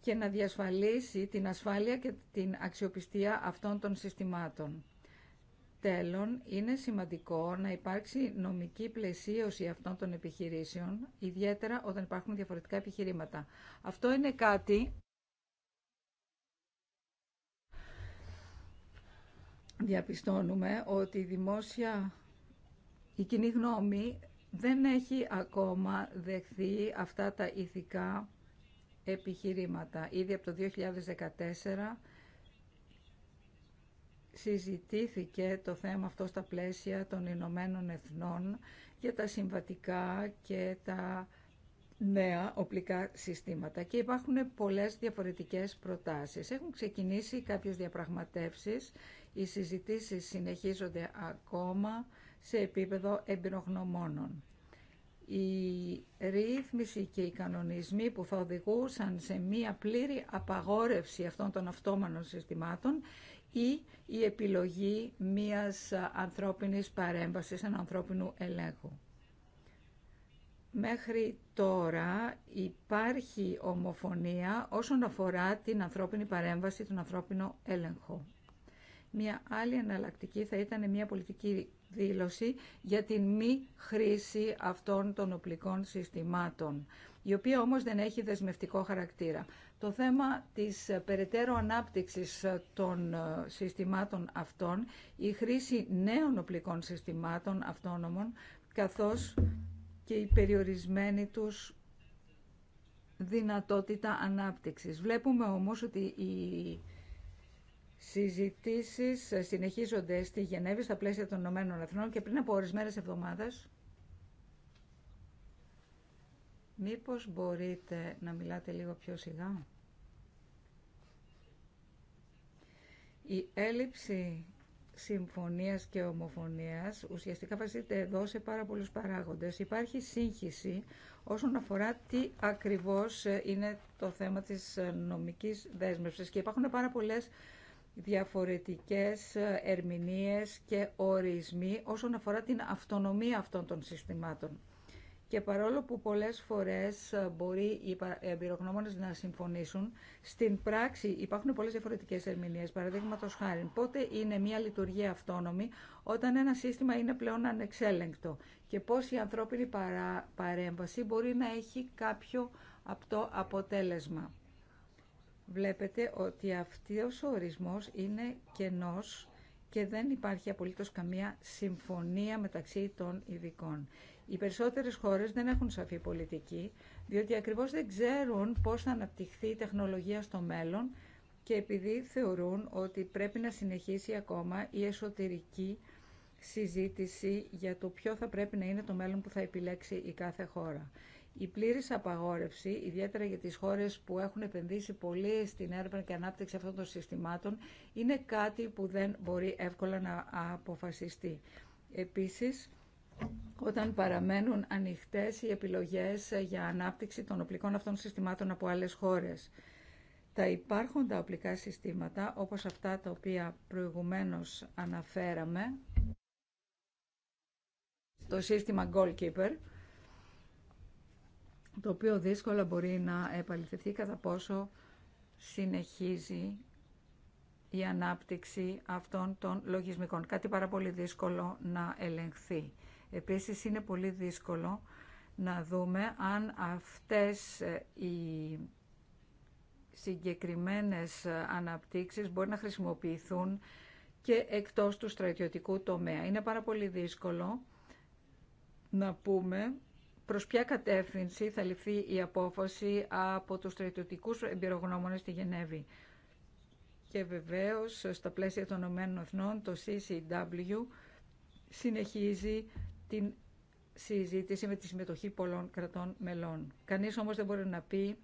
Speaker 3: και να διασφαλίσει την ασφάλεια και την αξιοπιστία αυτών των συστημάτων. Τέλον, είναι σημαντικό να υπάρξει νομική πλαισίωση αυτών των επιχειρήσεων, ιδιαίτερα όταν υπάρχουν διαφορετικά επιχειρήματα. Αυτό είναι κάτι διαπιστώνουμε ότι η δημόσια, η κοινή γνώμη δεν έχει ακόμα δεχθεί αυτά τα ηθικά επιχειρήματα. Ήδη από το 2014 συζητήθηκε το θέμα αυτό στα πλαίσια των Ηνωμένων Εθνών για τα συμβατικά και τα νέα οπλικά συστήματα και υπάρχουν πολλές διαφορετικές προτάσεις. Έχουν ξεκινήσει κάποιες διαπραγματεύσεις οι συζητήσεις συνεχίζονται ακόμα σε επίπεδο εμπειρογνωμόνων. Η ρύθμιση και οι κανονισμοί που θα οδηγούσαν σε μία πλήρη απαγόρευση αυτών των αυτόμανων συστημάτων ή η επιλογή μίας ανθρώπινης παρέμβασης, έναν ανθρώπινου ελέγχο. Μέχρι τώρα υπάρχει ομοφωνία όσον αφορά την ανθρώπινη παρέμβαση, τον ανθρώπινο έλεγχο. Μία άλλη εναλλακτική θα ήταν μια πολιτική δήλωση για την μη χρήση αυτών των οπλικών συστημάτων, η οποία όμως δεν έχει δεσμευτικό χαρακτήρα. Το θέμα της περαιτέρω ανάπτυξης των συστημάτων αυτών, η χρήση νέων οπλικών συστημάτων αυτόνομων, καθώς και η περιορισμένη τους δυνατότητα ανάπτυξης. Βλέπουμε όμως ότι Συζητήσει συνεχίζονται στη Γενέβη στα πλαίσια των Ηνωμένων Αθήνων και πριν από ορισμένε εβδομάδε. Μήπω μπορείτε να μιλάτε λίγο πιο σιγά. Η έλλειψη συμφωνίας και ομοφωνίας ουσιαστικά βασίζεται εδώ σε πάρα πολλούς παράγοντες. Υπάρχει σύγχυση όσον αφορά τι ακριβώς ε, είναι το θέμα της ε, νομικής δέσμευσης και υπάρχουν πάρα πολλές διαφορετικές ερμηνείες και ορισμοί όσον αφορά την αυτονομία αυτών των συστημάτων. Και παρόλο που πολλές φορές ε, μπορεί οι εμπειρογνώμονες να συμφωνήσουν, στην πράξη υπάρχουν πολλές διαφορετικές ερμηνείες. Παραδείγματο χάρη, πότε είναι μια λειτουργία αυτόνομη όταν ένα σύστημα είναι πλέον ανεξέλεγκτο και πώς η ανθρώπινη παρέμβαση μπορεί να έχει κάποιο το αποτέλεσμα βλέπετε ότι αυτός ο ορισμός είναι κενός και δεν υπάρχει απολύτως καμία συμφωνία μεταξύ των ειδικών. Οι περισσότερες χώρες δεν έχουν σαφή πολιτική, διότι ακριβώς δεν ξέρουν πώς θα αναπτυχθεί η τεχνολογία στο μέλλον και επειδή θεωρούν ότι πρέπει να συνεχίσει ακόμα η εσωτερική συζήτηση για το ποιο θα πρέπει να είναι το μέλλον που θα επιλέξει η κάθε χώρα. Η πλήρης απαγόρευση, ιδιαίτερα για τις χώρες που έχουν επενδύσει πολύ στην έρευνα και ανάπτυξη αυτών των συστημάτων, είναι κάτι που δεν μπορεί εύκολα να αποφασιστεί. Επίσης, όταν παραμένουν ανοιχτές οι επιλογές για ανάπτυξη των οπλικών αυτών συστημάτων από άλλες χώρες. Τα υπάρχοντα οπλικά συστήματα, όπως αυτά τα οποία προηγουμένως αναφέραμε, το σύστημα Goalkeeper, το οποίο δύσκολα μπορεί να επαληθευτεί κατά πόσο συνεχίζει η ανάπτυξη αυτών των λογισμικών. Κάτι πάρα πολύ δύσκολο να ελεγχθεί. Επίσης είναι πολύ δύσκολο να δούμε αν αυτές ε, οι συγκεκριμένες αναπτύξεις μπορεί να χρησιμοποιηθούν και εκτός του στρατιωτικού τομέα. Είναι πάρα πολύ δύσκολο να πούμε προς ποια κατεύθυνση θα ληφθεί η απόφαση από τους στρατιωτικούς εμπειρογνώμονες στη Γενέβη. Και βεβαίως, στα πλαίσια των ΗΠΑ, το CCW συνεχίζει την συζήτηση με τη συμμετοχή πολλών κρατών μελών. Κανείς όμως δεν μπορεί να πει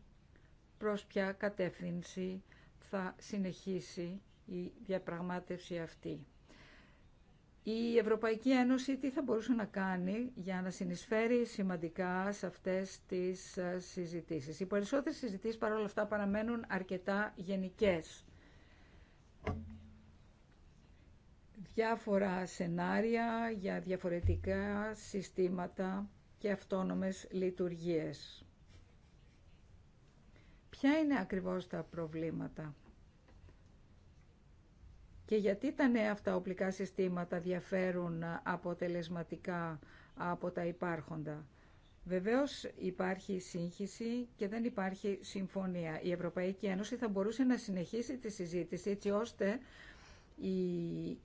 Speaker 3: προς ποια κατεύθυνση θα συνεχίσει η διαπραγμάτευση αυτή. Η Ευρωπαϊκή Ένωση τι θα μπορούσε να κάνει για να συνεισφέρει σημαντικά σε αυτές τις ε, συζητήσεις. Οι περισσότερες συζητήσεις παρόλα αυτά παραμένουν αρκετά γενικές. Διάφορα σενάρια για διαφορετικά συστήματα και αυτόνομες λειτουργίες. Ποια είναι ακριβώς τα προβλήματα και γιατί τα νέα αυτά οπλικά συστήματα διαφέρουν αποτελεσματικά από τα υπάρχοντα. Βεβαίως υπάρχει σύγχυση και δεν υπάρχει συμφωνία. Η Ευρωπαϊκή Ένωση θα μπορούσε να συνεχίσει τη συζήτηση έτσι ώστε οι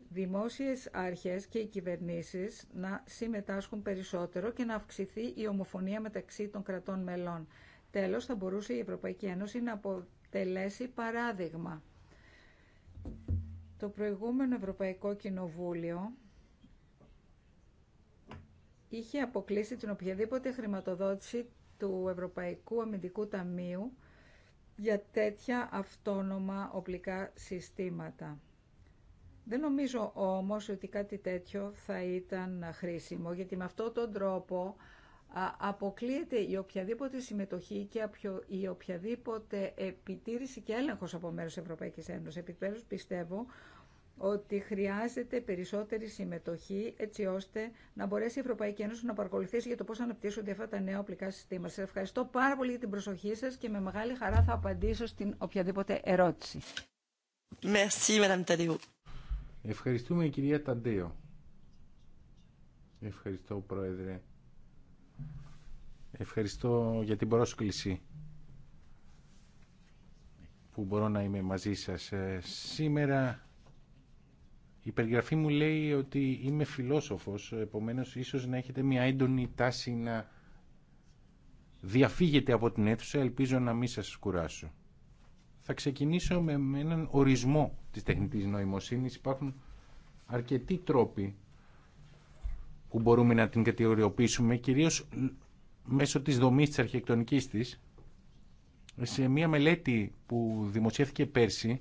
Speaker 3: δημόσιες αρχές και οι κυβερνήσεις να συμμετάσχουν περισσότερο και να αυξηθεί η ομοφωνία μεταξύ των κρατών μελών. Τέλος, θα μπορούσε η Ευρωπαϊκή Ένωση να αποτελέσει παράδειγμα το προηγούμενο Ευρωπαϊκό Κοινοβούλιο είχε αποκλείσει την οποιαδήποτε χρηματοδότηση του Ευρωπαϊκού Αμυντικού Ταμείου για τέτοια αυτόνομα οπλικά συστήματα. Δεν νομίζω όμως ότι κάτι τέτοιο θα ήταν χρήσιμο, γιατί με αυτόν τον τρόπο αποκλείεται η οποιαδήποτε συμμετοχή και η οποιαδήποτε επιτήρηση και έλεγχος από μέρους της Ευρωπαϊκής Ένωσης. Επιπέρος, πιστεύω ότι χρειάζεται περισσότερη συμμετοχή έτσι ώστε να μπορέσει η Ευρωπαϊκή Ένωση να παρακολουθήσει για το πώς αναπτύσσονται αυτά τα νέα οπλικά συστήματα. Σας ευχαριστώ πάρα πολύ για την προσοχή σας και με μεγάλη χαρά θα απαντήσω στην οποιαδήποτε ερώτηση.
Speaker 1: Merci, Ευχαριστούμε κυρία Ταντέο. Ευχαριστώ Πρόεδρε. Ευχαριστώ για την πρόσκληση που μπορώ να είμαι μαζί σας. Ε, σήμερα η περιγραφή μου λέει ότι είμαι φιλόσοφος, επομένως ίσως να έχετε μια έντονη τάση να διαφύγετε από την αίθουσα, ελπίζω να μην σας κουράσω. Θα ξεκινήσω με έναν ορισμό της τεχνητής νοημοσύνης. Υπάρχουν αρκετοί τρόποι που μπορούμε να την κατηγοριοποιήσουμε, κυρίως μέσω της δομής της αρχιεκτονικής της, σε μια μελέτη που δημοσιεύθηκε πέρσι,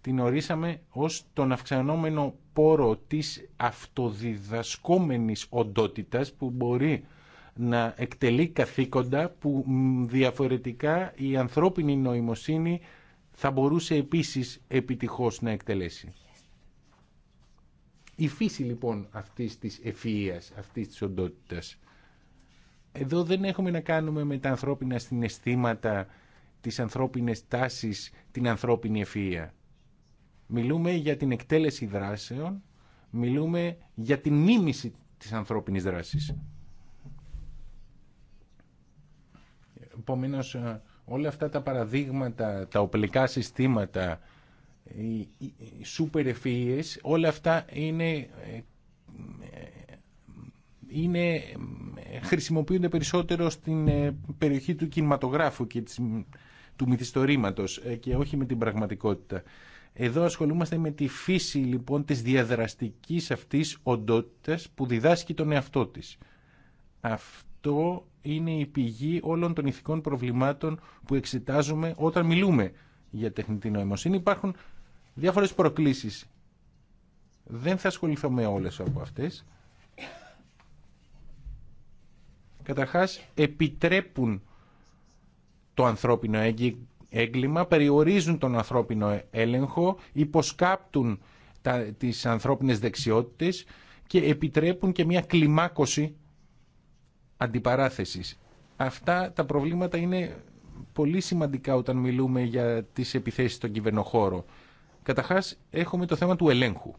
Speaker 1: την ορίσαμε ως τον αυξανόμενο πόρο της αυτοδιδασκόμενης οντότητας που μπορεί να εκτελεί καθήκοντα που διαφορετικά η ανθρώπινη νοημοσύνη θα μπορούσε επίσης επιτυχώς να εκτελέσει. Η φύση λοιπόν αυτής της ευφυΐας, αυτής της οντότητας εδώ δεν έχουμε να κάνουμε με τα ανθρώπινα συναισθήματα, τις ανθρώπινες τάσεις, την ανθρώπινη ευφυΐα. Μιλούμε για την εκτέλεση δράσεων, μιλούμε για την μίμηση της ανθρώπινης δράσης. Επομένω, ε, όλα αυτά τα παραδείγματα, τα οπλικά συστήματα, οι σούπερ ευφυΐες, όλα αυτά είναι, ε, ε, είναι χρησιμοποιούνται περισσότερο στην ε, περιοχή του κινηματογράφου και του μυθιστορήματος ε, και όχι με την πραγματικότητα. Εδώ ασχολούμαστε με τη φύση λοιπόν της διαδραστικής αυτής οντότητας που διδάσκει τον εαυτό της. Αυτό είναι η πηγή όλων των ηθικών προβλημάτων που εξετάζουμε όταν μιλούμε για τεχνητή νοημοσύνη. Υπάρχουν διάφορες προκλήσεις. Δεν θα ασχοληθώ με όλες από αυτές. καταρχάς επιτρέπουν το ανθρώπινο έγκλημα, περιορίζουν τον ανθρώπινο έλεγχο, υποσκάπτουν τα, τις ανθρώπινες δεξιότητες και επιτρέπουν και μια κλιμάκωση αντιπαράθεσης. Αυτά τα προβλήματα είναι πολύ σημαντικά όταν μιλούμε για τις επιθέσεις στον κυβερνοχώρο. Καταρχάς έχουμε το θέμα του ελέγχου.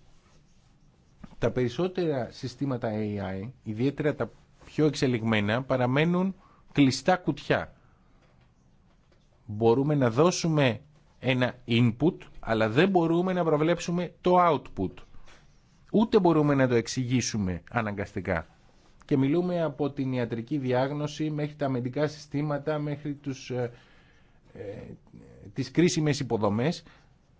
Speaker 1: Τα περισσότερα συστήματα AI, ιδιαίτερα τα πιο εξελιγμένα παραμένουν κλειστά κουτιά. Μπορούμε να δώσουμε ένα input, αλλά δεν μπορούμε να προβλέψουμε το output. Ούτε μπορούμε να το εξηγήσουμε αναγκαστικά. Και μιλούμε από την ιατρική διάγνωση μέχρι τα αμυντικά συστήματα, μέχρι τους, ε, ε, τις κρίσιμες υποδομές.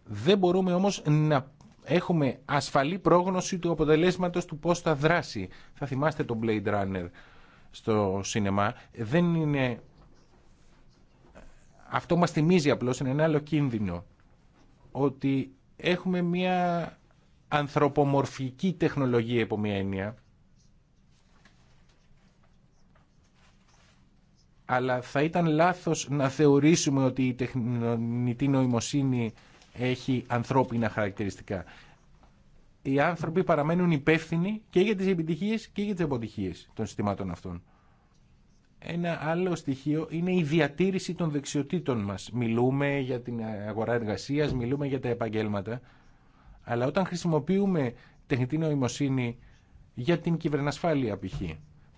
Speaker 1: Δεν μπορούμε όμως να έχουμε ασφαλή πρόγνωση του αποτελέσματος του πώς θα δράσει. Θα θυμάστε τον Blade Runner στο σινεμά. Δεν είναι... Αυτό μας θυμίζει απλώς, είναι ένα άλλο κίνδυνο. Ότι έχουμε μια ανθρωπομορφική τεχνολογία υπό μια έννοια. Αλλά θα ήταν λάθος να θεωρήσουμε ότι η τεχνητή νοημοσύνη έχει ανθρώπινα χαρακτηριστικά. Οι άνθρωποι παραμένουν υπεύθυνοι και για τις επιτυχίες και για τις αποτυχίες των συστημάτων αυτών. Ένα άλλο στοιχείο είναι η διατήρηση των δεξιοτήτων μας. Μιλούμε για την αγορά εργασίας, μιλούμε για τα επαγγέλματα, αλλά όταν χρησιμοποιούμε τεχνητή νοημοσύνη για την κυβερνασφάλεια π.χ.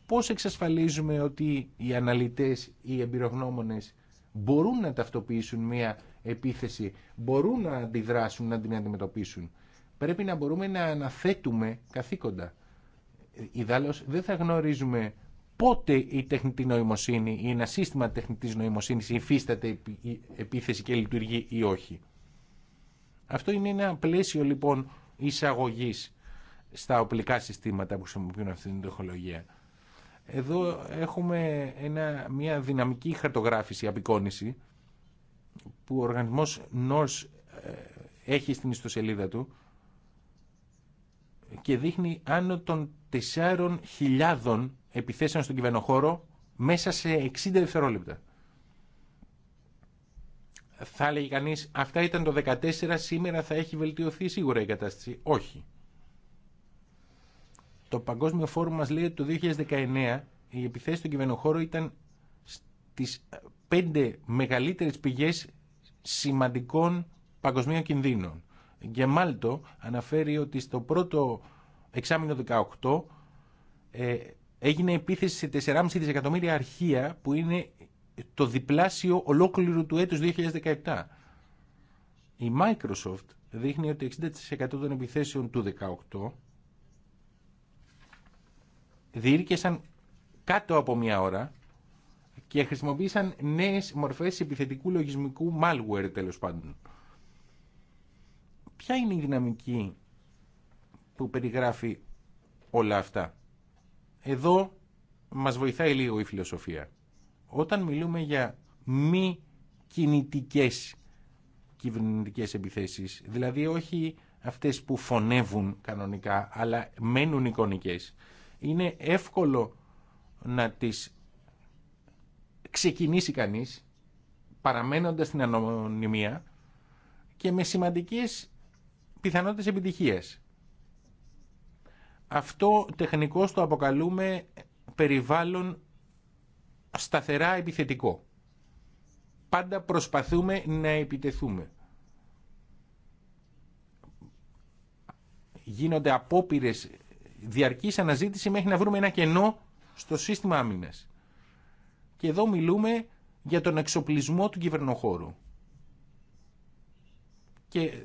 Speaker 1: Πώς εξασφαλίζουμε ότι οι αναλυτές, οι εμπειρογνώμονες μπορούν να ταυτοποιήσουν μια επίθεση μπορούν να αντιδράσουν, να την αντιμετωπίσουν. Πρέπει να μπορούμε να αναθέτουμε καθήκοντα. Ιδάλλως δεν θα γνωρίζουμε πότε η τεχνητή νοημοσύνη ή ένα σύστημα τεχνητής νοημοσύνης υφίσταται επίθεση και λειτουργεί ή όχι. Αυτό είναι ένα πλαίσιο λοιπόν εισαγωγής στα οπλικά συστήματα που χρησιμοποιούν αυτή την τεχνολογία. Εδώ έχουμε ένα, μια δυναμική χαρτογράφηση, απεικόνηση που ο οργανισμός ΝΟΡΣ ε, έχει στην ιστοσελίδα του και δείχνει άνω των 4.000 επιθέσεων στον κυβερνοχώρο μέσα σε 60 δευτερόλεπτα. Θα έλεγε κανεί, αυτά ήταν το 14, σήμερα θα έχει βελτιωθεί σίγουρα η κατάσταση. Όχι. Το Παγκόσμιο Φόρουμ μας λέει ότι το 2019 η επιθέσεις στον κυβερνοχώρο ήταν στις πέντε μεγαλύτερες πηγές σημαντικών παγκοσμίων κινδύνων. Γεμάλτο αναφέρει ότι στο πρώτο εξάμεινο 18 ε, έγινε επίθεση σε 4,5 δισεκατομμύρια αρχεία που είναι το διπλάσιο ολόκληρου του έτους 2017. Η Microsoft δείχνει ότι 60% των επιθέσεων του 18 διήρκεσαν κάτω από μία ώρα και χρησιμοποίησαν νέε μορφές επιθετικού λογισμικού malware τέλο πάντων. Ποια είναι η δυναμική που περιγράφει όλα αυτά. Εδώ μας βοηθάει λίγο η φιλοσοφία. Όταν μιλούμε για μη κινητικές κυβερνητικές επιθέσεις, δηλαδή όχι αυτές που φωνεύουν κανονικά, αλλά μένουν εικονικές, είναι εύκολο να τις ξεκινήσει κανείς παραμένοντας στην ανωνυμία και με σημαντικές πιθανότητες επιτυχίας. Αυτό τεχνικώς το αποκαλούμε περιβάλλον σταθερά επιθετικό. Πάντα προσπαθούμε να επιτεθούμε. Γίνονται απόπειρες διαρκής αναζήτηση μέχρι να βρούμε ένα κενό στο σύστημα άμυνας. Και εδώ μιλούμε για τον εξοπλισμό του κυβερνοχώρου. Και ε,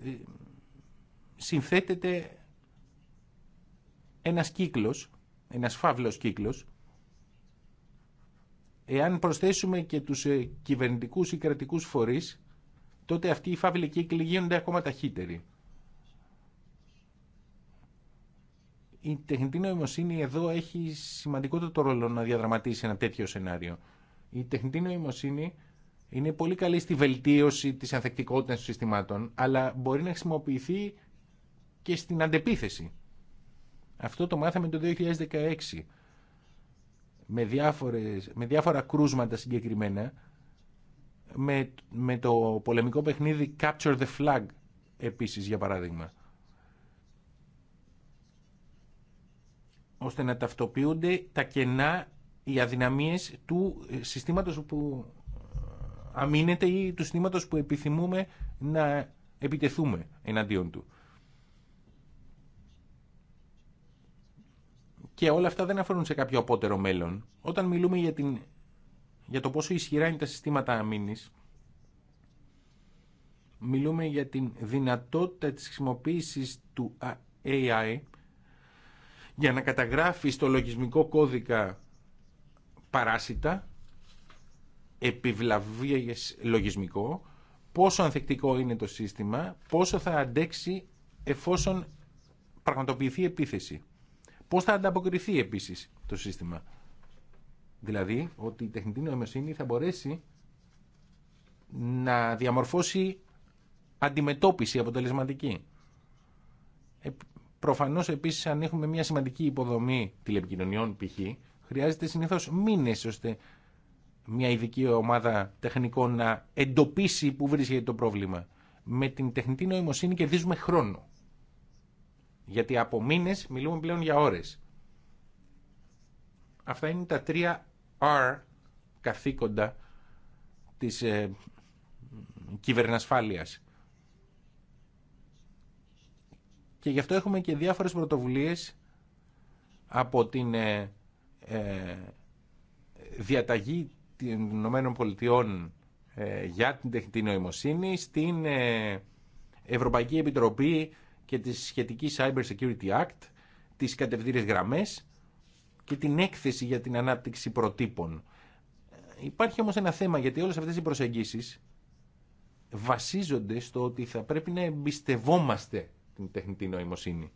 Speaker 1: συνθέτεται ένας κύκλος, ένας φαύλος κύκλος, εάν προσθέσουμε και τους ε, κυβερνητικούς ή κρατικούς φορείς, τότε αυτοί οι φαύλοι κύκλοι γίνονται ακόμα ταχύτεροι. Η τεχνητή νοημοσύνη εδώ έχει σημαντικότερο ρόλο να διαδραματίσει ένα τέτοιο σενάριο. Η τεχνητή νοημοσύνη είναι πολύ καλή στη βελτίωση της ανθεκτικότητας των συστημάτων, αλλά μπορεί να χρησιμοποιηθεί και στην αντεπίθεση. Αυτό το μάθαμε το 2016 με, διάφορες, με διάφορα κρούσματα συγκεκριμένα με, με το πολεμικό παιχνίδι Capture the Flag επίσης για παράδειγμα ώστε να ταυτοποιούνται τα κενά οι αδυναμίες του ε, συστήματος που ε, αμήνεται ή του συστήματος που επιθυμούμε να επιτεθούμε εναντίον του. Και όλα αυτά δεν αφορούν σε κάποιο απότερο μέλλον. Όταν μιλούμε για, την, για το πόσο ισχυρά είναι τα συστήματα αμήνης, μιλούμε για τη δυνατότητα της χρησιμοποίησης του AI για να καταγράφει στο λογισμικό κώδικα παράσιτα, επιβλαβή λογισμικό, πόσο ανθεκτικό είναι το σύστημα, πόσο θα αντέξει εφόσον πραγματοποιηθεί επίθεση. Πώς θα ανταποκριθεί επίσης το σύστημα. Δηλαδή ότι η τεχνητή νοημοσύνη θα μπορέσει να διαμορφώσει αντιμετώπιση αποτελεσματική. Ε, προφανώς επίσης αν έχουμε μια σημαντική υποδομή τηλεπικοινωνιών π.χ. Χρειάζεται συνήθως μήνες ώστε μια ειδική ομάδα τεχνικών να εντοπίσει που βρίσκεται το πρόβλημα. Με την τεχνητή νοημοσύνη κερδίζουμε χρόνο. Γιατί από μήνες μιλούμε πλέον για ώρες. Αυτά είναι τα τρία R καθήκοντα της ε, κυβερνασφάλειας. Και γι' αυτό έχουμε και διάφορες πρωτοβουλίες από την ε, ε, διαταγή των ΗΠΑ ε, για την τεχνητή νοημοσύνη στην ε, Ευρωπαϊκή Επιτροπή και τη σχετική Cyber Security Act, τις κατευθύνες γραμμές και την έκθεση για την ανάπτυξη προτύπων. Υπάρχει όμως ένα θέμα γιατί όλες αυτές οι προσεγγίσεις βασίζονται στο ότι θα πρέπει να εμπιστευόμαστε την τεχνητή νοημοσύνη.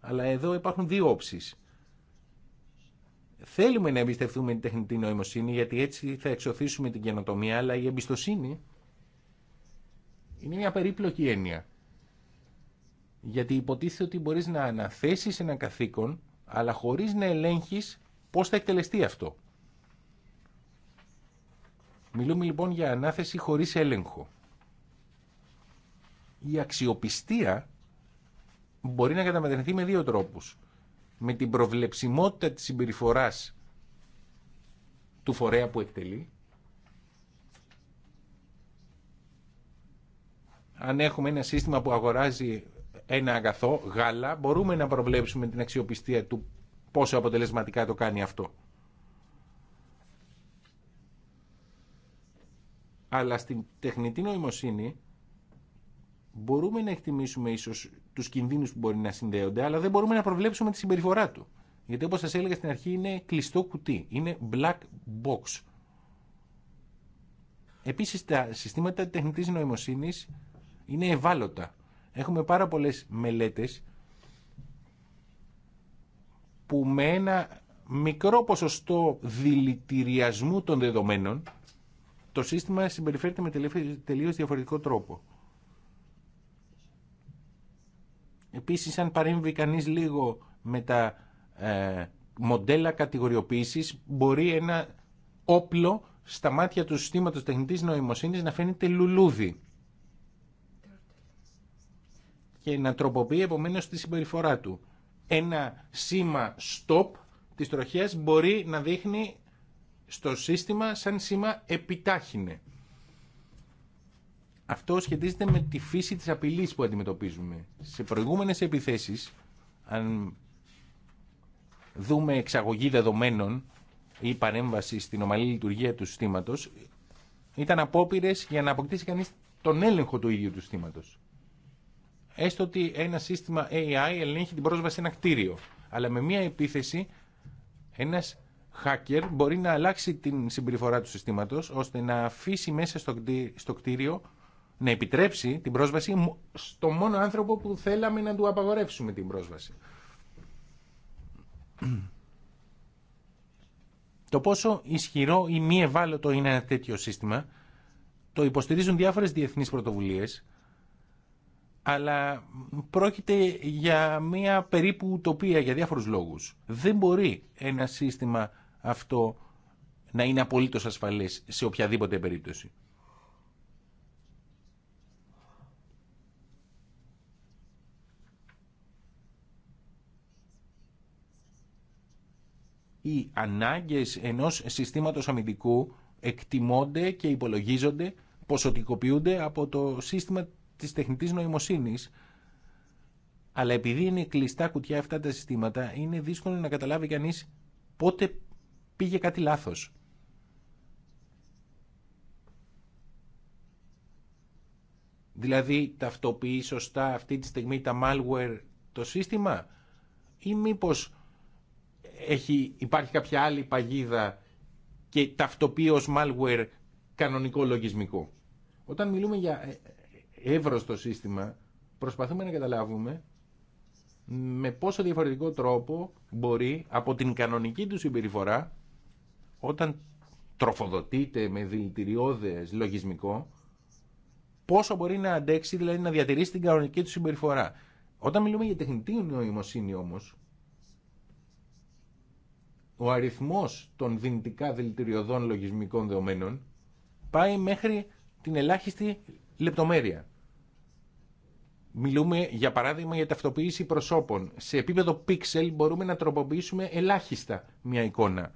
Speaker 1: Αλλά εδώ υπάρχουν δύο όψεις θέλουμε να εμπιστευτούμε την τεχνητή νοημοσύνη γιατί έτσι θα εξωθήσουμε την καινοτομία αλλά η εμπιστοσύνη είναι μια περίπλοκη έννοια. Γιατί υποτίθεται ότι μπορείς να αναθέσεις ένα καθήκον αλλά χωρίς να ελέγχεις πώς θα εκτελεστεί αυτό. Μιλούμε λοιπόν για ανάθεση χωρίς έλεγχο. Η αξιοπιστία μπορεί να καταμετρηθεί με δύο τρόπους με την προβλεψιμότητα της συμπεριφορά του φορέα που εκτελεί. Αν έχουμε ένα σύστημα που αγοράζει ένα αγαθό, γάλα, μπορούμε να προβλέψουμε την αξιοπιστία του πόσο αποτελεσματικά το κάνει αυτό. Αλλά στην τεχνητή νοημοσύνη μπορούμε να εκτιμήσουμε ίσως τους κινδύνους που μπορεί να συνδέονται, αλλά δεν μπορούμε να προβλέψουμε τη συμπεριφορά του. Γιατί όπως σας έλεγα στην αρχή είναι κλειστό κουτί, είναι black box. Επίσης τα συστήματα τεχνητή νοημοσύνης είναι ευάλωτα. Έχουμε πάρα πολλέ μελέτες που με ένα μικρό ποσοστό δηλητηριασμού των δεδομένων το σύστημα συμπεριφέρεται με τελείως διαφορετικό τρόπο. Επίσης αν παρέμβει κανείς λίγο με τα ε, μοντέλα κατηγοριοποίησης μπορεί ένα όπλο στα μάτια του συστήματος τεχνητής νοημοσύνης να φαίνεται λουλούδι και να τροποποιεί επομένω τη συμπεριφορά του. Ένα σήμα stop της τροχιάς μπορεί να δείχνει στο σύστημα σαν σήμα επιτάχυνε αυτό σχετίζεται με τη φύση της απειλής που αντιμετωπίζουμε. Σε προηγούμενες επιθέσεις, αν δούμε εξαγωγή δεδομένων ή παρέμβαση στην ομαλή λειτουργία του συστήματος, ήταν απόπειρε για να αποκτήσει κανείς τον έλεγχο του ίδιου του συστήματος. Έστω ότι ένα σύστημα AI ελέγχει την πρόσβαση σε ένα κτίριο. Αλλά με μία επίθεση, ένας hacker μπορεί να αλλάξει την συμπεριφορά του συστήματος, ώστε να αφήσει μέσα στο κτίριο να επιτρέψει την πρόσβαση στο μόνο άνθρωπο που θέλαμε να του απαγορεύσουμε την πρόσβαση. Το πόσο ισχυρό ή μη ευάλωτο είναι ένα τέτοιο σύστημα το υποστηρίζουν διάφορες διεθνείς πρωτοβουλίες αλλά πρόκειται για μια περίπου ουτοπία για διάφορους λόγους. Δεν μπορεί ένα σύστημα αυτό να είναι απολύτως ασφαλές σε οποιαδήποτε περίπτωση. οι ανάγκες ενός συστήματος αμυντικού εκτιμώνται και υπολογίζονται, ποσοτικοποιούνται από το σύστημα της τεχνητής νοημοσύνης. Αλλά επειδή είναι κλειστά κουτιά αυτά τα συστήματα, είναι δύσκολο να καταλάβει κανείς πότε πήγε κάτι λάθος. Δηλαδή ταυτοποιεί σωστά αυτή τη στιγμή τα malware το σύστημα ή μήπως έχει, υπάρχει κάποια άλλη παγίδα και ταυτοποιεί ως malware κανονικό λογισμικό. Όταν μιλούμε για ε, ε, εύρωστο σύστημα, προσπαθούμε να καταλάβουμε με πόσο διαφορετικό τρόπο μπορεί από την κανονική του συμπεριφορά όταν τροφοδοτείται με δηλητηριώδες λογισμικό πόσο μπορεί να αντέξει, δηλαδή να διατηρήσει την κανονική του συμπεριφορά. Όταν μιλούμε για τεχνητή νοημοσύνη όμως ο αριθμός των δυνητικά δηλητηριωδών λογισμικών δεδομένων πάει μέχρι την ελάχιστη λεπτομέρεια. Μιλούμε για παράδειγμα για ταυτοποίηση προσώπων. Σε επίπεδο πίξελ μπορούμε να τροποποιήσουμε ελάχιστα μια εικόνα.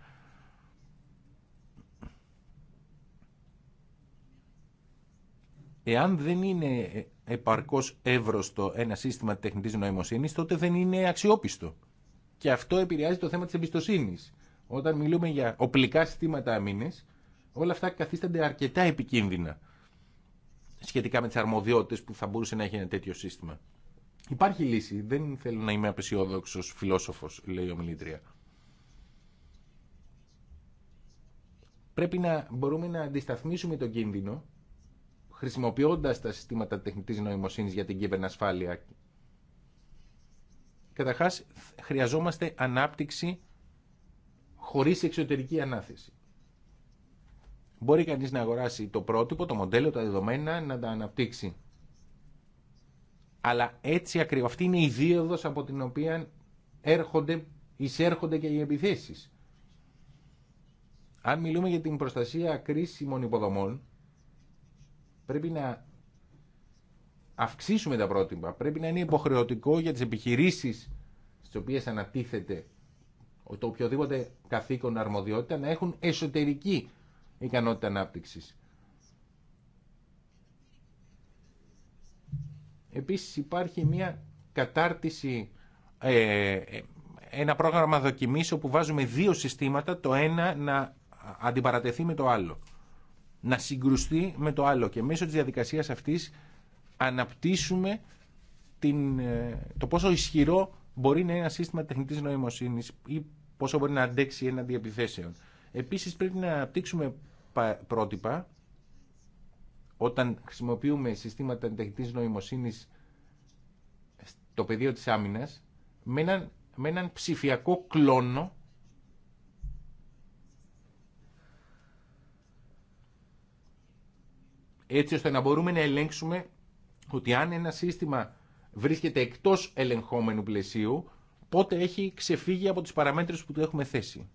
Speaker 1: Εάν δεν είναι επαρκώς εύρωστο ένα σύστημα τεχνητής νοημοσύνης, τότε δεν είναι αξιόπιστο. Και αυτό επηρεάζει το θέμα της εμπιστοσύνης. Όταν μιλούμε για οπλικά συστήματα αμήνε, όλα αυτά καθίστανται αρκετά επικίνδυνα σχετικά με τις αρμοδιότητες που θα μπορούσε να έχει ένα τέτοιο σύστημα. Υπάρχει λύση. Δεν θέλω να είμαι απεσιόδοξος φιλόσοφος, λέει ο Μιλήτρια. Πρέπει να μπορούμε να αντισταθμίσουμε τον κίνδυνο χρησιμοποιώντα τα συστήματα τεχνητή νοημοσύνης για την κυβερνασφάλεια. Καταρχά χρειαζόμαστε ανάπτυξη χωρίς εξωτερική ανάθεση. Μπορεί κανείς να αγοράσει το πρότυπο, το μοντέλο, τα δεδομένα, να τα αναπτύξει. Αλλά έτσι ακριβώς, αυτή είναι η δίωδος από την οποία έρχονται, εισέρχονται και οι επιθέσεις. Αν μιλούμε για την προστασία κρίσιμων υποδομών, πρέπει να αυξήσουμε τα πρότυπα. Πρέπει να είναι υποχρεωτικό για τις επιχειρήσεις στις οποίες ανατίθεται το οποιοδήποτε καθήκον αρμοδιότητα να έχουν εσωτερική ικανότητα ανάπτυξης. Επίσης υπάρχει μια κατάρτιση, ε, ε, ένα πρόγραμμα δοκιμής όπου βάζουμε δύο συστήματα, το ένα να αντιπαρατεθεί με το άλλο, να συγκρουστεί με το άλλο και μέσω της διαδικασίας αυτής αναπτύσσουμε την, ε, το πόσο ισχυρό μπορεί να είναι ένα σύστημα τεχνητή νοημοσύνη ή πόσο μπορεί να αντέξει έναντι επιθέσεων. Επίση, πρέπει να αναπτύξουμε πρότυπα όταν χρησιμοποιούμε συστήματα τεχνητή νοημοσύνη στο πεδίο τη άμυνα με έναν, ψηφιακό κλόνο έτσι ώστε να μπορούμε να ελέγξουμε ότι αν ένα σύστημα βρίσκεται εκτός ελεγχόμενου πλαισίου, πότε έχει ξεφύγει από τις παραμέτρους που του έχουμε θέσει.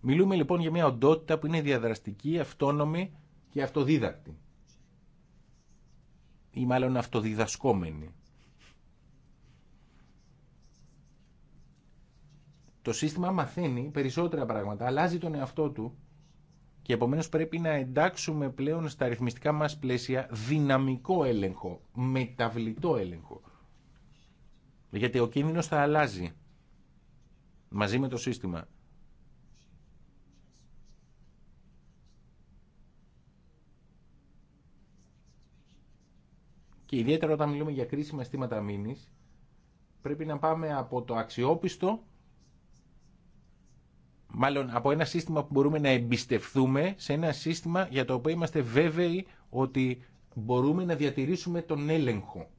Speaker 1: Μιλούμε λοιπόν για μια οντότητα που είναι διαδραστική, αυτόνομη και αυτοδίδακτη. Ή μάλλον αυτοδιδασκόμενη. Το σύστημα μαθαίνει περισσότερα πράγματα, αλλάζει τον εαυτό του και επομένως πρέπει να εντάξουμε πλέον στα αριθμιστικά μας πλαίσια δυναμικό έλεγχο, μεταβλητό έλεγχο. Γιατί ο κίνδυνος θα αλλάζει μαζί με το σύστημα. Και ιδιαίτερα όταν μιλούμε για κρίσιμα αισθήματα μήνης, πρέπει να πάμε από το αξιόπιστο μάλλον από ένα σύστημα που μπορούμε να εμπιστευθούμε σε ένα σύστημα για το οποίο είμαστε βέβαιοι ότι μπορούμε να διατηρήσουμε τον έλεγχο.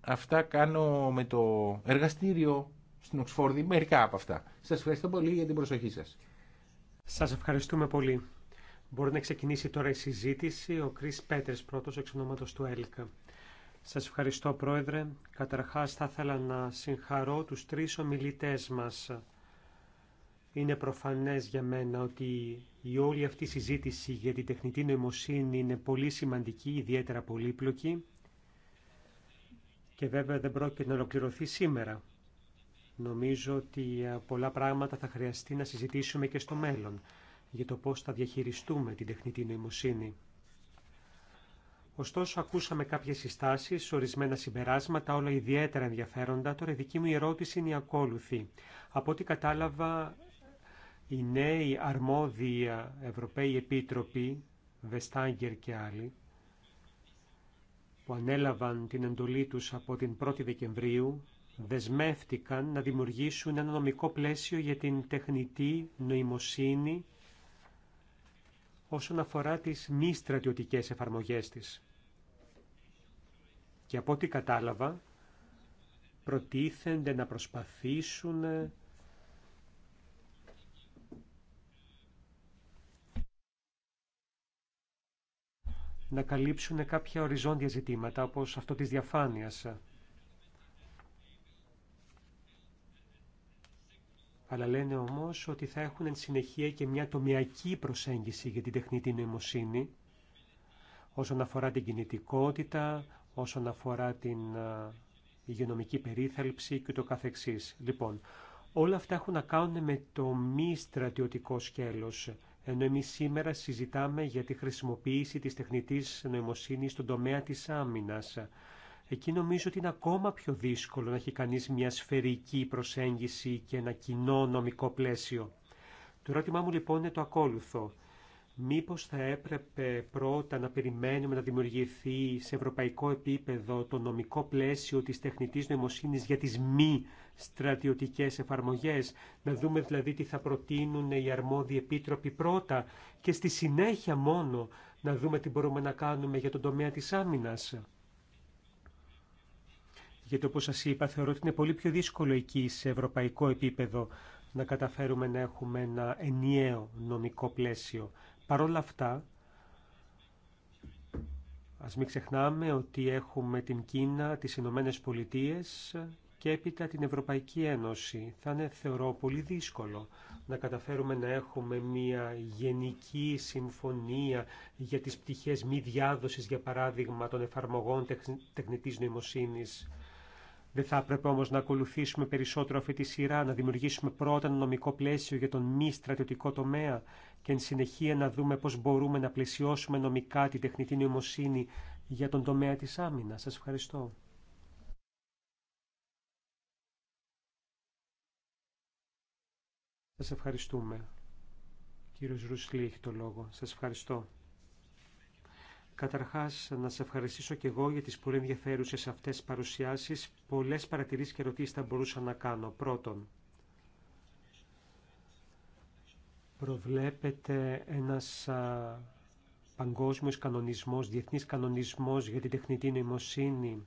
Speaker 1: Αυτά κάνω με το εργαστήριο
Speaker 2: στην Οξφόρδη, μερικά από αυτά. Σας ευχαριστώ πολύ για την προσοχή σας. Σας ευχαριστούμε πολύ. Μπορεί να ξεκινήσει τώρα η συζήτηση. Ο Κρίς Πέτερς πρώτος εξ του ΕΛΚΑ. Σας ευχαριστώ Πρόεδρε. Καταρχάς θα ήθελα να συγχαρώ τους τρεις ομιλητές μας. Είναι προφανές για μένα ότι η όλη αυτή συζήτηση για την τεχνητή νοημοσύνη είναι πολύ σημαντική, ιδιαίτερα πολύπλοκη και βέβαια δεν πρόκειται να ολοκληρωθεί σήμερα. Νομίζω ότι ε, πολλά πράγματα θα χρειαστεί να συζητήσουμε και στο μέλλον για το πώς θα διαχειριστούμε την τεχνητή νοημοσύνη. Ωστόσο, ακούσαμε κάποιες συστάσεις, ορισμένα συμπεράσματα, όλα ιδιαίτερα ενδιαφέροντα. Τώρα, η δική μου ερώτηση είναι η ακόλουθη. Από ό,τι κατάλαβα, οι νέοι αρμόδιοι Ευρωπαίοι Επίτροποι, Βεστάγκερ και άλλοι, που ανέλαβαν την εντολή τους από την 1η Δεκεμβρίου, δεσμεύτηκαν να δημιουργήσουν ένα νομικό πλαίσιο για την τεχνητή νοημοσύνη όσον αφορά τις μη στρατιωτικές εφαρμογές της. Και από ό,τι κατάλαβα, προτίθενται να προσπαθήσουν να καλύψουν κάποια οριζόντια ζητήματα, όπως αυτό της διαφάνειας. αλλά λένε όμως ότι θα έχουν εν συνεχεία και μια τομιακή προσέγγιση για την τεχνητή νοημοσύνη όσον αφορά την κινητικότητα, όσον αφορά την υγειονομική περίθαλψη και το καθεξής. Λοιπόν, όλα αυτά έχουν να κάνουν με το μη στρατιωτικό σκέλος, ενώ εμείς σήμερα συζητάμε για τη χρησιμοποίηση της τεχνητής νοημοσύνης στον τομέα της άμυνας. Εκεί νομίζω ότι είναι ακόμα πιο δύσκολο να έχει κανείς μια σφαιρική προσέγγιση και ένα κοινό νομικό πλαίσιο. Το ερώτημά μου λοιπόν είναι το ακόλουθο. Μήπως θα έπρεπε πρώτα να περιμένουμε να δημιουργηθεί σε ευρωπαϊκό επίπεδο το νομικό πλαίσιο της τεχνητής νοημοσύνης για τις μη στρατιωτικές εφαρμογές, να δούμε δηλαδή τι θα προτείνουν οι αρμόδιοι επίτροποι πρώτα και στη συνέχεια μόνο να δούμε τι μπορούμε να κάνουμε για τον τομέα της άμυνας γιατί όπως σας είπα θεωρώ ότι είναι πολύ πιο δύσκολο εκεί σε ευρωπαϊκό επίπεδο να καταφέρουμε να έχουμε ένα ενιαίο νομικό πλαίσιο. Παρ' όλα αυτά, ας μην ξεχνάμε ότι έχουμε την Κίνα, τις Ηνωμένε Πολιτείε και έπειτα την Ευρωπαϊκή Ένωση. Θα είναι, θεωρώ, πολύ δύσκολο να καταφέρουμε να έχουμε μια γενική συμφωνία για τις πτυχές μη διάδοσης, για παράδειγμα, των εφαρμογών τεχνητής νοημοσύνης δεν θα έπρεπε όμω να ακολουθήσουμε περισσότερο αυτή τη σειρά, να δημιουργήσουμε πρώτα ένα νομικό πλαίσιο για τον μη στρατιωτικό τομέα και εν συνεχεία να δούμε πώς μπορούμε να πλαισιώσουμε νομικά την τεχνητή νοημοσύνη για τον τομέα της άμυνας. Σας ευχαριστώ. Σας ευχαριστούμε. Κύριος Ρουσλή έχει το λόγο. Σας ευχαριστώ. Καταρχάς, να σε ευχαριστήσω και εγώ για τις πολύ ενδιαφέρουσε αυτές τις παρουσιάσεις. Πολλές παρατηρήσεις και ερωτήσεις θα μπορούσα να κάνω. Πρώτον, προβλέπεται ένας παγκόσμιο παγκόσμιος κανονισμός, διεθνής κανονισμός για την τεχνητή νοημοσύνη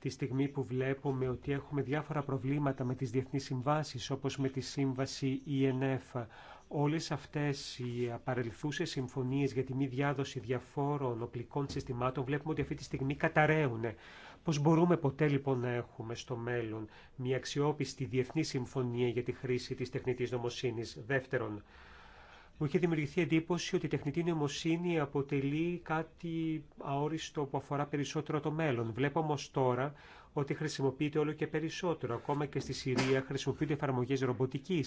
Speaker 2: τη στιγμή που βλέπουμε ότι έχουμε διάφορα προβλήματα με τις διεθνείς συμβάσεις, όπως με τη σύμβαση ENF, Όλες αυτές οι απαρελθούσες συμφωνίες για τη μη διάδοση διαφόρων οπλικών συστημάτων βλέπουμε ότι αυτή τη στιγμή καταραίουν. Πώς μπορούμε ποτέ λοιπόν να έχουμε στο μέλλον μια αξιόπιστη διεθνή συμφωνία για τη χρήση της τεχνητής νομοσύνης. Δεύτερον, μου είχε δημιουργηθεί εντύπωση ότι η τεχνητή νομοσύνη αποτελεί κάτι αόριστο που αφορά περισσότερο το μέλλον. Βλέπω όμω τώρα ότι χρησιμοποιείται όλο και περισσότερο. Ακόμα και στη Συρία χρησιμοποιούνται εφαρμογέ ρομποτική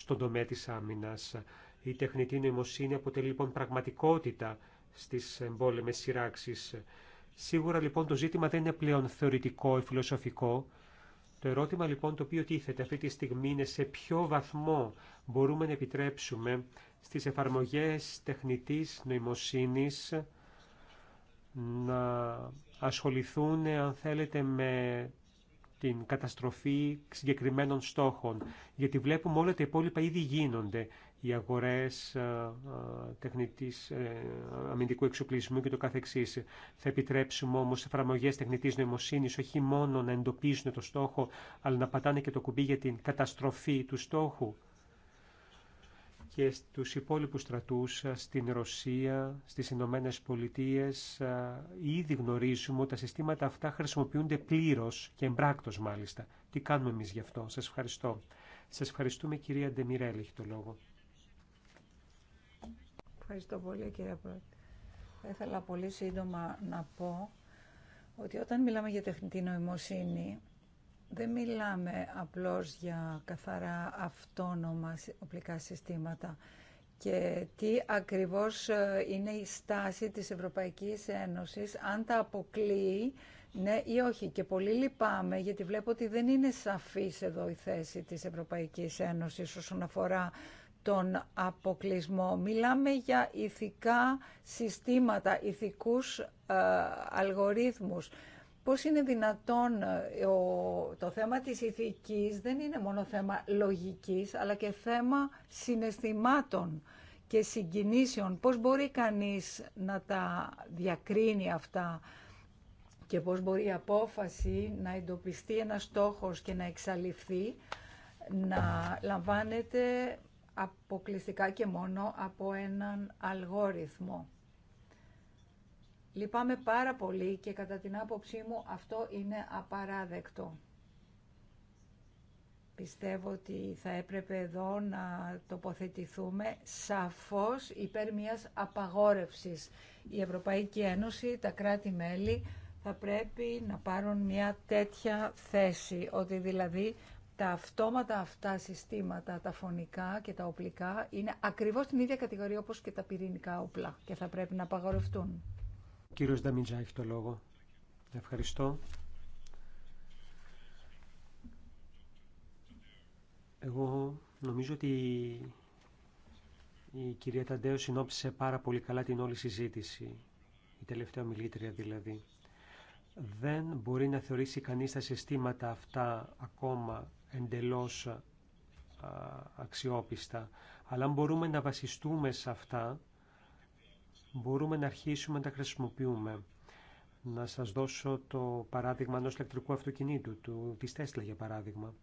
Speaker 2: στον τομέα της άμυνας. Η τεχνητή νοημοσύνη αποτελεί λοιπόν πραγματικότητα στις εμπόλεμες σειράξεις. Σίγουρα λοιπόν το ζήτημα δεν είναι πλέον θεωρητικό ή φιλοσοφικό. Το ερώτημα λοιπόν το οποίο τίθεται αυτή τη στιγμή είναι σε ποιο βαθμό μπορούμε να επιτρέψουμε στις εφαρμογές τεχνητής νοημοσύνης να ασχοληθούν, αν θέλετε, με την καταστροφή συγκεκριμένων στόχων, γιατί βλέπουμε όλα τα υπόλοιπα ήδη γίνονται. Οι αγορές ε, ε, τεχνητής ε, αμυντικού εξοπλισμού και το καθεξής. Θα επιτρέψουμε όμως εφαρμογές τεχνητής νοημοσύνης όχι μόνο να εντοπίζουν το στόχο, αλλά να πατάνε και το κουμπί για την καταστροφή του στόχου και στους υπόλοιπους στρατούς στην Ρωσία, στις Ηνωμένε Πολιτείε, Ήδη γνωρίζουμε ότι τα συστήματα αυτά χρησιμοποιούνται πλήρως και εμπράκτος μάλιστα. Τι κάνουμε εμείς γι' αυτό. Σας ευχαριστώ. Σας ευχαριστούμε κυρία Ντεμιρέλη, έχει το λόγο.
Speaker 3: Ευχαριστώ πολύ κύριε Πρόεδρε. Θα ήθελα πολύ σύντομα να πω ότι όταν μιλάμε για τεχνητή νοημοσύνη δεν μιλάμε απλώς για καθαρά αυτόνομα οπλικά συστήματα και τι ακριβώς ε, είναι η στάση της Ευρωπαϊκής Ένωσης, αν τα αποκλείει, ναι ή όχι. Και πολύ λυπάμαι γιατί βλέπω ότι δεν είναι σαφής εδώ η θέση της Ευρωπαϊκής Ένωσης όσον αφορά τον αποκλεισμό. Μιλάμε για ηθικά συστήματα, ηθικούς ε, αλγορίθμους. Πώς είναι δυνατόν ε, το θέμα της ηθικής δεν είναι μόνο θέμα λογικής, αλλά και θέμα συναισθημάτων και συγκινήσεων. Πώς μπορεί κανείς να τα διακρίνει αυτά και πώς μπορεί η απόφαση να εντοπιστεί ένα στόχος και να εξαλειφθεί, να λαμβάνεται αποκλειστικά και μόνο από έναν αλγόριθμο. Λυπάμαι πάρα πολύ και κατά την άποψή μου αυτό είναι απαράδεκτο. Πιστεύω ότι θα έπρεπε εδώ να τοποθετηθούμε σαφώς υπέρ μιας απαγόρευσης. Η Ευρωπαϊκή Ένωση, τα κράτη-μέλη θα πρέπει να πάρουν μια τέτοια θέση, ότι δηλαδή τα αυτόματα αυτά συστήματα, τα φωνικά και τα οπλικά, είναι ακριβώς την ίδια κατηγορία όπως και τα πυρηνικά όπλα και θα πρέπει να απαγορευτούν
Speaker 2: κύριος Νταμιτζά έχει το λόγο. Ευχαριστώ. Εγώ νομίζω ότι η κυρία Ταντέο συνόψισε πάρα πολύ καλά την όλη συζήτηση, η τελευταία μιλήτρια δηλαδή. Δεν μπορεί να θεωρήσει κανείς τα συστήματα αυτά ακόμα εντελώς αξιόπιστα, αλλά αν μπορούμε να βασιστούμε σε αυτά, μπορούμε να αρχίσουμε να τα χρησιμοποιούμε. Να σας δώσω το παράδειγμα ενός ηλεκτρικού αυτοκινήτου, του, της Τέσλα για παράδειγμα,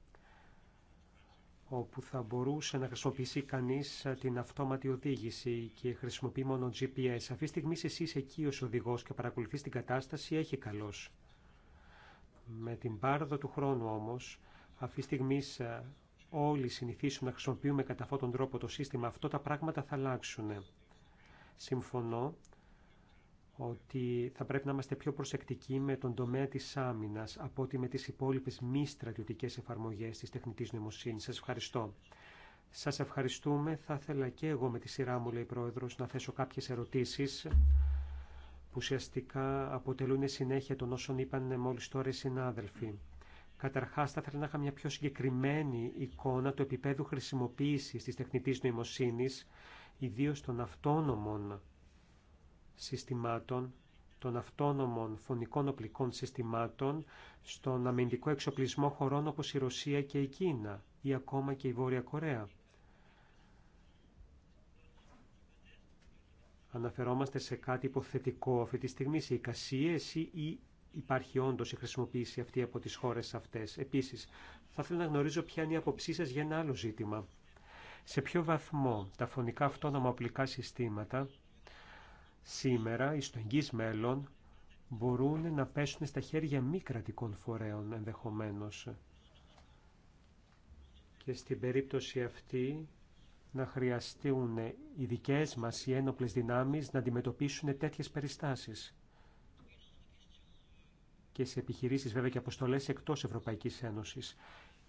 Speaker 2: όπου θα μπορούσε να χρησιμοποιήσει κανείς ε, την αυτόματη οδήγηση και χρησιμοποιεί μόνο GPS. Αυτή τη στιγμή εσείς εκεί ως οδηγός και παρακολουθείς την κατάσταση έχει καλώς. Με την πάροδο του χρόνου όμως, αυτή τη στιγμή ε, όλοι συνηθίσουν να χρησιμοποιούμε κατά αυτόν τον τρόπο το σύστημα, αυτό τα πράγματα θα αλλάξουν συμφωνώ ότι θα πρέπει να είμαστε πιο προσεκτικοί με τον τομέα της άμυνας από ότι με τις υπόλοιπες μη στρατιωτικές εφαρμογές της τεχνητής νοημοσύνης. Σας ευχαριστώ. Σας ευχαριστούμε. Θα ήθελα και εγώ με τη σειρά μου, λέει Πρόεδρος, να θέσω κάποιες ερωτήσεις που ουσιαστικά αποτελούν συνέχεια των όσων είπαν μόλις τώρα οι συνάδελφοι. Καταρχάς, θα ήθελα να είχα μια πιο συγκεκριμένη εικόνα του επίπεδου χρησιμοποίησης της τεχνητής νοημοσύνης ιδίως των αυτόνομων συστημάτων, των αυτόνομων φωνικών οπλικών συστημάτων στον αμυντικό εξοπλισμό χωρών όπως η Ρωσία και η Κίνα ή ακόμα και η Βόρεια Κορέα. Αναφερόμαστε σε κάτι υποθετικό αυτή τη στιγμή, σε εικασίες ή υπάρχει όντω η χρησιμοποίηση αυτή από τι χώρε αυτέ. Επίση, θα ήθελα να γνωρίζω ποια είναι η άποψή σα για ένα άλλο ζήτημα σε ποιο βαθμό τα φωνικά αυτόνομα οπλικά συστήματα σήμερα ή στο εγγύς μέλλον μπορούν να πέσουν στα χέρια μη κρατικών φορέων ενδεχομένως. Και στην περίπτωση αυτή να χρειαστούν οι δικές μας οι ένοπλες δυνάμεις να αντιμετωπίσουν τέτοιες περιστάσεις. Και σε επιχειρήσεις βέβαια και αποστολές εκτός Ευρωπαϊκής Ένωσης.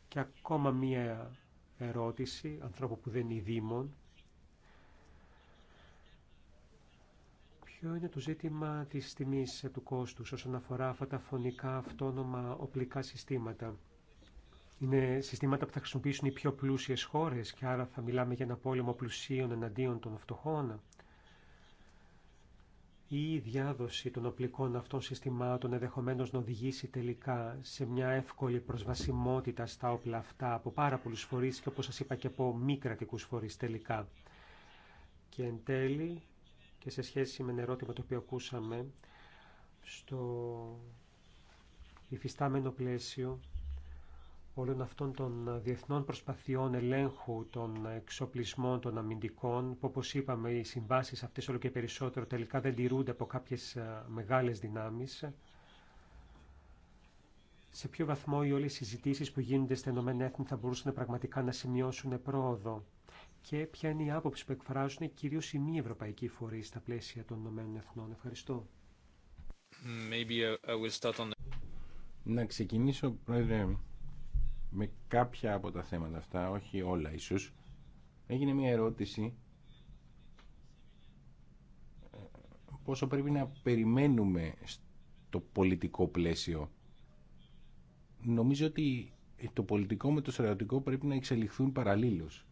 Speaker 2: Και ακόμα μία ερώτηση ανθρώπου που δεν είναι ειδήμων. Ποιο είναι το ζήτημα της τιμής του κόστους όσον αφορά αυτά τα φωνικά αυτόνομα οπλικά συστήματα. Είναι συστήματα που θα χρησιμοποιήσουν οι πιο πλούσιες χώρες και άρα θα μιλάμε για ένα πόλεμο πλουσίων εναντίον των φτωχών η διάδοση των οπλικών αυτών συστημάτων ενδεχομένω να οδηγήσει τελικά σε μια εύκολη προσβασιμότητα στα όπλα αυτά από πάρα πολλούς φορείς και όπως σας είπα και από μη κρατικούς φορείς τελικά. Και εν τέλει και σε σχέση με ένα ερώτημα το οποίο ακούσαμε στο υφιστάμενο πλαίσιο όλων αυτών των ε, διεθνών προσπαθειών ελέγχου των ε, εξοπλισμών των αμυντικών, που όπως είπαμε οι συμβάσεις αυτές όλο και περισσότερο τελικά δεν τηρούνται από κάποιες ε, μεγάλες δυνάμεις, σε ποιο βαθμό οι όλες οι συζητήσεις που γίνονται στα Ηνωμένα Έθνη θα μπορούσαν πραγματικά να σημειώσουν πρόοδο και ποια είναι η άποψη που εκφράζουν κυρίως οι μη ευρωπαϊκοί φορείς στα πλαίσια των Ηνωμένων Εθνών. Ευχαριστώ.
Speaker 1: Maybe uh, I will start on... Να ξεκινήσω, Πρόεδρε, με κάποια από τα θέματα αυτά, όχι όλα ίσως. Έγινε μια ερώτηση ε, πόσο πρέπει να περιμένουμε στο πολιτικό πλαίσιο. Νομίζω ότι το πολιτικό με το στρατιωτικό πρέπει να εξελιχθούν παραλλήλως.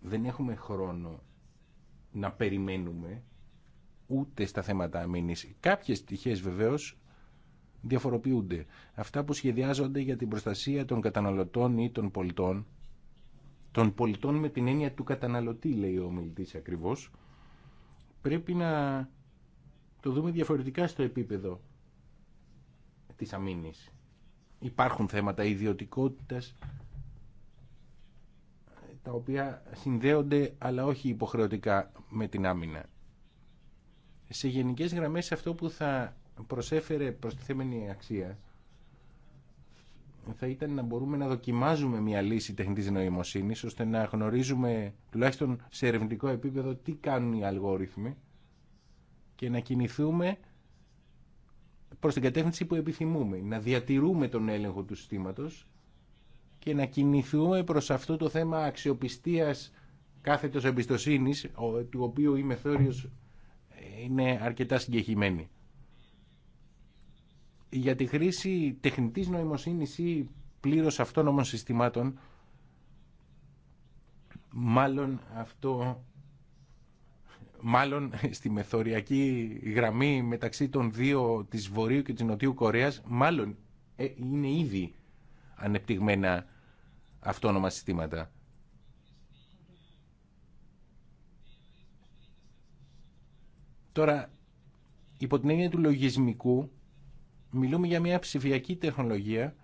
Speaker 1: Δεν έχουμε χρόνο να περιμένουμε ούτε στα θέματα αμήνης. Κάποιες στοιχείες βεβαίως διαφοροποιούνται. Αυτά που σχεδιάζονται για την προστασία των καταναλωτών ή των πολιτών, των πολιτών με την έννοια του καταναλωτή, λέει ο μιλητή ακριβώς, πρέπει να το δούμε διαφορετικά στο επίπεδο της αμήνης. Υπάρχουν θέματα ιδιωτικότητας, τα οποία συνδέονται αλλά όχι υποχρεωτικά με την άμυνα. Σε γενικές γραμμές αυτό που θα προσέφερε προστιθέμενη αξία θα ήταν να μπορούμε να δοκιμάζουμε μια λύση τεχνητής νοημοσύνης ώστε να γνωρίζουμε τουλάχιστον σε ερευνητικό επίπεδο τι κάνουν οι αλγόριθμοι και να κινηθούμε προς την κατεύθυνση που επιθυμούμε, να διατηρούμε τον έλεγχο του συστήματος και να κινηθούμε προς αυτό το θέμα αξιοπιστίας κάθετος εμπιστοσύνης, του οποίου η μεθόριος ε, είναι αρκετά συγκεχημένη για τη χρήση τεχνητής νοημοσύνης ή πλήρως αυτόνομων συστημάτων μάλλον αυτό μάλλον στη μεθοριακή γραμμή μεταξύ των δύο της Βορείου και της Νοτιού Κορέας μάλλον ε, είναι ήδη ανεπτυγμένα αυτόνομα συστήματα. Τώρα, υπό την έννοια του λογισμικού, Μιλούμε για μια ψηφιακή τεχνολογία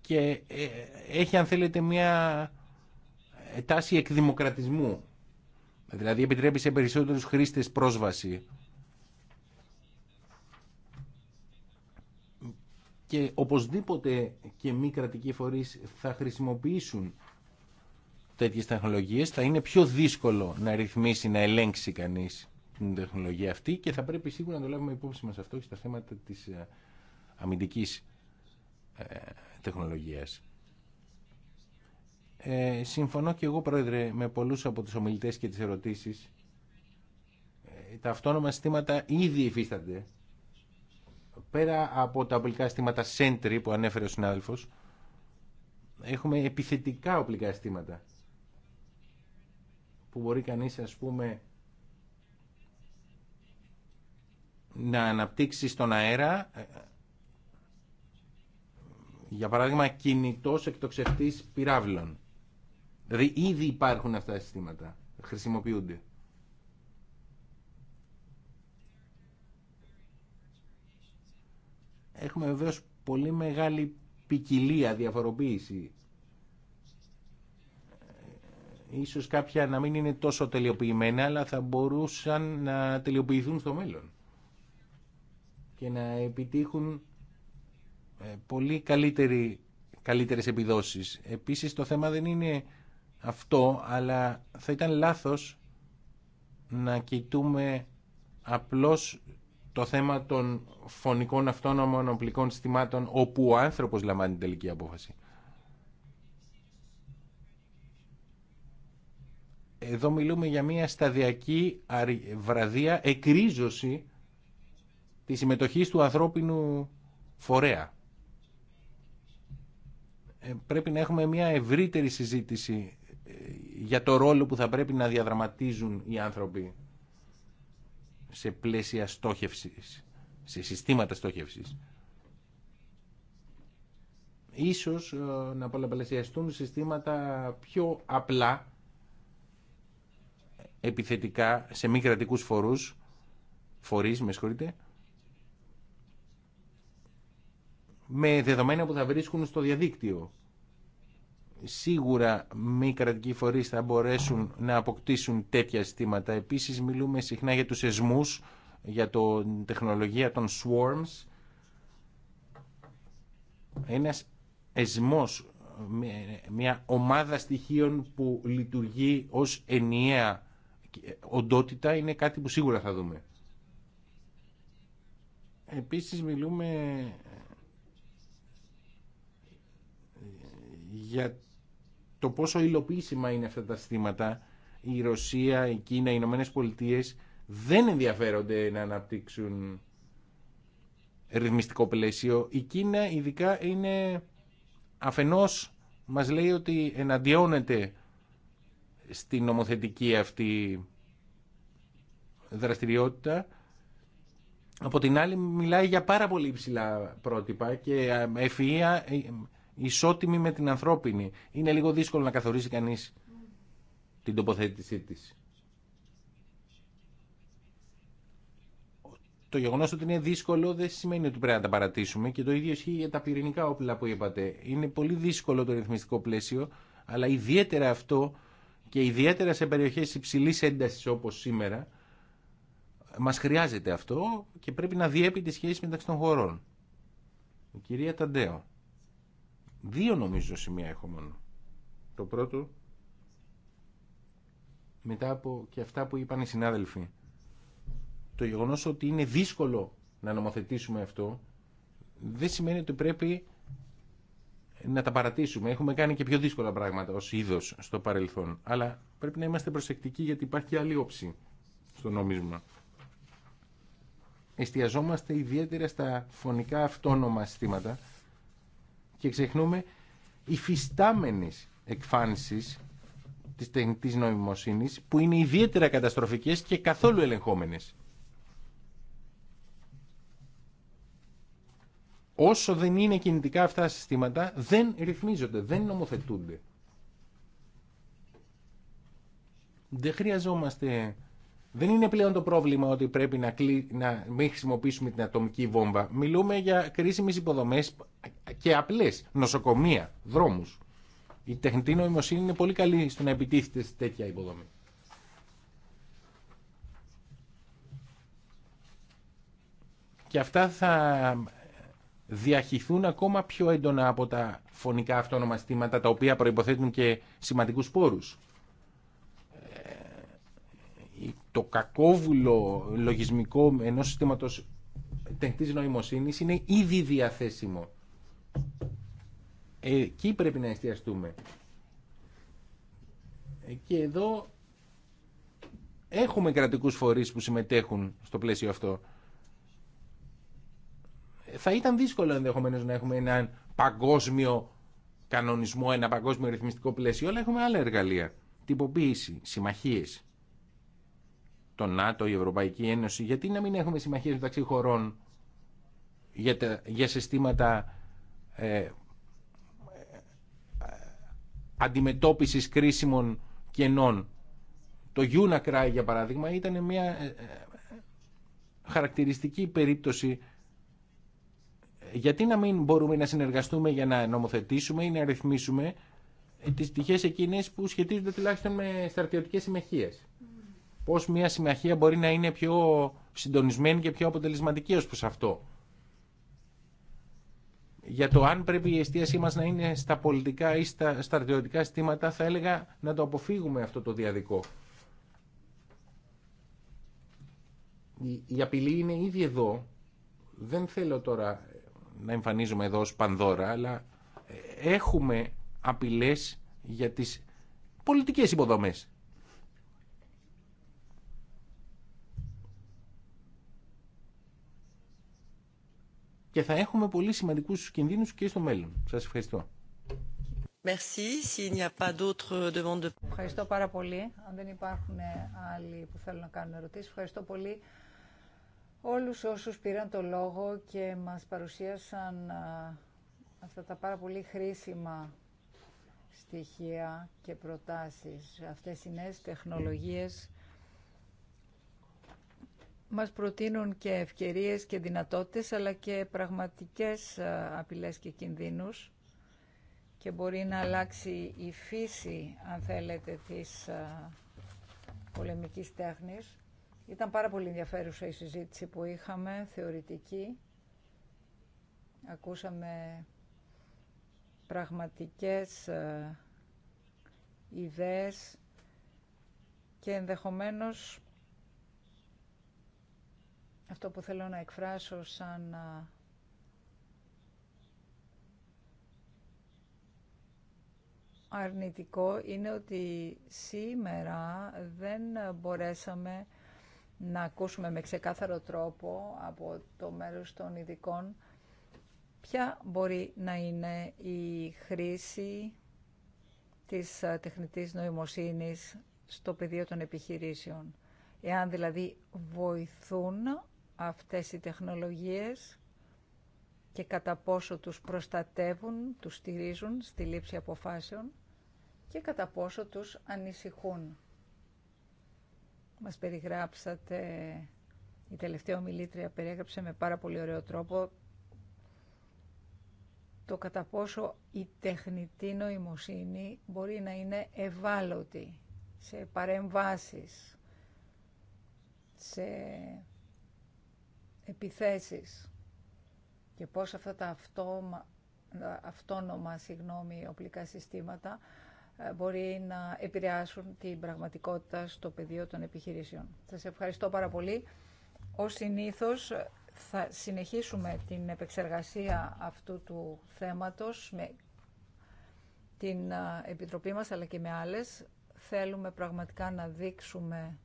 Speaker 1: και ε, έχει αν θέλετε μια τάση εκδημοκρατισμού. Δηλαδή επιτρέπει σε περισσότερους χρήστες πρόσβαση. Και οπωσδήποτε και μη κρατικοί φορείς θα χρησιμοποιήσουν τέτοιες τεχνολογίες. Θα είναι πιο δύσκολο να ρυθμίσει, να ελέγξει κανείς την τεχνολογία αυτή και θα πρέπει σίγουρα να το λάβουμε υπόψη μας αυτό και στα θέματα της ε, αμυντικής ε, τεχνολογίας. Ε, συμφωνώ και εγώ, Πρόεδρε, με πολλούς από τους ομιλητές και τις ερωτήσεις. Ε, τα αυτόνομα συστήματα ήδη υφίστανται. Πέρα από τα οπλικά συστήματα Sentry που ανέφερε ο συνάδελφος, έχουμε επιθετικά οπλικά συστήματα που μπορεί κανείς, ας πούμε, να αναπτύξει στον αέρα ε, για παράδειγμα κινητός εκτοξευτής πυράβλων. Δηλαδή ήδη υπάρχουν αυτά τα συστήματα, χρησιμοποιούνται. Έχουμε βεβαίω πολύ μεγάλη ποικιλία, διαφοροποίηση. Ε, ίσως κάποια να μην είναι τόσο τελειοποιημένα, αλλά θα μπορούσαν να τελειοποιηθούν στο μέλλον και να επιτύχουν ε, πολύ καλύτερη, καλύτερες επιδόσεις. Επίσης το θέμα δεν είναι αυτό, αλλά θα ήταν λάθος να κοιτούμε απλώς το θέμα των φωνικών αυτόνομων οπλικών συστημάτων όπου ο άνθρωπος λαμβάνει την τελική απόφαση. Εδώ μιλούμε για μια σταδιακή βραδία εκρίζωση τη συμμετοχή του ανθρώπινου φορέα. Ε, πρέπει να έχουμε μια ευρύτερη συζήτηση ε, για το ρόλο που θα πρέπει να διαδραματίζουν οι άνθρωποι σε πλαίσια στόχευσης, σε συστήματα στόχευσης. Ίσως ε, να πολλαπλασιαστούν συστήματα πιο απλά, επιθετικά, σε μη κρατικούς φορούς, φορείς, με συγχωρείτε, με δεδομένα που θα βρίσκουν στο διαδίκτυο. Σίγουρα μη κρατικοί φορείς θα μπορέσουν να αποκτήσουν τέτοια συστήματα. Επίσης μιλούμε συχνά για τους εσμούς, για την τεχνολογία των swarms. Ένας εσμός, μια ομάδα στοιχείων που λειτουργεί ως ενιαία οντότητα είναι κάτι που σίγουρα θα δούμε. Επίσης μιλούμε για το πόσο υλοποιήσιμα είναι αυτά τα συστήματα. Η Ρωσία, η Κίνα, οι Ηνωμένε Πολιτείε δεν ενδιαφέρονται να αναπτύξουν ρυθμιστικό πλαίσιο. Η Κίνα ειδικά είναι αφενός μας λέει ότι εναντιώνεται στην νομοθετική αυτή δραστηριότητα. Από την άλλη μιλάει για πάρα πολύ υψηλά πρότυπα και ε, ευφυΐα ε, ισότιμη με την ανθρώπινη. Είναι λίγο δύσκολο να καθορίσει κανείς την τοποθέτησή της. Το γεγονό ότι είναι δύσκολο δεν σημαίνει ότι πρέπει να τα παρατήσουμε και το ίδιο ισχύει για τα πυρηνικά όπλα που είπατε. Είναι πολύ δύσκολο το ρυθμιστικό πλαίσιο, αλλά ιδιαίτερα αυτό και ιδιαίτερα σε περιοχέ υψηλή ένταση όπω σήμερα, μα χρειάζεται αυτό και πρέπει να διέπει τη σχέση μεταξύ των χωρών. Η κυρία Ταντέο. Δύο νομίζω σημεία έχω μόνο. Το πρώτο, μετά από και αυτά που είπαν οι συνάδελφοι, το γεγονός ότι είναι δύσκολο να νομοθετήσουμε αυτό, δεν σημαίνει ότι πρέπει να τα παρατήσουμε. Έχουμε κάνει και πιο δύσκολα πράγματα ως είδος στο παρελθόν. Αλλά πρέπει να είμαστε προσεκτικοί γιατί υπάρχει και άλλη όψη στο νόμισμα. Εστιαζόμαστε ιδιαίτερα στα φωνικά αυτόνομα συστήματα και ξεχνούμε υφιστάμενες εκφάνσεις της τεχνητής νοημοσύνης που είναι ιδιαίτερα καταστροφικές και καθόλου ελεγχόμενες. Όσο δεν είναι κινητικά αυτά τα συστήματα, δεν ρυθμίζονται, δεν νομοθετούνται. Δεν χρειαζόμαστε δεν είναι πλέον το πρόβλημα ότι πρέπει να, να μην χρησιμοποιήσουμε την ατομική βόμβα. Μιλούμε για κρίσιμε υποδομέ και απλέ. Νοσοκομεία, δρόμου. Η τεχνητή νοημοσύνη είναι πολύ καλή στο να επιτίθεται σε τέτοια υποδομή. Και αυτά θα διαχυθούν ακόμα πιο έντονα από τα φωνικά αυτόνομα στήματα τα οποία προϋποθέτουν και σημαντικούς πόρους. το κακόβουλο λογισμικό ενός συστήματος τεχνητή νοημοσύνη είναι ήδη διαθέσιμο. Εκεί πρέπει να εστιαστούμε. Και εδώ έχουμε κρατικούς φορείς που συμμετέχουν στο πλαίσιο αυτό. Θα ήταν δύσκολο ενδεχομένως να έχουμε έναν παγκόσμιο κανονισμό, ένα παγκόσμιο ρυθμιστικό πλαίσιο, αλλά έχουμε άλλα εργαλεία. Τυποποίηση, συμμαχίες, το ΝΑΤΟ, η Ευρωπαϊκή Ένωση, γιατί να μην έχουμε συμμαχίε μεταξύ χωρών για, για συστήματα ε, ε, αντιμετώπισης κρίσιμων κενών. Το UNACRA, για παράδειγμα, ήταν μια ε, ε, χαρακτηριστική περίπτωση γιατί να μην μπορούμε να συνεργαστούμε για να νομοθετήσουμε ή να ρυθμίσουμε τις πτυχές εκείνες που σχετίζονται τουλάχιστον με στρατιωτικές συμμεχίες πώς μια συμμαχία μπορεί να είναι πιο συντονισμένη και πιο αποτελεσματική ως προς αυτό. Για το αν πρέπει η εστίασή μας να είναι στα πολιτικά ή στα στρατιωτικά στήματα θα έλεγα να το αποφύγουμε αυτό το διαδικό. Η απειλή είναι ήδη εδώ. Δεν θέλω τώρα να εμφανίζουμε εδώ ως πανδώρα, αλλά ε, έχουμε απειλές για τις πολιτικές υποδομές. και θα έχουμε πολύ σημαντικούς κινδύνους και στο μέλλον. Σας ευχαριστώ.
Speaker 3: Ευχαριστώ πάρα πολύ. Αν δεν υπάρχουν άλλοι που θέλουν να κάνουν ερωτήσεις, ευχαριστώ πολύ όλους όσους πήραν το λόγο και μας παρουσίασαν αυτά τα πάρα πολύ χρήσιμα στοιχεία και προτάσεις. Αυτές οι νέες τεχνολογίες μας προτείνουν και ευκαιρίες και δυνατότητες, αλλά και πραγματικές ε, απειλές και κινδύνους και μπορεί να αλλάξει η φύση, αν θέλετε, της ε, πολεμικής τέχνης. Ήταν πάρα πολύ ενδιαφέρουσα η συζήτηση που είχαμε, θεωρητική. Ακούσαμε πραγματικές ε, ιδέες και ενδεχομένως αυτό που θέλω να εκφράσω σαν αρνητικό είναι ότι σήμερα δεν μπορέσαμε να ακούσουμε με ξεκάθαρο τρόπο από το μέρος των ειδικών ποια μπορεί να είναι η χρήση της τεχνητής νοημοσύνης στο πεδίο των επιχειρήσεων. Εάν δηλαδή βοηθούν αυτές οι τεχνολογίες και κατά πόσο τους προστατεύουν, τους στηρίζουν στη λήψη αποφάσεων και κατά πόσο τους ανησυχούν. Μας περιγράψατε, η τελευταία ομιλήτρια περιέγραψε με πάρα πολύ ωραίο τρόπο το κατά πόσο η τεχνητή νοημοσύνη μπορεί να είναι ευάλωτη σε παρεμβάσεις, σε επιθέσεις και πώς αυτά τα αυτόμα, αυτόνομα συγγνώμη, οπλικά συστήματα ε, μπορεί να επηρεάσουν την πραγματικότητα στο πεδίο των επιχειρήσεων. Σας ευχαριστώ πάρα πολύ. Ως συνήθως ε, θα συνεχίσουμε την επεξεργασία αυτού του θέματος με την ε, Επιτροπή μας αλλά και με άλλες. Θέλουμε πραγματικά να δείξουμε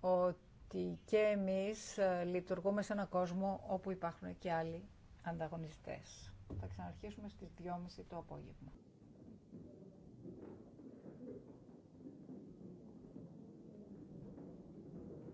Speaker 3: ότι ότι και εμείς ε, λειτουργούμε σε έναν κόσμο όπου υπάρχουν και άλλοι ανταγωνιστές. Θα ξαναρχίσουμε στις 2.30 το απόγευμα.